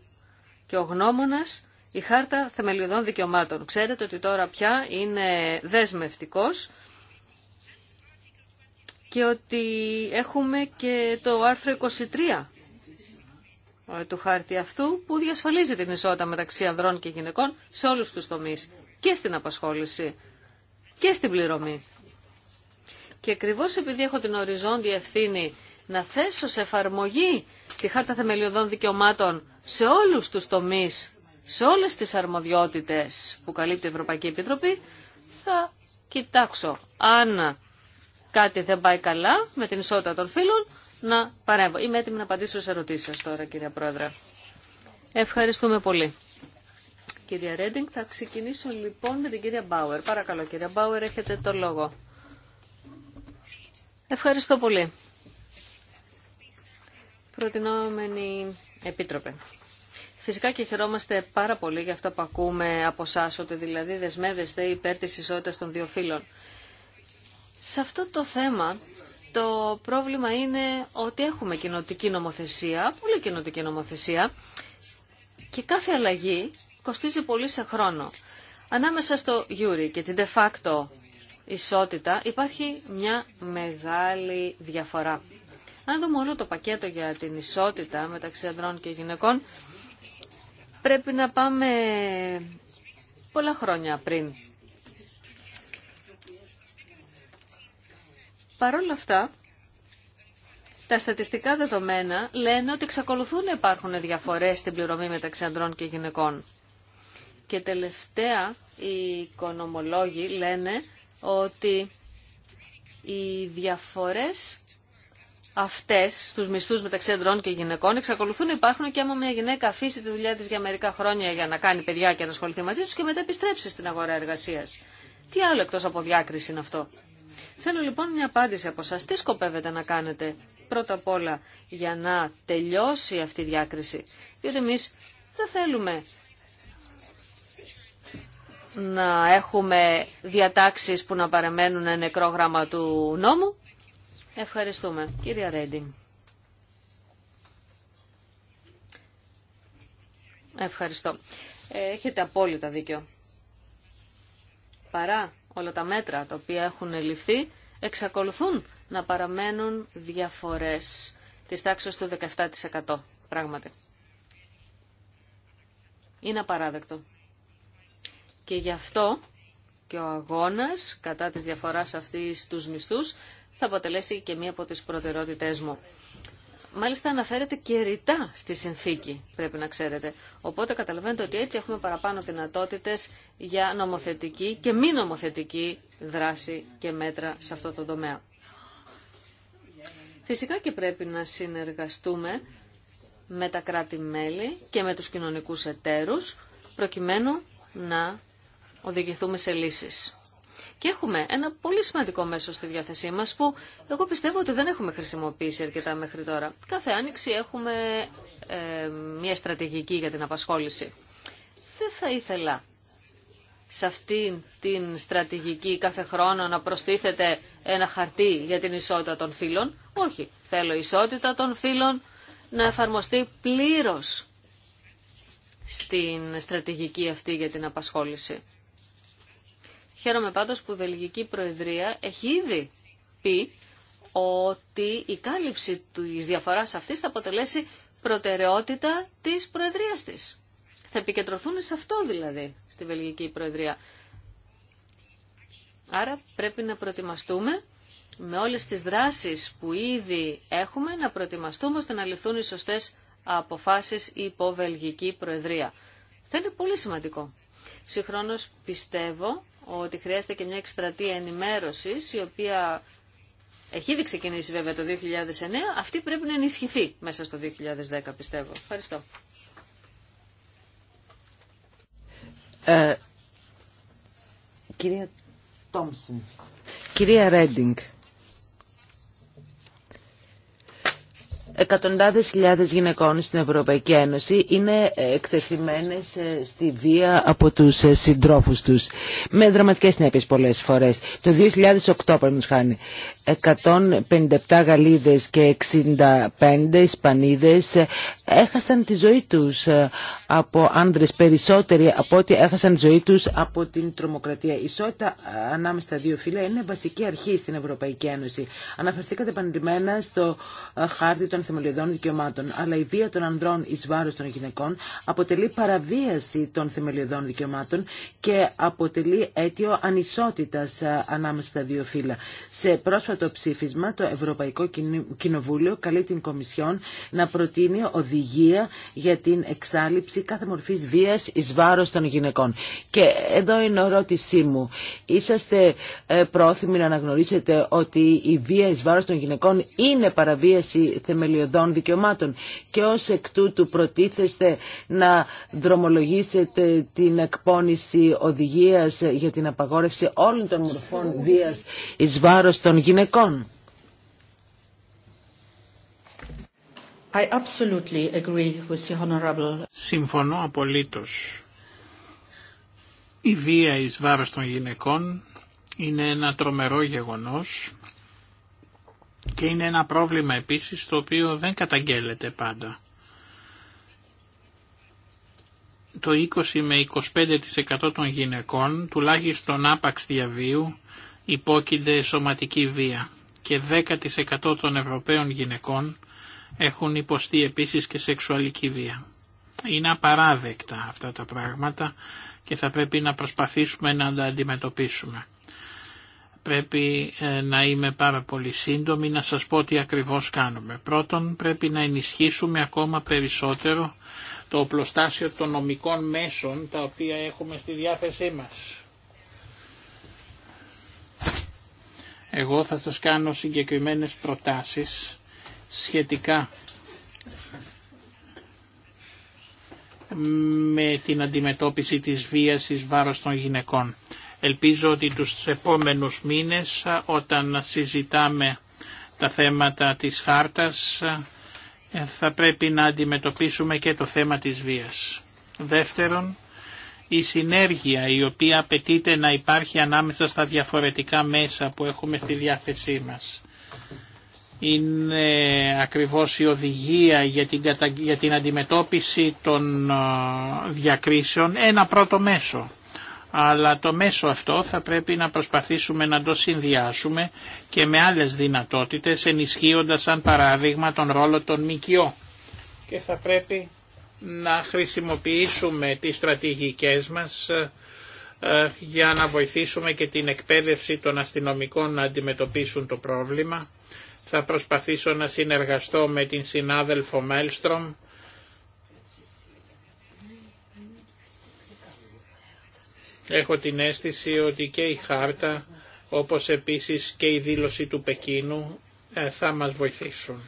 S1: και ο γνώμονας η Χάρτα Θεμελιωδών Δικαιωμάτων. Ξέρετε ότι τώρα πια είναι δεσμευτικός και ότι έχουμε και το άρθρο 23 ε, του χάρτη αυτού που διασφαλίζει την ισότητα μεταξύ ανδρών και γυναικών σε όλους τους τομείς και στην απασχόληση και στην πληρωμή. Και ακριβώ επειδή έχω την οριζόντια ευθύνη να θέσω σε εφαρμογή τη Χάρτα Θεμελιωδών Δικαιωμάτων σε όλους τους τομείς σε όλες τις αρμοδιότητες που καλύπτει η Ευρωπαϊκή Επιτροπή θα κοιτάξω αν κάτι δεν πάει καλά με την ισότητα των φίλων να παρέμβω. Είμαι έτοιμη να απαντήσω σε ερωτήσεις σας τώρα κυρία Πρόεδρε. Ευχαριστούμε πολύ. Κυρία Ρέντινγκ, θα ξεκινήσω λοιπόν με την κυρία Μπάουερ. Παρακαλώ κυρία Μπάουερ, έχετε το λόγο. Ευχαριστώ πολύ. Προτινόμενη Επίτροπε, Φυσικά και χαιρόμαστε πάρα πολύ για αυτό που ακούμε από εσά, ότι δηλαδή δεσμεύεστε υπέρ τη ισότητα των δύο φύλων. Σε αυτό το θέμα το πρόβλημα είναι ότι έχουμε κοινοτική νομοθεσία, πολύ κοινοτική νομοθεσία και κάθε αλλαγή κοστίζει πολύ σε χρόνο. Ανάμεσα στο Γιούρι και την de facto ισότητα υπάρχει μια μεγάλη διαφορά. Αν δούμε όλο το πακέτο για την ισότητα μεταξύ ανδρών και γυναικών, πρέπει να πάμε πολλά χρόνια πριν. Παρ' όλα αυτά, τα στατιστικά δεδομένα λένε ότι εξακολουθούν να υπάρχουν διαφορές στην πληρωμή μεταξύ ανδρών και γυναικών. Και τελευταία, οι οικονομολόγοι λένε ότι οι διαφορές Αυτέ, στου μισθού μεταξύ ανδρών και γυναικών εξακολουθούν να υπάρχουν και άμα μια γυναίκα αφήσει τη δουλειά τη για μερικά χρόνια για να κάνει παιδιά και να ασχοληθεί μαζί του και μετά επιστρέψει στην αγορά εργασία. Τι άλλο εκτό από διάκριση είναι αυτό. Θέλω λοιπόν μια απάντηση από εσά. Τι σκοπεύετε να κάνετε πρώτα απ' όλα για να τελειώσει αυτή η διάκριση. Διότι εμεί δεν θέλουμε να έχουμε διατάξεις που να παραμένουν νεκρό γράμμα του νόμου Ευχαριστούμε. Κυρία Ρέντι. Ευχαριστώ. Ε, έχετε απόλυτα δίκιο. Παρά όλα τα μέτρα τα οποία έχουν ληφθεί, εξακολουθούν να παραμένουν διαφορές της τάξης του 17%. Πράγματι. Είναι απαράδεκτο. Και γι' αυτό και ο αγώνας κατά της διαφοράς αυτής τους μισθούς θα αποτελέσει και μία από τις προτεραιότητές μου. Μάλιστα αναφέρεται και ρητά στη συνθήκη, πρέπει να ξέρετε. Οπότε καταλαβαίνετε ότι έτσι έχουμε παραπάνω δυνατότητες για νομοθετική και μη νομοθετική δράση και μέτρα σε αυτό το τομέα. Φυσικά και πρέπει να συνεργαστούμε με τα κράτη-μέλη και με τους κοινωνικούς εταίρους, προκειμένου να οδηγηθούμε σε λύσεις. Και έχουμε ένα πολύ σημαντικό μέσο στη διάθεσή μας που εγώ πιστεύω ότι δεν έχουμε χρησιμοποιήσει αρκετά μέχρι τώρα. Κάθε άνοιξη έχουμε ε, μια στρατηγική για την απασχόληση. Δεν θα ήθελα σε αυτήν την στρατηγική κάθε χρόνο να προστίθεται ένα χαρτί για την ισότητα των φύλων. Όχι, θέλω η ισότητα των φύλων να εφαρμοστεί πλήρως στην στρατηγική αυτή για την απασχόληση. Χαίρομαι πάντως που η Βελγική Προεδρία έχει ήδη πει ότι η κάλυψη της διαφοράς αυτής θα αποτελέσει προτεραιότητα της Προεδρίας της. Θα επικεντρωθούν σε αυτό δηλαδή στη Βελγική Προεδρία. Άρα πρέπει να προετοιμαστούμε με όλες τις δράσεις που ήδη έχουμε, να προετοιμαστούμε ώστε να ληφθούν οι σωστές αποφάσεις υπό Βελγική Προεδρία. Θα είναι πολύ σημαντικό. Συγχρόνως πιστεύω ότι χρειάζεται και μια εκστρατεία ενημέρωσης η οποία έχει ήδη ξεκινήσει βέβαια το 2009, αυτή πρέπει να ενισχυθεί μέσα στο 2010 πιστεύω. Ευχαριστώ.
S3: Ε, κυρία Τόμσον. Κυρία Ρέντινγκ. Εκατοντάδες χιλιάδες γυναικών στην Ευρωπαϊκή Ένωση είναι ε, εκτεθειμένες ε, στη βία από τους ε, συντρόφους τους με δραματικές συνέπειες πολλές φορές. Το 2008 παραδείγματος χάνει 157 Γαλλίδες και 65 Ισπανίδες έχασαν τη ζωή τους από άνδρες περισσότεροι από ό,τι έχασαν τη ζωή τους από την τρομοκρατία. Η ισότητα ανάμεσα στα δύο φύλλα είναι βασική αρχή στην Ευρωπαϊκή Ένωση. Αναφερθήκατε επανειλημμένα στο χάρτη των των θεμελιωδών δικαιωμάτων, αλλά η βία των ανδρών εις βάρος των γυναικών αποτελεί παραβίαση των θεμελιωδών δικαιωμάτων και αποτελεί αίτιο ανισότητα ε, ανάμεσα στα δύο φύλλα. Σε πρόσφατο ψήφισμα, το Ευρωπαϊκό Κοινοβούλιο καλεί την Κομισιόν να προτείνει οδηγία για την εξάλληψη κάθε μορφή βία εις βάρος των γυναικών. Και εδώ είναι η ερώτησή μου. Είσαστε ε, πρόθυμοι να αναγνωρίσετε ότι η βία ει βάρο των γυναικών είναι παραβίαση θεμελιωδών θεμελιωδών δικαιωμάτων και ως εκ τούτου προτίθεστε να δρομολογήσετε την εκπόνηση οδηγίας για την απαγόρευση όλων των μορφών βίας εις βάρος των γυναικών.
S2: I absolutely agree with honorable. Συμφωνώ απολύτως. Η βία εις βάρος των γυναικών είναι ένα τρομερό γεγονός και είναι ένα πρόβλημα επίσης το οποίο δεν καταγγέλλεται πάντα. Το 20 με 25% των γυναικών, τουλάχιστον άπαξ διαβίου, υπόκεινται σωματική βία και 10% των Ευρωπαίων γυναικών έχουν υποστεί επίσης και σεξουαλική βία. Είναι απαράδεκτα αυτά τα πράγματα και θα πρέπει να προσπαθήσουμε να τα αντιμετωπίσουμε πρέπει ε, να είμαι πάρα πολύ σύντομη να σας πω τι ακριβώς κάνουμε. Πρώτον πρέπει να ενισχύσουμε ακόμα περισσότερο το οπλοστάσιο των νομικών μέσων τα οποία έχουμε στη διάθεσή μας. Εγώ θα σας κάνω συγκεκριμένες προτάσεις σχετικά με την αντιμετώπιση της βίας εις βάρος των γυναικών. Ελπίζω ότι τους επόμενους μήνες όταν συζητάμε τα θέματα της χάρτας θα πρέπει να αντιμετωπίσουμε και το θέμα της βίας. Δεύτερον, η συνέργεια η οποία απαιτείται να υπάρχει ανάμεσα στα διαφορετικά μέσα που έχουμε στη διάθεσή μας. Είναι ακριβώς η οδηγία για την, για την αντιμετώπιση των διακρίσεων ένα πρώτο μέσο αλλά το μέσο αυτό θα πρέπει να προσπαθήσουμε να το συνδυάσουμε και με άλλες δυνατότητες ενισχύοντας σαν παράδειγμα τον ρόλο των ΜΚΙΟ και θα πρέπει να χρησιμοποιήσουμε τις στρατηγικές μας ε, ε, για να βοηθήσουμε και την εκπαίδευση των αστυνομικών να αντιμετωπίσουν το πρόβλημα. Θα προσπαθήσω να συνεργαστώ με την συνάδελφο Μέλστρομ Έχω την αίσθηση ότι και η χάρτα, όπως επίσης και η δήλωση του Πεκίνου, ε, θα μας βοηθήσουν.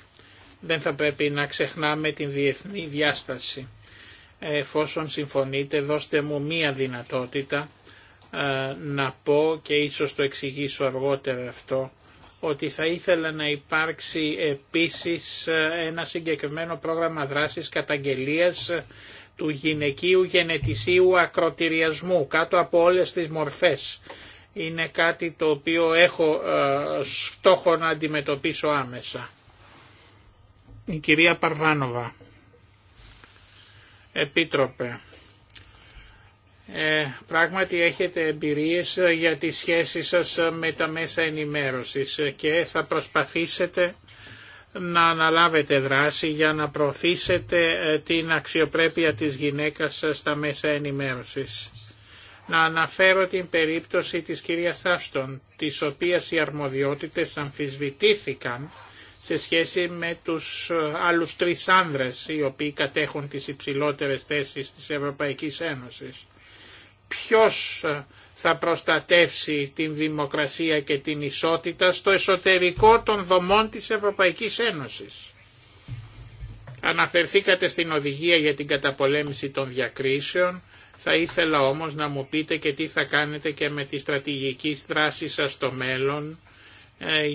S2: Δεν θα πρέπει να ξεχνάμε την διεθνή διάσταση. Εφόσον συμφωνείτε, δώστε μου μία δυνατότητα ε, να πω και ίσως το εξηγήσω αργότερα αυτό, ότι θα ήθελα να υπάρξει επίσης ε, ένα συγκεκριμένο πρόγραμμα δράσης καταγγελίας του γυναικείου γενετησίου ακροτηριασμού κάτω από όλες τις μορφές. Είναι κάτι το οποίο έχω ε, στόχο να αντιμετωπίσω άμεσα. Η κυρία Παρβάνοβα, Επίτροπε, ε, πράγματι έχετε εμπειρίες ε, για τις σχέσεις σας με τα μέσα ενημέρωσης και θα προσπαθήσετε να αναλάβετε δράση για να προωθήσετε ε, την αξιοπρέπεια της γυναίκας στα μέσα ενημέρωσης. Να αναφέρω την περίπτωση της κυρίας Άστον, της οποίας οι αρμοδιότητες αμφισβητήθηκαν σε σχέση με τους ε, άλλους τρεις άνδρες οι οποίοι κατέχουν τις υψηλότερες θέσεις της Ευρωπαϊκής Ένωσης. Ποιος ε, θα προστατεύσει την δημοκρασία και την ισότητα στο εσωτερικό των δομών της Ευρωπαϊκής Ένωσης. Αναφερθήκατε στην οδηγία για την καταπολέμηση των διακρίσεων, θα ήθελα όμως να μου πείτε και τι θα κάνετε και με τη στρατηγική δράση σας στο μέλλον ε,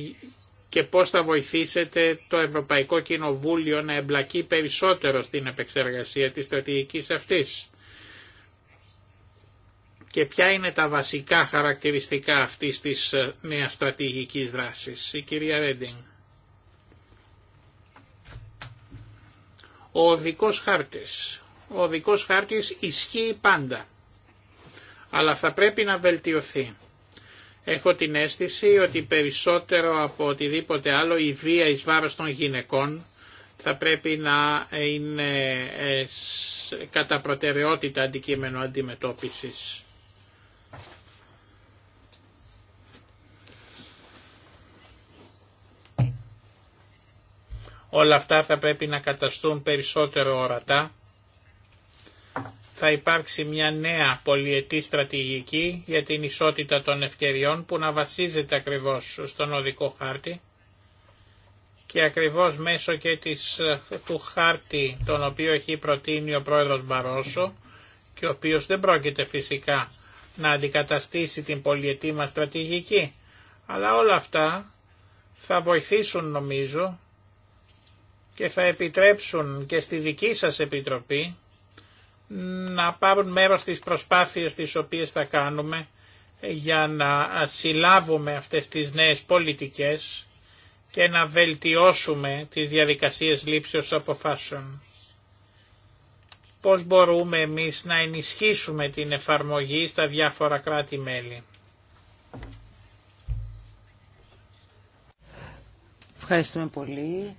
S2: και πώς θα βοηθήσετε το Ευρωπαϊκό Κοινοβούλιο να εμπλακεί περισσότερο στην επεξεργασία της στρατηγικής αυτής και ποια είναι τα βασικά χαρακτηριστικά αυτής της ε, νέας στρατηγικής δράσης. Η κυρία Ρέντινγκ. Ο οδικός χάρτης. Ο οδικός χάρτης ισχύει πάντα, αλλά θα πρέπει να βελτιωθεί. Έχω την αίσθηση ότι περισσότερο από οτιδήποτε άλλο η βία εις βάρος των γυναικών θα πρέπει να είναι ε, κατά προτεραιότητα αντικείμενο αντιμετώπισης. Όλα αυτά θα πρέπει να καταστούν περισσότερο ορατά. Θα υπάρξει μια νέα πολιετή στρατηγική για την ισότητα των ευκαιριών που να βασίζεται ακριβώς στον οδικό χάρτη και ακριβώς μέσω και της, του χάρτη τον οποίο έχει προτείνει ο πρόεδρος Μπαρόσο και ο οποίος δεν πρόκειται φυσικά να αντικαταστήσει την πολιετή μας στρατηγική. Αλλά όλα αυτά θα βοηθήσουν νομίζω και θα επιτρέψουν και στη δική σας Επιτροπή να πάρουν μέρος στις προσπάθειες τις οποίες θα κάνουμε για να συλλάβουμε αυτές τις νέες πολιτικές και να βελτιώσουμε τις διαδικασίες λήψεως αποφάσεων. Πώς μπορούμε εμείς να ενισχύσουμε την εφαρμογή στα διάφορα κράτη-μέλη.
S3: Ευχαριστούμε πολύ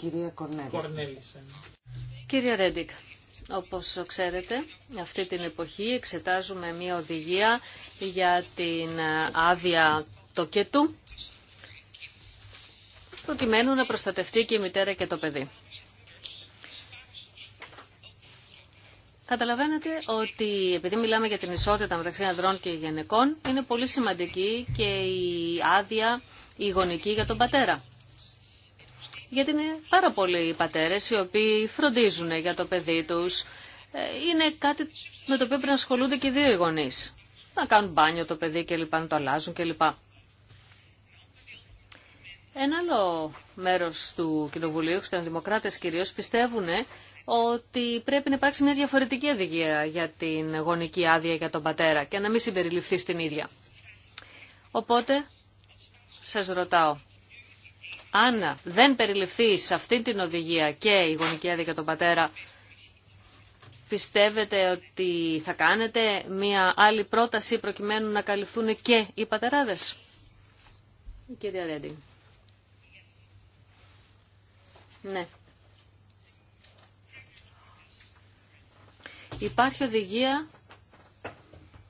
S2: κυρία Κορνέλισεν.
S1: Κύριε Ρέντικ, όπως ξέρετε, αυτή την εποχή εξετάζουμε μία οδηγία για την ε, άδεια τοκετού, προκειμένου να προστατευτεί και η μητέρα και το παιδί. Καταλαβαίνετε ότι επειδή μιλάμε για την ισότητα μεταξύ ανδρών και γυναικών, είναι πολύ σημαντική και η άδεια η γονική για τον πατέρα γιατί είναι πάρα πολλοί οι πατέρες οι οποίοι φροντίζουν για το παιδί τους. Ε, είναι κάτι με το οποίο πρέπει να ασχολούνται και οι δύο οι γονείς. Να κάνουν μπάνιο το παιδί και λοιπά, να το αλλάζουν και λοιπά. Ένα άλλο μέρος του Κοινοβουλίου, οι δημοκράτες κυρίως, πιστεύουν ε, ότι πρέπει να υπάρξει μια διαφορετική οδηγία για την γονική άδεια για τον πατέρα και να μην συμπεριληφθεί στην ίδια. Οπότε, σας ρωτάω, αν δεν περιληφθεί σε αυτή την οδηγία και η γονική άδεια για τον πατέρα, πιστεύετε ότι θα κάνετε μία άλλη πρόταση προκειμένου να καλυφθούν και οι πατεράδες. Η κυρία Ρέντινγκ. Ναι. Υπάρχει οδηγία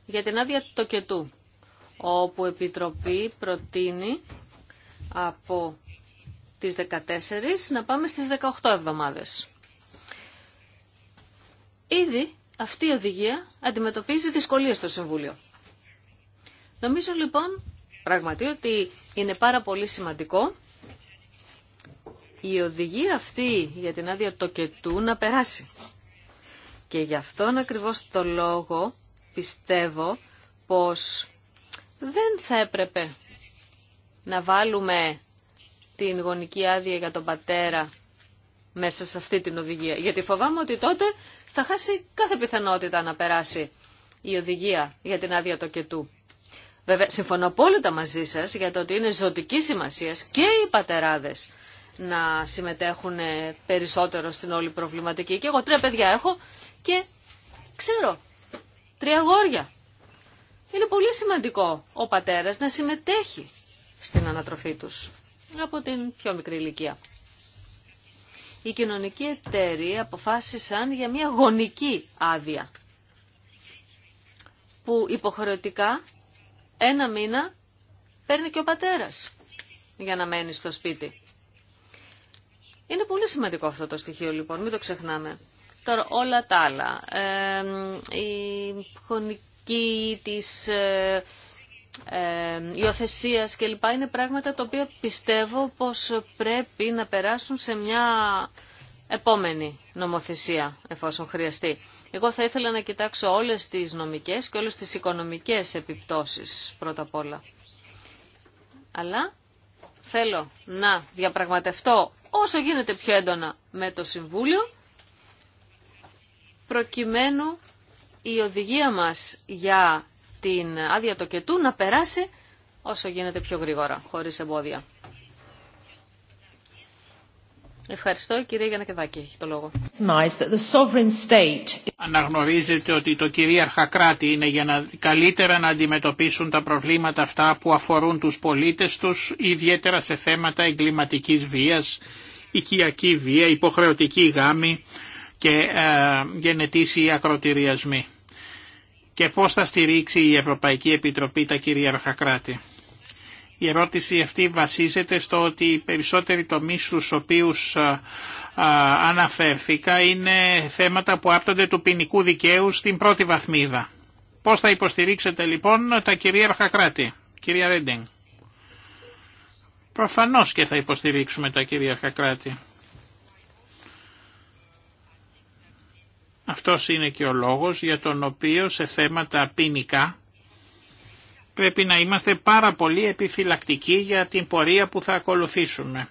S1: για την άδεια τοκετού, όπου η Επιτροπή προτείνει από τις 14 να πάμε στις 18 εβδομάδες. Ήδη αυτή η οδηγία αντιμετωπίζει δυσκολίες στο Συμβούλιο. Νομίζω λοιπόν πραγματικά ότι είναι πάρα πολύ σημαντικό η οδηγία αυτή για την άδεια τοκετού να περάσει. Και γι' αυτόν ακριβώς το λόγο πιστεύω πως δεν θα έπρεπε να βάλουμε την γονική άδεια για τον πατέρα μέσα σε αυτή την οδηγία. Γιατί φοβάμαι ότι τότε θα χάσει κάθε πιθανότητα να περάσει η οδηγία για την άδεια τοκετού. Βέβαια, συμφωνώ απόλυτα μαζί σας για το ότι είναι ζωτική σημασία και οι πατεράδες να συμμετέχουν περισσότερο στην όλη προβληματική. Και εγώ τρία παιδιά έχω και ξέρω, τρία γόρια Είναι πολύ σημαντικό ο πατέρας να συμμετέχει στην ανατροφή τους από την πιο μικρή ηλικία. Οι κοινωνικοί εταίροι αποφάσισαν για μια γονική άδεια που υποχρεωτικά ένα μήνα παίρνει και ο πατέρας για να μένει στο σπίτι. Είναι πολύ σημαντικό αυτό το στοιχείο λοιπόν, μην το ξεχνάμε. Τώρα όλα τα άλλα, η χονική της ε, η ε, και λοιπά είναι πράγματα τα οποία πιστεύω πως πρέπει να περάσουν σε μια επόμενη νομοθεσία εφόσον χρειαστεί. Εγώ θα ήθελα να κοιτάξω όλες τις νομικές και όλες τις οικονομικές επιπτώσεις πρώτα απ' όλα. Αλλά θέλω να διαπραγματευτώ όσο γίνεται πιο έντονα με το Συμβούλιο προκειμένου η οδηγία μας για την άδεια το κετού να περάσει όσο γίνεται πιο γρήγορα, χωρίς εμπόδια. Ευχαριστώ. Κυρία Γιανακεδάκη έχει το λόγο.
S2: Αναγνωρίζετε ότι το κυρίαρχα κράτη είναι για να καλύτερα να αντιμετωπίσουν τα προβλήματα αυτά που αφορούν τους πολίτες τους, ιδιαίτερα σε θέματα εγκληματικής βίας, οικιακή βία, υποχρεωτική γάμη και ε, γενετήσιοι ακροτηριασμοί και πώς θα στηρίξει η Ευρωπαϊκή Επιτροπή τα κυρίαρχα κράτη. Η ερώτηση αυτή βασίζεται στο ότι οι περισσότεροι τομεί στους οποίους αναφέρθηκα είναι θέματα που άπτονται του ποινικού δικαίου στην πρώτη βαθμίδα. Πώς θα υποστηρίξετε λοιπόν τα κυρίαρχα κράτη, κυρία Ρέντινγκ. Προφανώς και θα υποστηρίξουμε τα κυρίαρχα κράτη. Αυτός είναι και ο λόγος για τον οποίο σε θέματα ποινικά πρέπει να είμαστε πάρα πολύ επιφυλακτικοί για την πορεία που θα ακολουθήσουμε.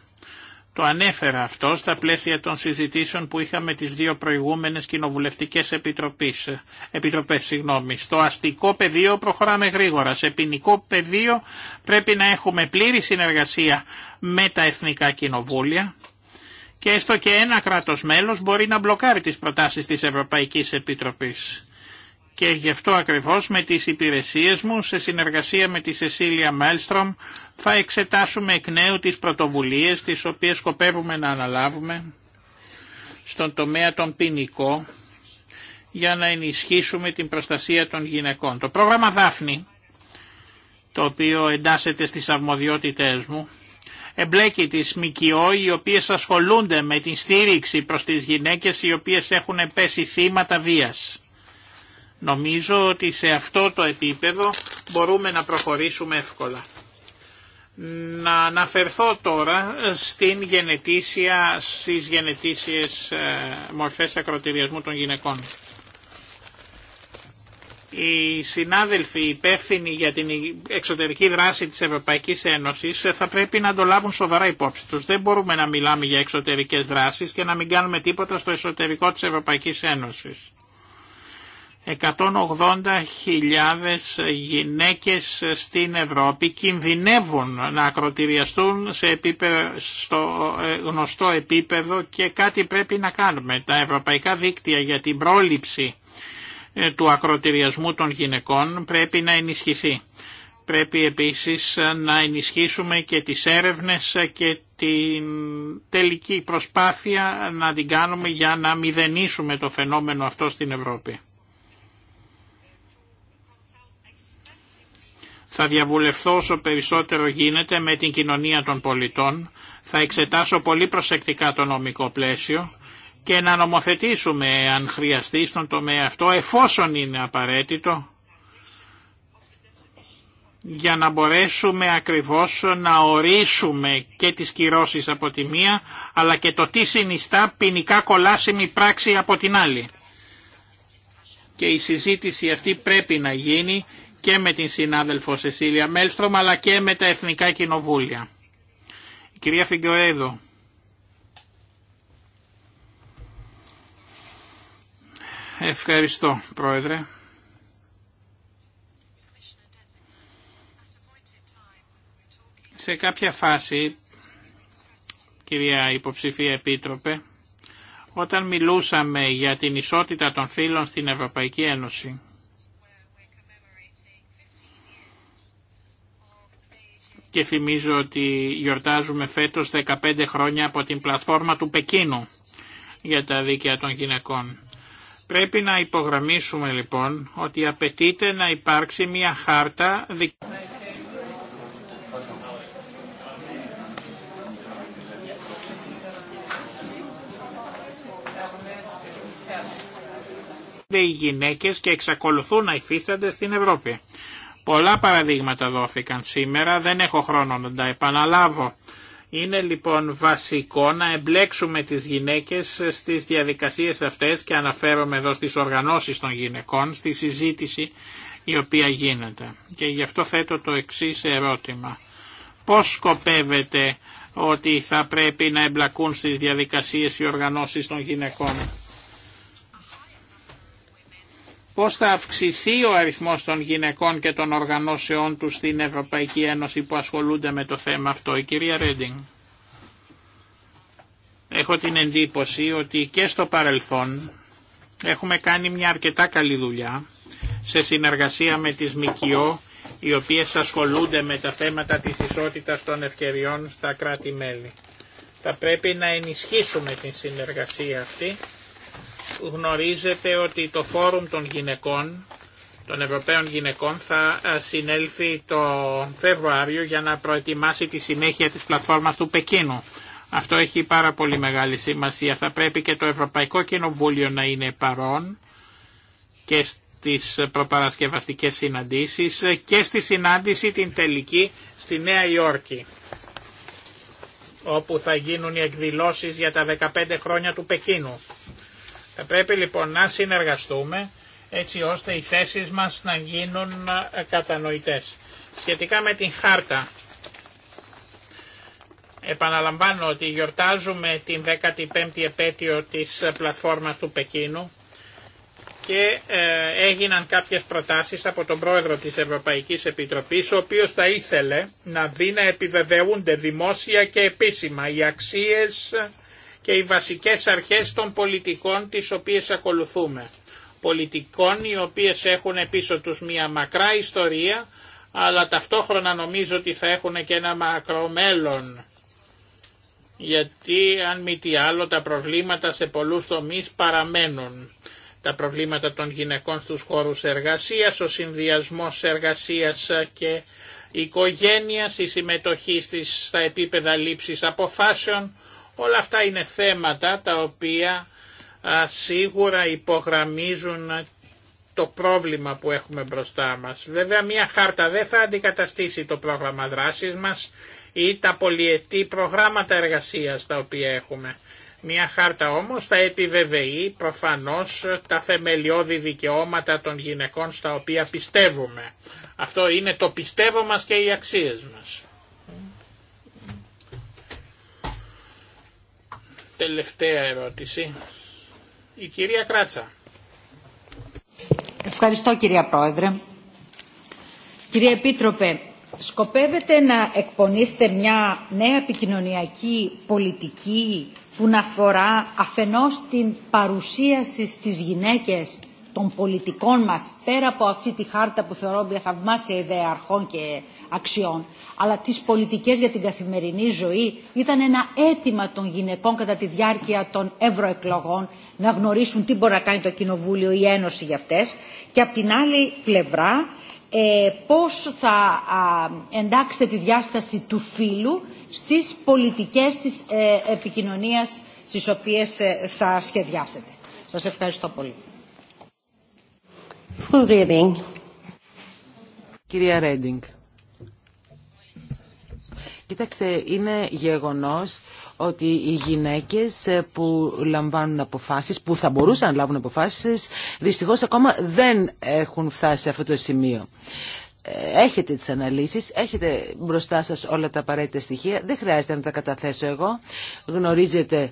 S2: Το ανέφερα αυτό στα πλαίσια των συζητήσεων που είχαμε τις δύο προηγούμενες κοινοβουλευτικές επιτροπές. επιτροπές συγγνώμη. Στο αστικό πεδίο προχωράμε γρήγορα. Σε ποινικό πεδίο πρέπει να έχουμε πλήρη συνεργασία με τα εθνικά κοινοβούλια και έστω και ένα κράτος μέλος μπορεί να μπλοκάρει τις προτάσεις της Ευρωπαϊκής Επιτροπής. Και γι' αυτό ακριβώς με τις υπηρεσίες μου, σε συνεργασία με τη Σεσίλια Μέλστρομ, θα εξετάσουμε εκ νέου τις πρωτοβουλίες τις οποίες σκοπεύουμε να αναλάβουμε στον τομέα των ποινικό για να ενισχύσουμε την προστασία των γυναικών. Το πρόγραμμα Δάφνη, το οποίο εντάσσεται στις αρμοδιότητές μου, εμπλέκει τις ΜΚΟ οι οποίες ασχολούνται με την στήριξη προς τις γυναίκες οι οποίες έχουν πέσει θύματα βίας. Νομίζω ότι σε αυτό το επίπεδο μπορούμε να προχωρήσουμε εύκολα. Να αναφερθώ τώρα στην γενετήσια, στις γενετήσιες ε, μορφές ακροτηριασμού των γυναικών οι συνάδελφοι υπεύθυνοι για την εξωτερική δράση της Ευρωπαϊκής Ένωσης ε, θα πρέπει να το λάβουν σοβαρά υπόψη τους. Δεν μπορούμε να μιλάμε για εξωτερικές δράσεις και να μην κάνουμε τίποτα στο εσωτερικό της Ευρωπαϊκής Ένωσης. 180.000 γυναίκες στην Ευρώπη κινδυνεύουν να ακροτηριαστούν σε επίπεδο, στο ε, γνωστό επίπεδο και κάτι πρέπει να κάνουμε. Τα ευρωπαϊκά δίκτυα για την πρόληψη ε, του ακροτηριασμού των γυναικών πρέπει να ενισχυθεί. Πρέπει επίσης ε, να ενισχύσουμε και τις έρευνες ε, και την τελική προσπάθεια να την κάνουμε για να μηδενίσουμε το φαινόμενο αυτό στην Ευρώπη. Θα διαβουλευθώ όσο περισσότερο γίνεται με την κοινωνία των πολιτών, θα εξετάσω πολύ προσεκτικά το νομικό πλαίσιο και να νομοθετήσουμε αν χρειαστεί στον τομέα αυτό εφόσον είναι απαραίτητο για να μπορέσουμε ακριβώς να ορίσουμε και τις κυρώσεις από τη μία αλλά και το τι συνιστά ποινικά κολάσιμη πράξη από την άλλη. Και η συζήτηση αυτή πρέπει να γίνει και με την συνάδελφο Σεσίλια Μέλστρομ αλλά και με τα Εθνικά Κοινοβούλια. κυρία Φιγκορέδο. Ευχαριστώ, Πρόεδρε. Σε κάποια φάση, κυρία Υποψηφία Επίτροπε, όταν μιλούσαμε για την ισότητα των φύλων στην Ευρωπαϊκή Ένωση, και θυμίζω ότι γιορτάζουμε φέτος 15 χρόνια από την πλατφόρμα του Πεκίνου για τα δίκαια των γυναικών. Πρέπει να υπογραμμίσουμε λοιπόν ότι απαιτείται να υπάρξει μια χάρτα οι γυναίκες και εξακολουθούν να υφίστανται στην Ευρώπη. Πολλά παραδείγματα δόθηκαν σήμερα, δεν έχω χρόνο να τα επαναλάβω. Είναι λοιπόν βασικό να εμπλέξουμε τις γυναίκες στις διαδικασίες αυτές και αναφέρομαι εδώ στις οργανώσεις των γυναικών, στη συζήτηση η οποία γίνεται. Και γι' αυτό θέτω το εξής ερώτημα. Πώς σκοπεύετε ότι θα πρέπει να εμπλακούν στις διαδικασίες οι οργανώσεις των γυναικών πώς θα αυξηθεί ο αριθμός των γυναικών και των οργανώσεών τους στην Ευρωπαϊκή Ένωση που ασχολούνται με το θέμα αυτό. Η κυρία Ρέντινγκ. Έχω την εντύπωση ότι και στο παρελθόν έχουμε κάνει μια αρκετά καλή δουλειά σε συνεργασία με τις ΜΚΟ οι οποίες ασχολούνται με τα θέματα της ισότητας των ευκαιριών στα κράτη-μέλη. Θα πρέπει να ενισχύσουμε την συνεργασία αυτή γνωρίζετε ότι το Φόρουμ των Γυναικών, των Ευρωπαίων Γυναικών, θα ε, συνέλθει το Φεβρουάριο για να προετοιμάσει τη συνέχεια της πλατφόρμας του Πεκίνου. Αυτό έχει πάρα πολύ μεγάλη σημασία. Θα πρέπει και το Ευρωπαϊκό Κοινοβούλιο να είναι παρόν και στις προπαρασκευαστικές συναντήσεις και στη συνάντηση την τελική στη Νέα Υόρκη όπου θα γίνουν οι εκδηλώσεις για τα 15 χρόνια του Πεκίνου. Θα πρέπει λοιπόν να συνεργαστούμε έτσι ώστε οι θέσεις μας να γίνουν ε, κατανοητές. Σχετικά με την χάρτα, επαναλαμβάνω ότι γιορτάζουμε την 15η επέτειο της ε, πλατφόρμας του Πεκίνου και ε, έγιναν κάποιες προτάσεις από τον πρόεδρο της Ευρωπαϊκής Επιτροπής, ο οποίος θα ήθελε να δει να επιβεβαιούνται δημόσια και επίσημα οι αξίες και οι βασικές αρχές των πολιτικών τις οποίες ακολουθούμε. Πολιτικών οι οποίες έχουν πίσω τους μια μακρά ιστορία, αλλά ταυτόχρονα νομίζω ότι θα έχουν και ένα μακρό μέλλον. Γιατί αν μη τι άλλο τα προβλήματα σε πολλούς τομείς παραμένουν. Τα προβλήματα των γυναικών στους χώρους εργασίας, ο συνδυασμός εργασίας και οικογένειας, η συμμετοχή στα επίπεδα λήψης αποφάσεων, Όλα αυτά είναι θέματα τα οποία σίγουρα υπογραμμίζουν το πρόβλημα που έχουμε μπροστά μας. Βέβαια μια χάρτα δεν θα αντικαταστήσει το πρόγραμμα δράσης μας ή τα πολυετή προγράμματα εργασίας τα οποία έχουμε. Μια χάρτα όμως θα επιβεβαιεί προφανώς τα θεμελιώδη δικαιώματα των γυναικών στα οποία πιστεύουμε. Αυτό είναι το πιστεύω μας και οι αξίες μας. Τελευταία ερώτηση. Η κυρία Κράτσα.
S3: Ευχαριστώ κυρία Πρόεδρε. Κυρία Επίτροπε, σκοπεύετε να εκπονήσετε μια νέα επικοινωνιακή πολιτική που να αφορά αφενός την παρουσίαση στις γυναίκες των πολιτικών μας πέρα από αυτή τη χάρτα που θεωρώ μια θαυμάσια ιδέα αρχών και αξιών, αλλά τις πολιτικές για την καθημερινή ζωή ήταν ένα αίτημα των γυναικών κατά τη διάρκεια των ευρωεκλογών να γνωρίσουν τι μπορεί να κάνει το Κοινοβούλιο ή η Ένωση για αυτές και από την άλλη πλευρά ε, πώς θα α, εντάξετε τη διάσταση του φύλου στις πολιτικές της ε, επικοινωνίας στις οποίες ε, θα σχεδιάσετε. Σας ευχαριστώ πολύ. Κυρία Ρέντινγκ. Κοιτάξτε, είναι γεγονός ότι οι γυναίκες που λαμβάνουν αποφάσεις, που θα μπορούσαν να λάβουν αποφάσεις, δυστυχώς ακόμα δεν έχουν φτάσει σε αυτό το σημείο. Έχετε τις αναλύσεις, έχετε μπροστά σας όλα τα απαραίτητα στοιχεία, δεν χρειάζεται να τα καταθέσω εγώ. Γνωρίζετε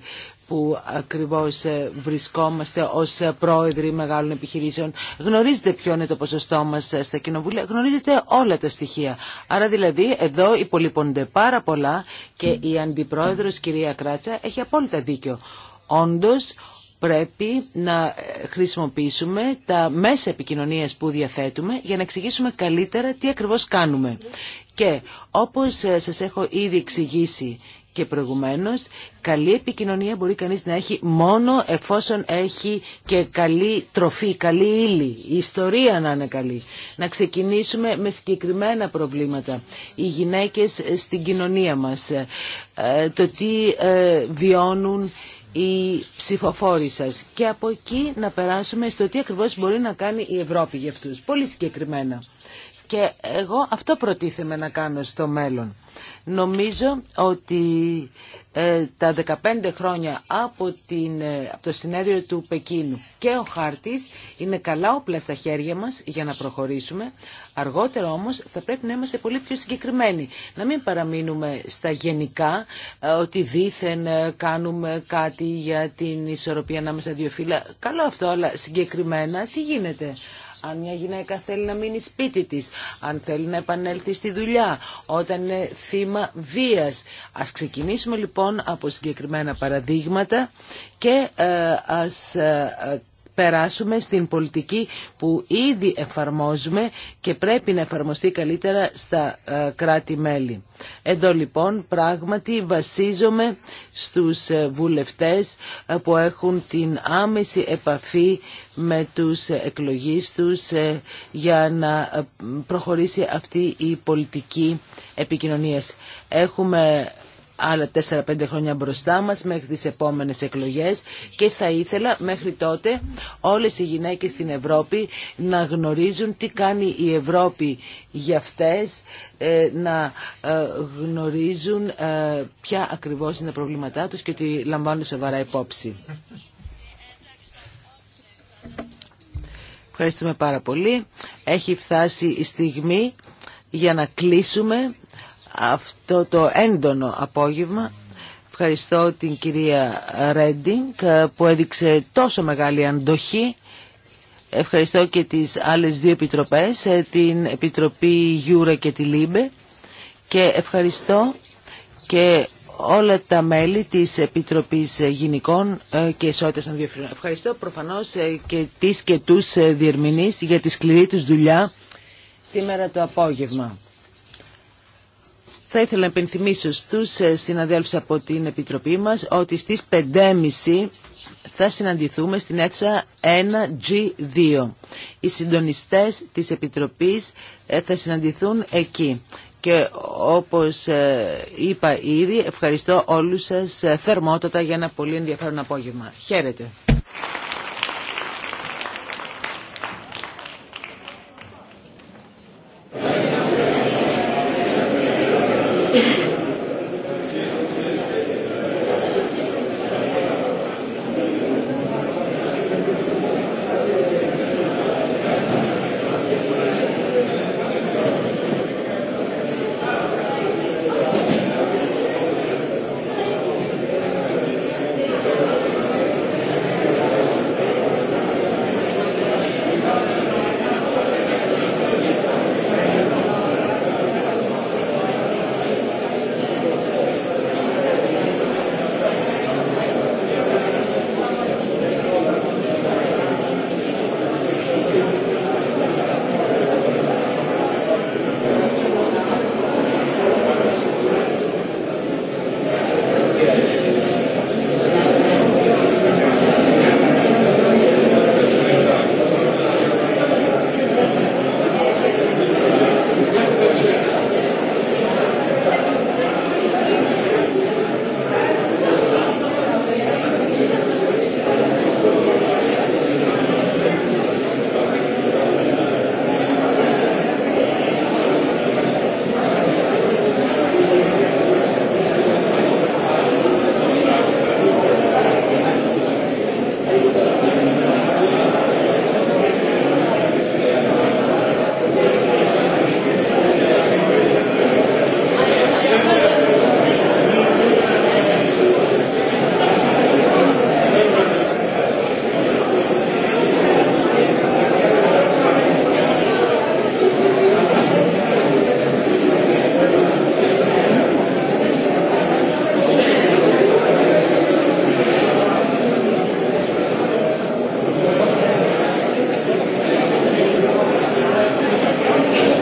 S3: που ακριβώς ε, βρισκόμαστε ως ε, πρόεδροι μεγάλων επιχειρήσεων. Γνωρίζετε ποιο είναι το ποσοστό μας ε, στα κοινοβούλια, γνωρίζετε όλα τα στοιχεία. Άρα δηλαδή εδώ υπολείπονται πάρα πολλά και η αντιπρόεδρος κυρία Κράτσα έχει απόλυτα δίκιο. Όντως πρέπει να χρησιμοποιήσουμε τα μέσα επικοινωνίας που διαθέτουμε για να εξηγήσουμε καλύτερα τι ακριβώς κάνουμε. Και όπως σας έχω ήδη εξηγήσει και προηγουμένως καλή επικοινωνία μπορεί κανείς να έχει μόνο εφόσον έχει και καλή τροφή, καλή ύλη, η ιστορία να είναι καλή. Να ξεκινήσουμε με συγκεκριμένα προβλήματα. Οι γυναίκες στην κοινωνία μας, ε, το τι ε, βιώνουν οι ψηφοφόροι σας και από εκεί να περάσουμε στο τι ακριβώς μπορεί να κάνει η Ευρώπη για αυτούς. Πολύ συγκεκριμένα. Και εγώ αυτό προτίθεμαι να κάνω στο μέλλον. Νομίζω ότι ε, τα 15 χρόνια από, την, ε, από το συνέδριο του Πεκίνου και ο χάρτης είναι καλά όπλα στα χέρια μας για να προχωρήσουμε. Αργότερα όμως θα πρέπει να είμαστε πολύ πιο συγκεκριμένοι. Να μην παραμείνουμε στα γενικά ε, ότι δήθεν κάνουμε κάτι για την ισορροπία ανάμεσα δύο φύλλα. Καλό αυτό, αλλά συγκεκριμένα τι γίνεται αν μια γυναίκα θέλει να μείνει σπίτι της, αν θέλει να επανέλθει στη δουλειά, όταν είναι θύμα βίας. Ας ξεκινήσουμε λοιπόν από συγκεκριμένα παραδείγματα και ε, ας ε, περάσουμε στην πολιτική που ήδη εφαρμόζουμε και πρέπει να εφαρμοστεί καλύτερα στα ε, κράτη-μέλη. Εδώ λοιπόν πράγματι βασίζομαι στους ε, βουλευτές ε, που έχουν την άμεση επαφή με τους εκλογείς τους για να προχωρήσει αυτή η πολιτική επικοινωνίας. Έχουμε άλλα 4-5 χρόνια μπροστά μας μέχρι τις επόμενες εκλογές και θα ήθελα μέχρι τότε όλες οι γυναίκες στην Ευρώπη να γνωρίζουν τι κάνει η Ευρώπη για αυτές, ε, να ε, γνωρίζουν ε, ποια ακριβώς είναι τα προβλήματά τους και ότι λαμβάνουν σοβαρά υπόψη. Ευχαριστούμε πάρα πολύ. Έχει φτάσει η στιγμή για να κλείσουμε αυτό το έντονο απόγευμα. Ευχαριστώ την κυρία Ρέντινγκ ε, που έδειξε τόσο μεγάλη αντοχή. Ευχαριστώ και τις άλλες δύο επιτροπές, ε, την Επιτροπή Γιούρα και τη Λίμπε. Και ευχαριστώ και όλα τα μέλη της Επιτροπής Γυναικών ε, και Ισότητας των Διευθυνών. Ευχαριστώ προφανώς και τις και τους διερμηνείς για τη σκληρή τους δουλειά σήμερα το απόγευμα. Θα ήθελα να επενθυμίσω στους ε, συναδέλφους από την Επιτροπή μας ότι στις 5.30 θα συναντηθούμε στην αίθουσα 1G2. Οι συντονιστές της Επιτροπής ε, θα συναντηθούν εκεί. Και όπως ε, είπα ήδη, ευχαριστώ όλους σας θερμότατα για ένα πολύ ενδιαφέρον απόγευμα. Χαίρετε.